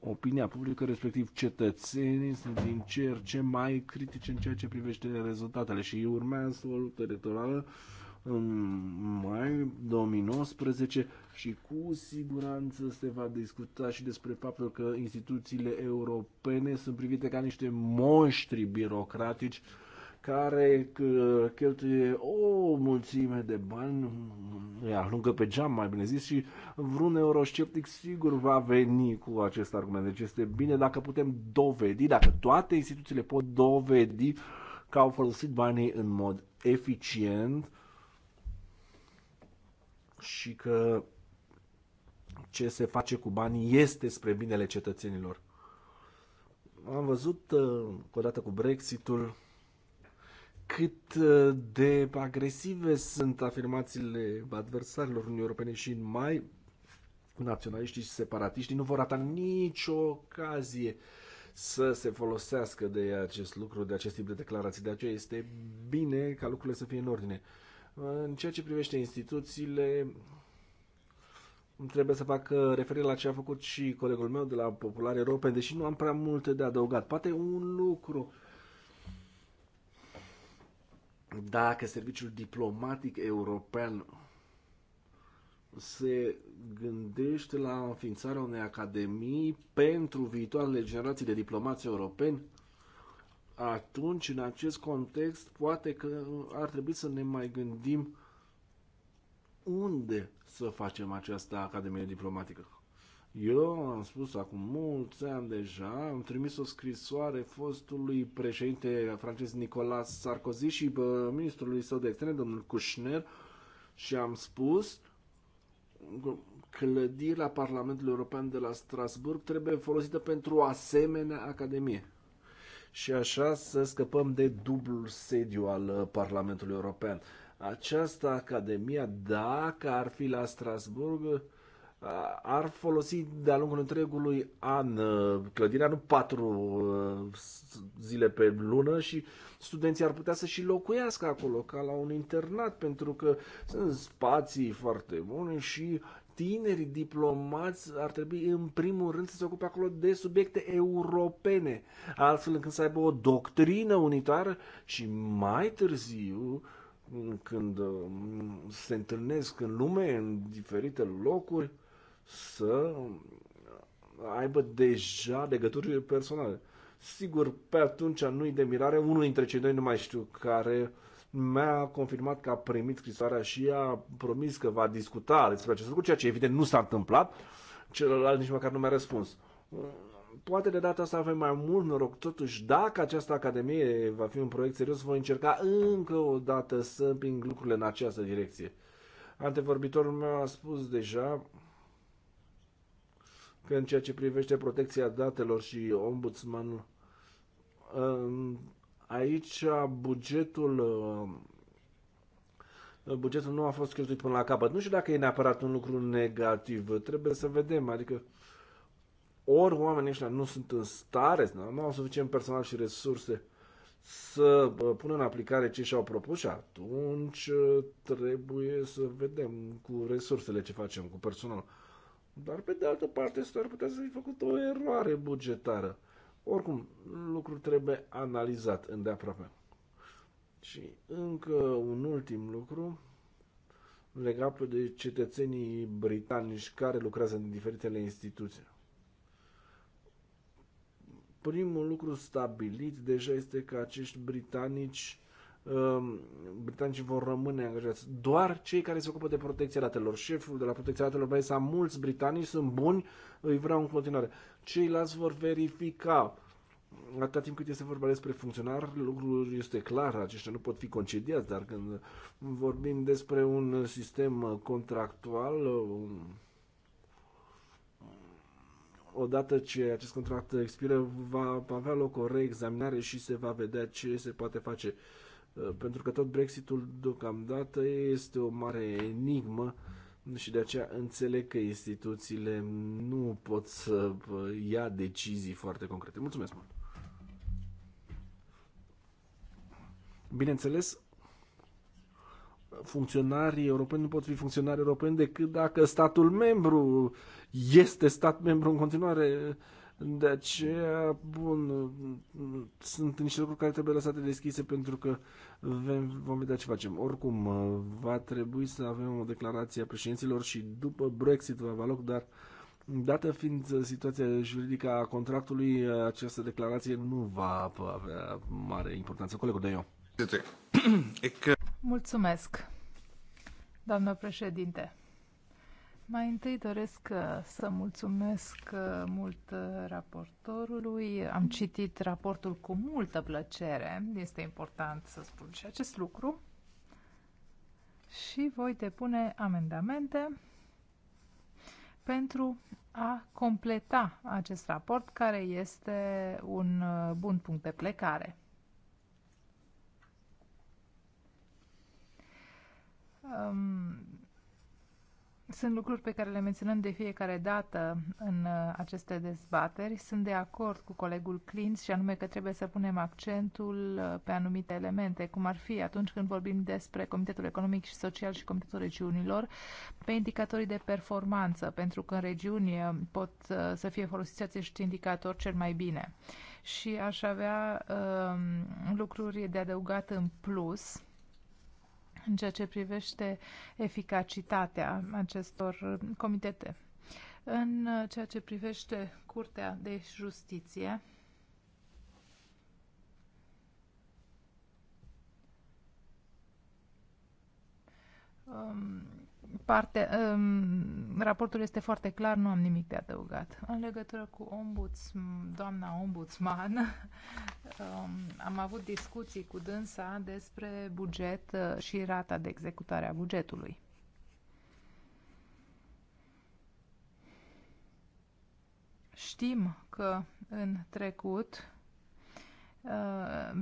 opinia publică, respectiv cetățenii, sunt din ce ce mai critici în ceea ce privește rezultatele și urmează o luptă electorală uh, în mai 2019 și cu siguranță se va discuta și despre faptul că instituțiile europene sunt privite ca niște monștri birocratici care uh, cheltuie o mulțime de bani, îi aruncă pe geam, mai bine zis, și vreun eurosceptic sigur va veni cu acest argument. Deci este bine dacă putem dovedi, dacă toate instituțiile pot dovedi că au folosit banii în mod eficient și că ce se face cu banii este spre binele cetățenilor. Am văzut uh, odată cu Brexitul cât uh, de agresive sunt afirmațiile adversarilor Uniunii Europene și în mai naționaliștii și separatiștii nu vor rata nicio ocazie să se folosească de acest lucru, de acest tip de declarații. De aceea este bine ca lucrurile să fie în ordine. În ceea ce privește instituțiile, trebuie să fac uh, referire la ce a făcut și colegul meu de la Popular Europe, deși nu am prea multe de adăugat. Poate un lucru. Dacă serviciul diplomatic european se gândește la înființarea unei academii pentru viitoarele generații de diplomați europeni, atunci, în acest context, poate că ar trebui să ne mai gândim unde să facem această Academie Diplomatică. Eu am spus acum mulți ani deja, am trimis o scrisoare fostului președinte francez Nicolas Sarkozy și bă, ministrului său de externe, domnul Kushner, și am spus că clădirea Parlamentului European de la Strasburg trebuie folosită pentru o asemenea academie și așa să scăpăm de dublul sediu al uh, Parlamentului European. Această academia, dacă ar fi la Strasburg, uh, ar folosi de-a lungul întregului an uh, clădirea, nu patru zile pe lună și studenții ar putea să și locuiască acolo ca la un internat pentru că sunt spații foarte bune și tinerii diplomați ar trebui în primul rând să se ocupe acolo de subiecte europene, altfel încât să aibă o doctrină unitară și mai târziu când mm, se întâlnesc în lume, în diferite locuri, să aibă deja legături personale. Sigur, pe atunci nu-i de mirare, unul dintre cei doi nu mai știu care mi-a confirmat că a primit scrisoarea și a promis că va discuta despre acest lucru, ceea ce evident nu s-a întâmplat, celălalt nici măcar nu mi-a răspuns. Poate de data asta avem mai mult noroc, totuși dacă această academie va fi un proiect serios, voi încerca încă o dată să împing lucrurile în această direcție. Antevorbitorul meu a spus deja că în ceea ce privește protecția datelor și ombudsmanul, Aici uh, bugetul uh, uh, bugetul nu a fost cheltuit până la capăt. Nu știu dacă e neapărat un lucru negativ, trebuie să vedem, adică ori oamenii ăștia nu sunt în stare, nu au suficient personal și resurse să pună în aplicare ce și-au propus și atunci trebuie să vedem cu resursele ce facem, cu personal. Dar pe de altă parte s-ar putea să fi făcut o eroare bugetară. Oricum, lucrul trebuie analizat îndeaproape. Și încă un ultim lucru legat de cetățenii britanici care lucrează în diferitele instituții. Primul lucru stabilit deja este că acești britanici Ehm, britanicii vor rămâne angajați. Doar cei care se ocupă de protecția datelor. Șeful de la protecția datelor va să mulți britanici sunt buni, îi vreau în continuare. Ceilalți vor verifica. Atâta timp cât este vorba despre funcționar, lucrul este clar, aceștia nu pot fi concediați, dar când vorbim despre un sistem contractual, odată ce acest contract expiră, va avea loc o reexaminare și se va vedea ce se poate face Uh, pentru că tot Brexitul deocamdată este o mare enigmă și de aceea înțeleg că instituțiile nu pot să uh, ia decizii foarte concrete. Mulțumesc mult! Bineînțeles, funcționarii europeni nu pot fi funcționari europeni decât dacă statul membru este stat membru în continuare de aceea, bun, sunt niște lucruri care trebuie lăsate deschise pentru că vom vedea ce facem. Oricum, va trebui să avem o declarație a președinților și după Brexit va avea loc, dar dată fiind situația juridică a contractului, această declarație nu va avea mare importanță. Colegul de eu. Mulțumesc, doamnă președinte. Mai întâi doresc uh, să mulțumesc uh, mult uh, raportorului. Am citit raportul cu multă plăcere. Este important să spun și acest lucru. Și voi depune amendamente pentru a completa acest raport, care este un bun punct de plecare. Um, sunt lucruri pe care le menționăm de fiecare dată în uh, aceste dezbateri. Sunt de acord cu colegul Clint și anume că trebuie să punem accentul uh, pe anumite elemente, cum ar fi atunci când vorbim despre Comitetul Economic și Social și Comitetul Regiunilor, pe indicatorii de performanță, pentru că în regiuni uh, pot să fie folosiți acești indicatori cel mai bine. Și aș avea um, lucruri de adăugat în plus în ceea ce privește eficacitatea acestor comitete. În ceea ce privește Curtea de Justiție, um, parte, um, raportul este foarte clar, nu am nimic de adăugat. În legătură cu ombuds, doamna ombudsman, um, am avut discuții cu dânsa despre buget uh, și rata de executare a bugetului. Știm că în trecut Uh,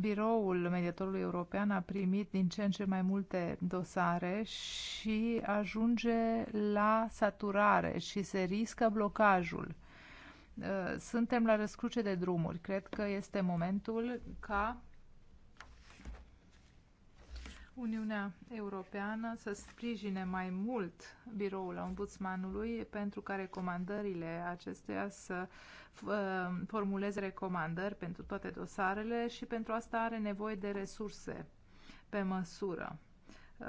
biroul mediatorului european a primit din ce în ce mai multe dosare și ajunge la saturare și se riscă blocajul. Uh, suntem la răscruce de drumuri. Cred că este momentul ca Uniunea Europeană să sprijine mai mult biroul ombudsmanului pentru ca recomandările acesteia să uh, formuleze recomandări pentru toate dosarele și pentru asta are nevoie de resurse pe măsură. Uh,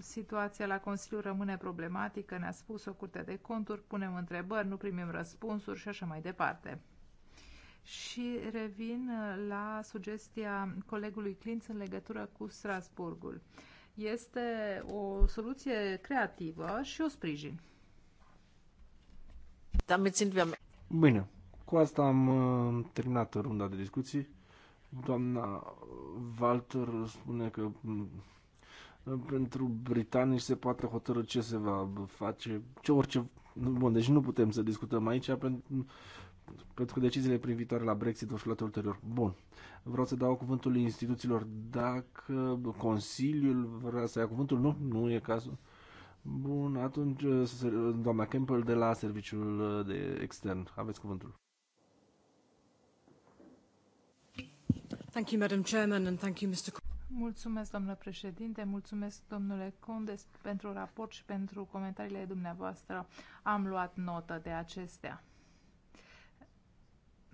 situația la Consiliu rămâne problematică, ne-a spus o curte de conturi, punem întrebări, nu primim răspunsuri și așa mai departe și revin uh, la sugestia colegului Clinț în legătură cu Strasburgul. Este o soluție creativă și o sprijin. Bine, cu asta am uh, terminat runda de discuții. Doamna Walter spune că mm, pentru britanici se poate hotărâ ce se va face, ce orice. Bun, deci nu putem să discutăm aici, pentru pentru că deciziile privitoare la Brexit vor fi luate ulterior. Bun. Vreau să dau cuvântul instituțiilor. Dacă Consiliul vrea să ia cuvântul, nu, nu e cazul. Bun, atunci uh, uh, doamna Campbell de la Serviciul de Extern. Aveți cuvântul. Thank you, Madam Chairman, and thank you, Mr. Mulțumesc, domnule președinte, mulțumesc, domnule Condes, pentru raport și pentru comentariile dumneavoastră. Am luat notă de acestea.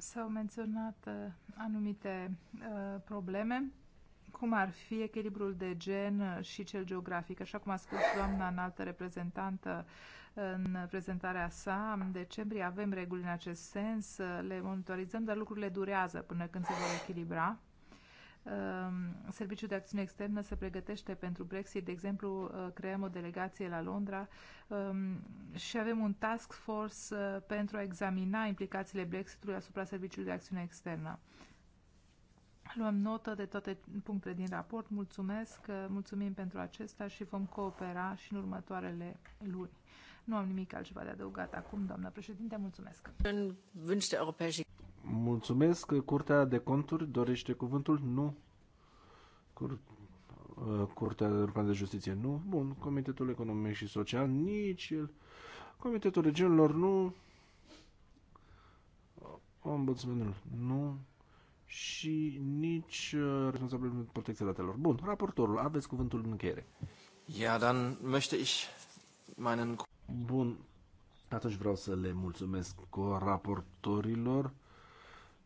S-au menționat uh, anumite uh, probleme, cum ar fi echilibrul de gen uh, și cel geografic. Așa cum a spus doamna înaltă reprezentantă în prezentarea sa, în decembrie avem reguli în acest sens, le monitorizăm, dar lucrurile durează până când se vor echilibra. Um, Serviciul de Acțiune Externă se pregătește pentru Brexit, de exemplu, uh, creăm o delegație la Londra um, și avem un task force uh, pentru a examina implicațiile Brexitului asupra Serviciului de Acțiune Externă. Luăm notă de toate punctele din raport. Mulțumesc, uh, mulțumim pentru acesta și vom coopera și în următoarele luni. Nu am nimic altceva de adăugat acum, doamnă președinte, mulțumesc. Mulțumesc. Curtea de conturi dorește cuvântul? Nu. Cur... Uh, Curtea Europeană de Justiție? Nu. Bun. Comitetul Economic și Social? Nici el. Comitetul Regiunilor? Nu. Ombudsmanul? Nu. Și nici uh, responsabilul pentru protecția datelor. Bun. Raportorul, aveți cuvântul în încheiere. Ja, dann möchte ich meinen... Bun. Atunci vreau să le mulțumesc raportorilor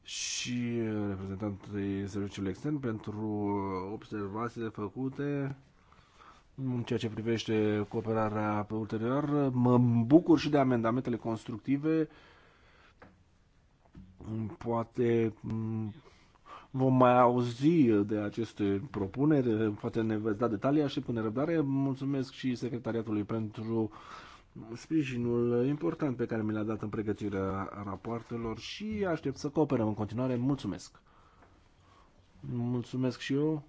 și reprezentantului serviciului extern pentru observațiile făcute în ceea ce privește cooperarea pe ulterior. Mă bucur și de amendamentele constructive. Poate mm, vom mai auzi de aceste propuneri, poate ne veți da detalii, și până răbdare. Mulțumesc și secretariatului pentru uh, sprijinul important pe care mi l-a dat în pregătirea rapoartelor și aștept să cooperăm în continuare. Mulțumesc! Mulțumesc și eu!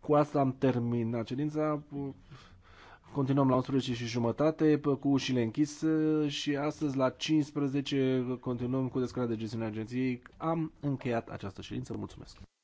Cu asta am terminat ședința. Continuăm la 11 și jumătate cu ușile închise și astăzi la 15 continuăm cu descărcarea de gestiune a agenției. Am încheiat această ședință. Mulțumesc!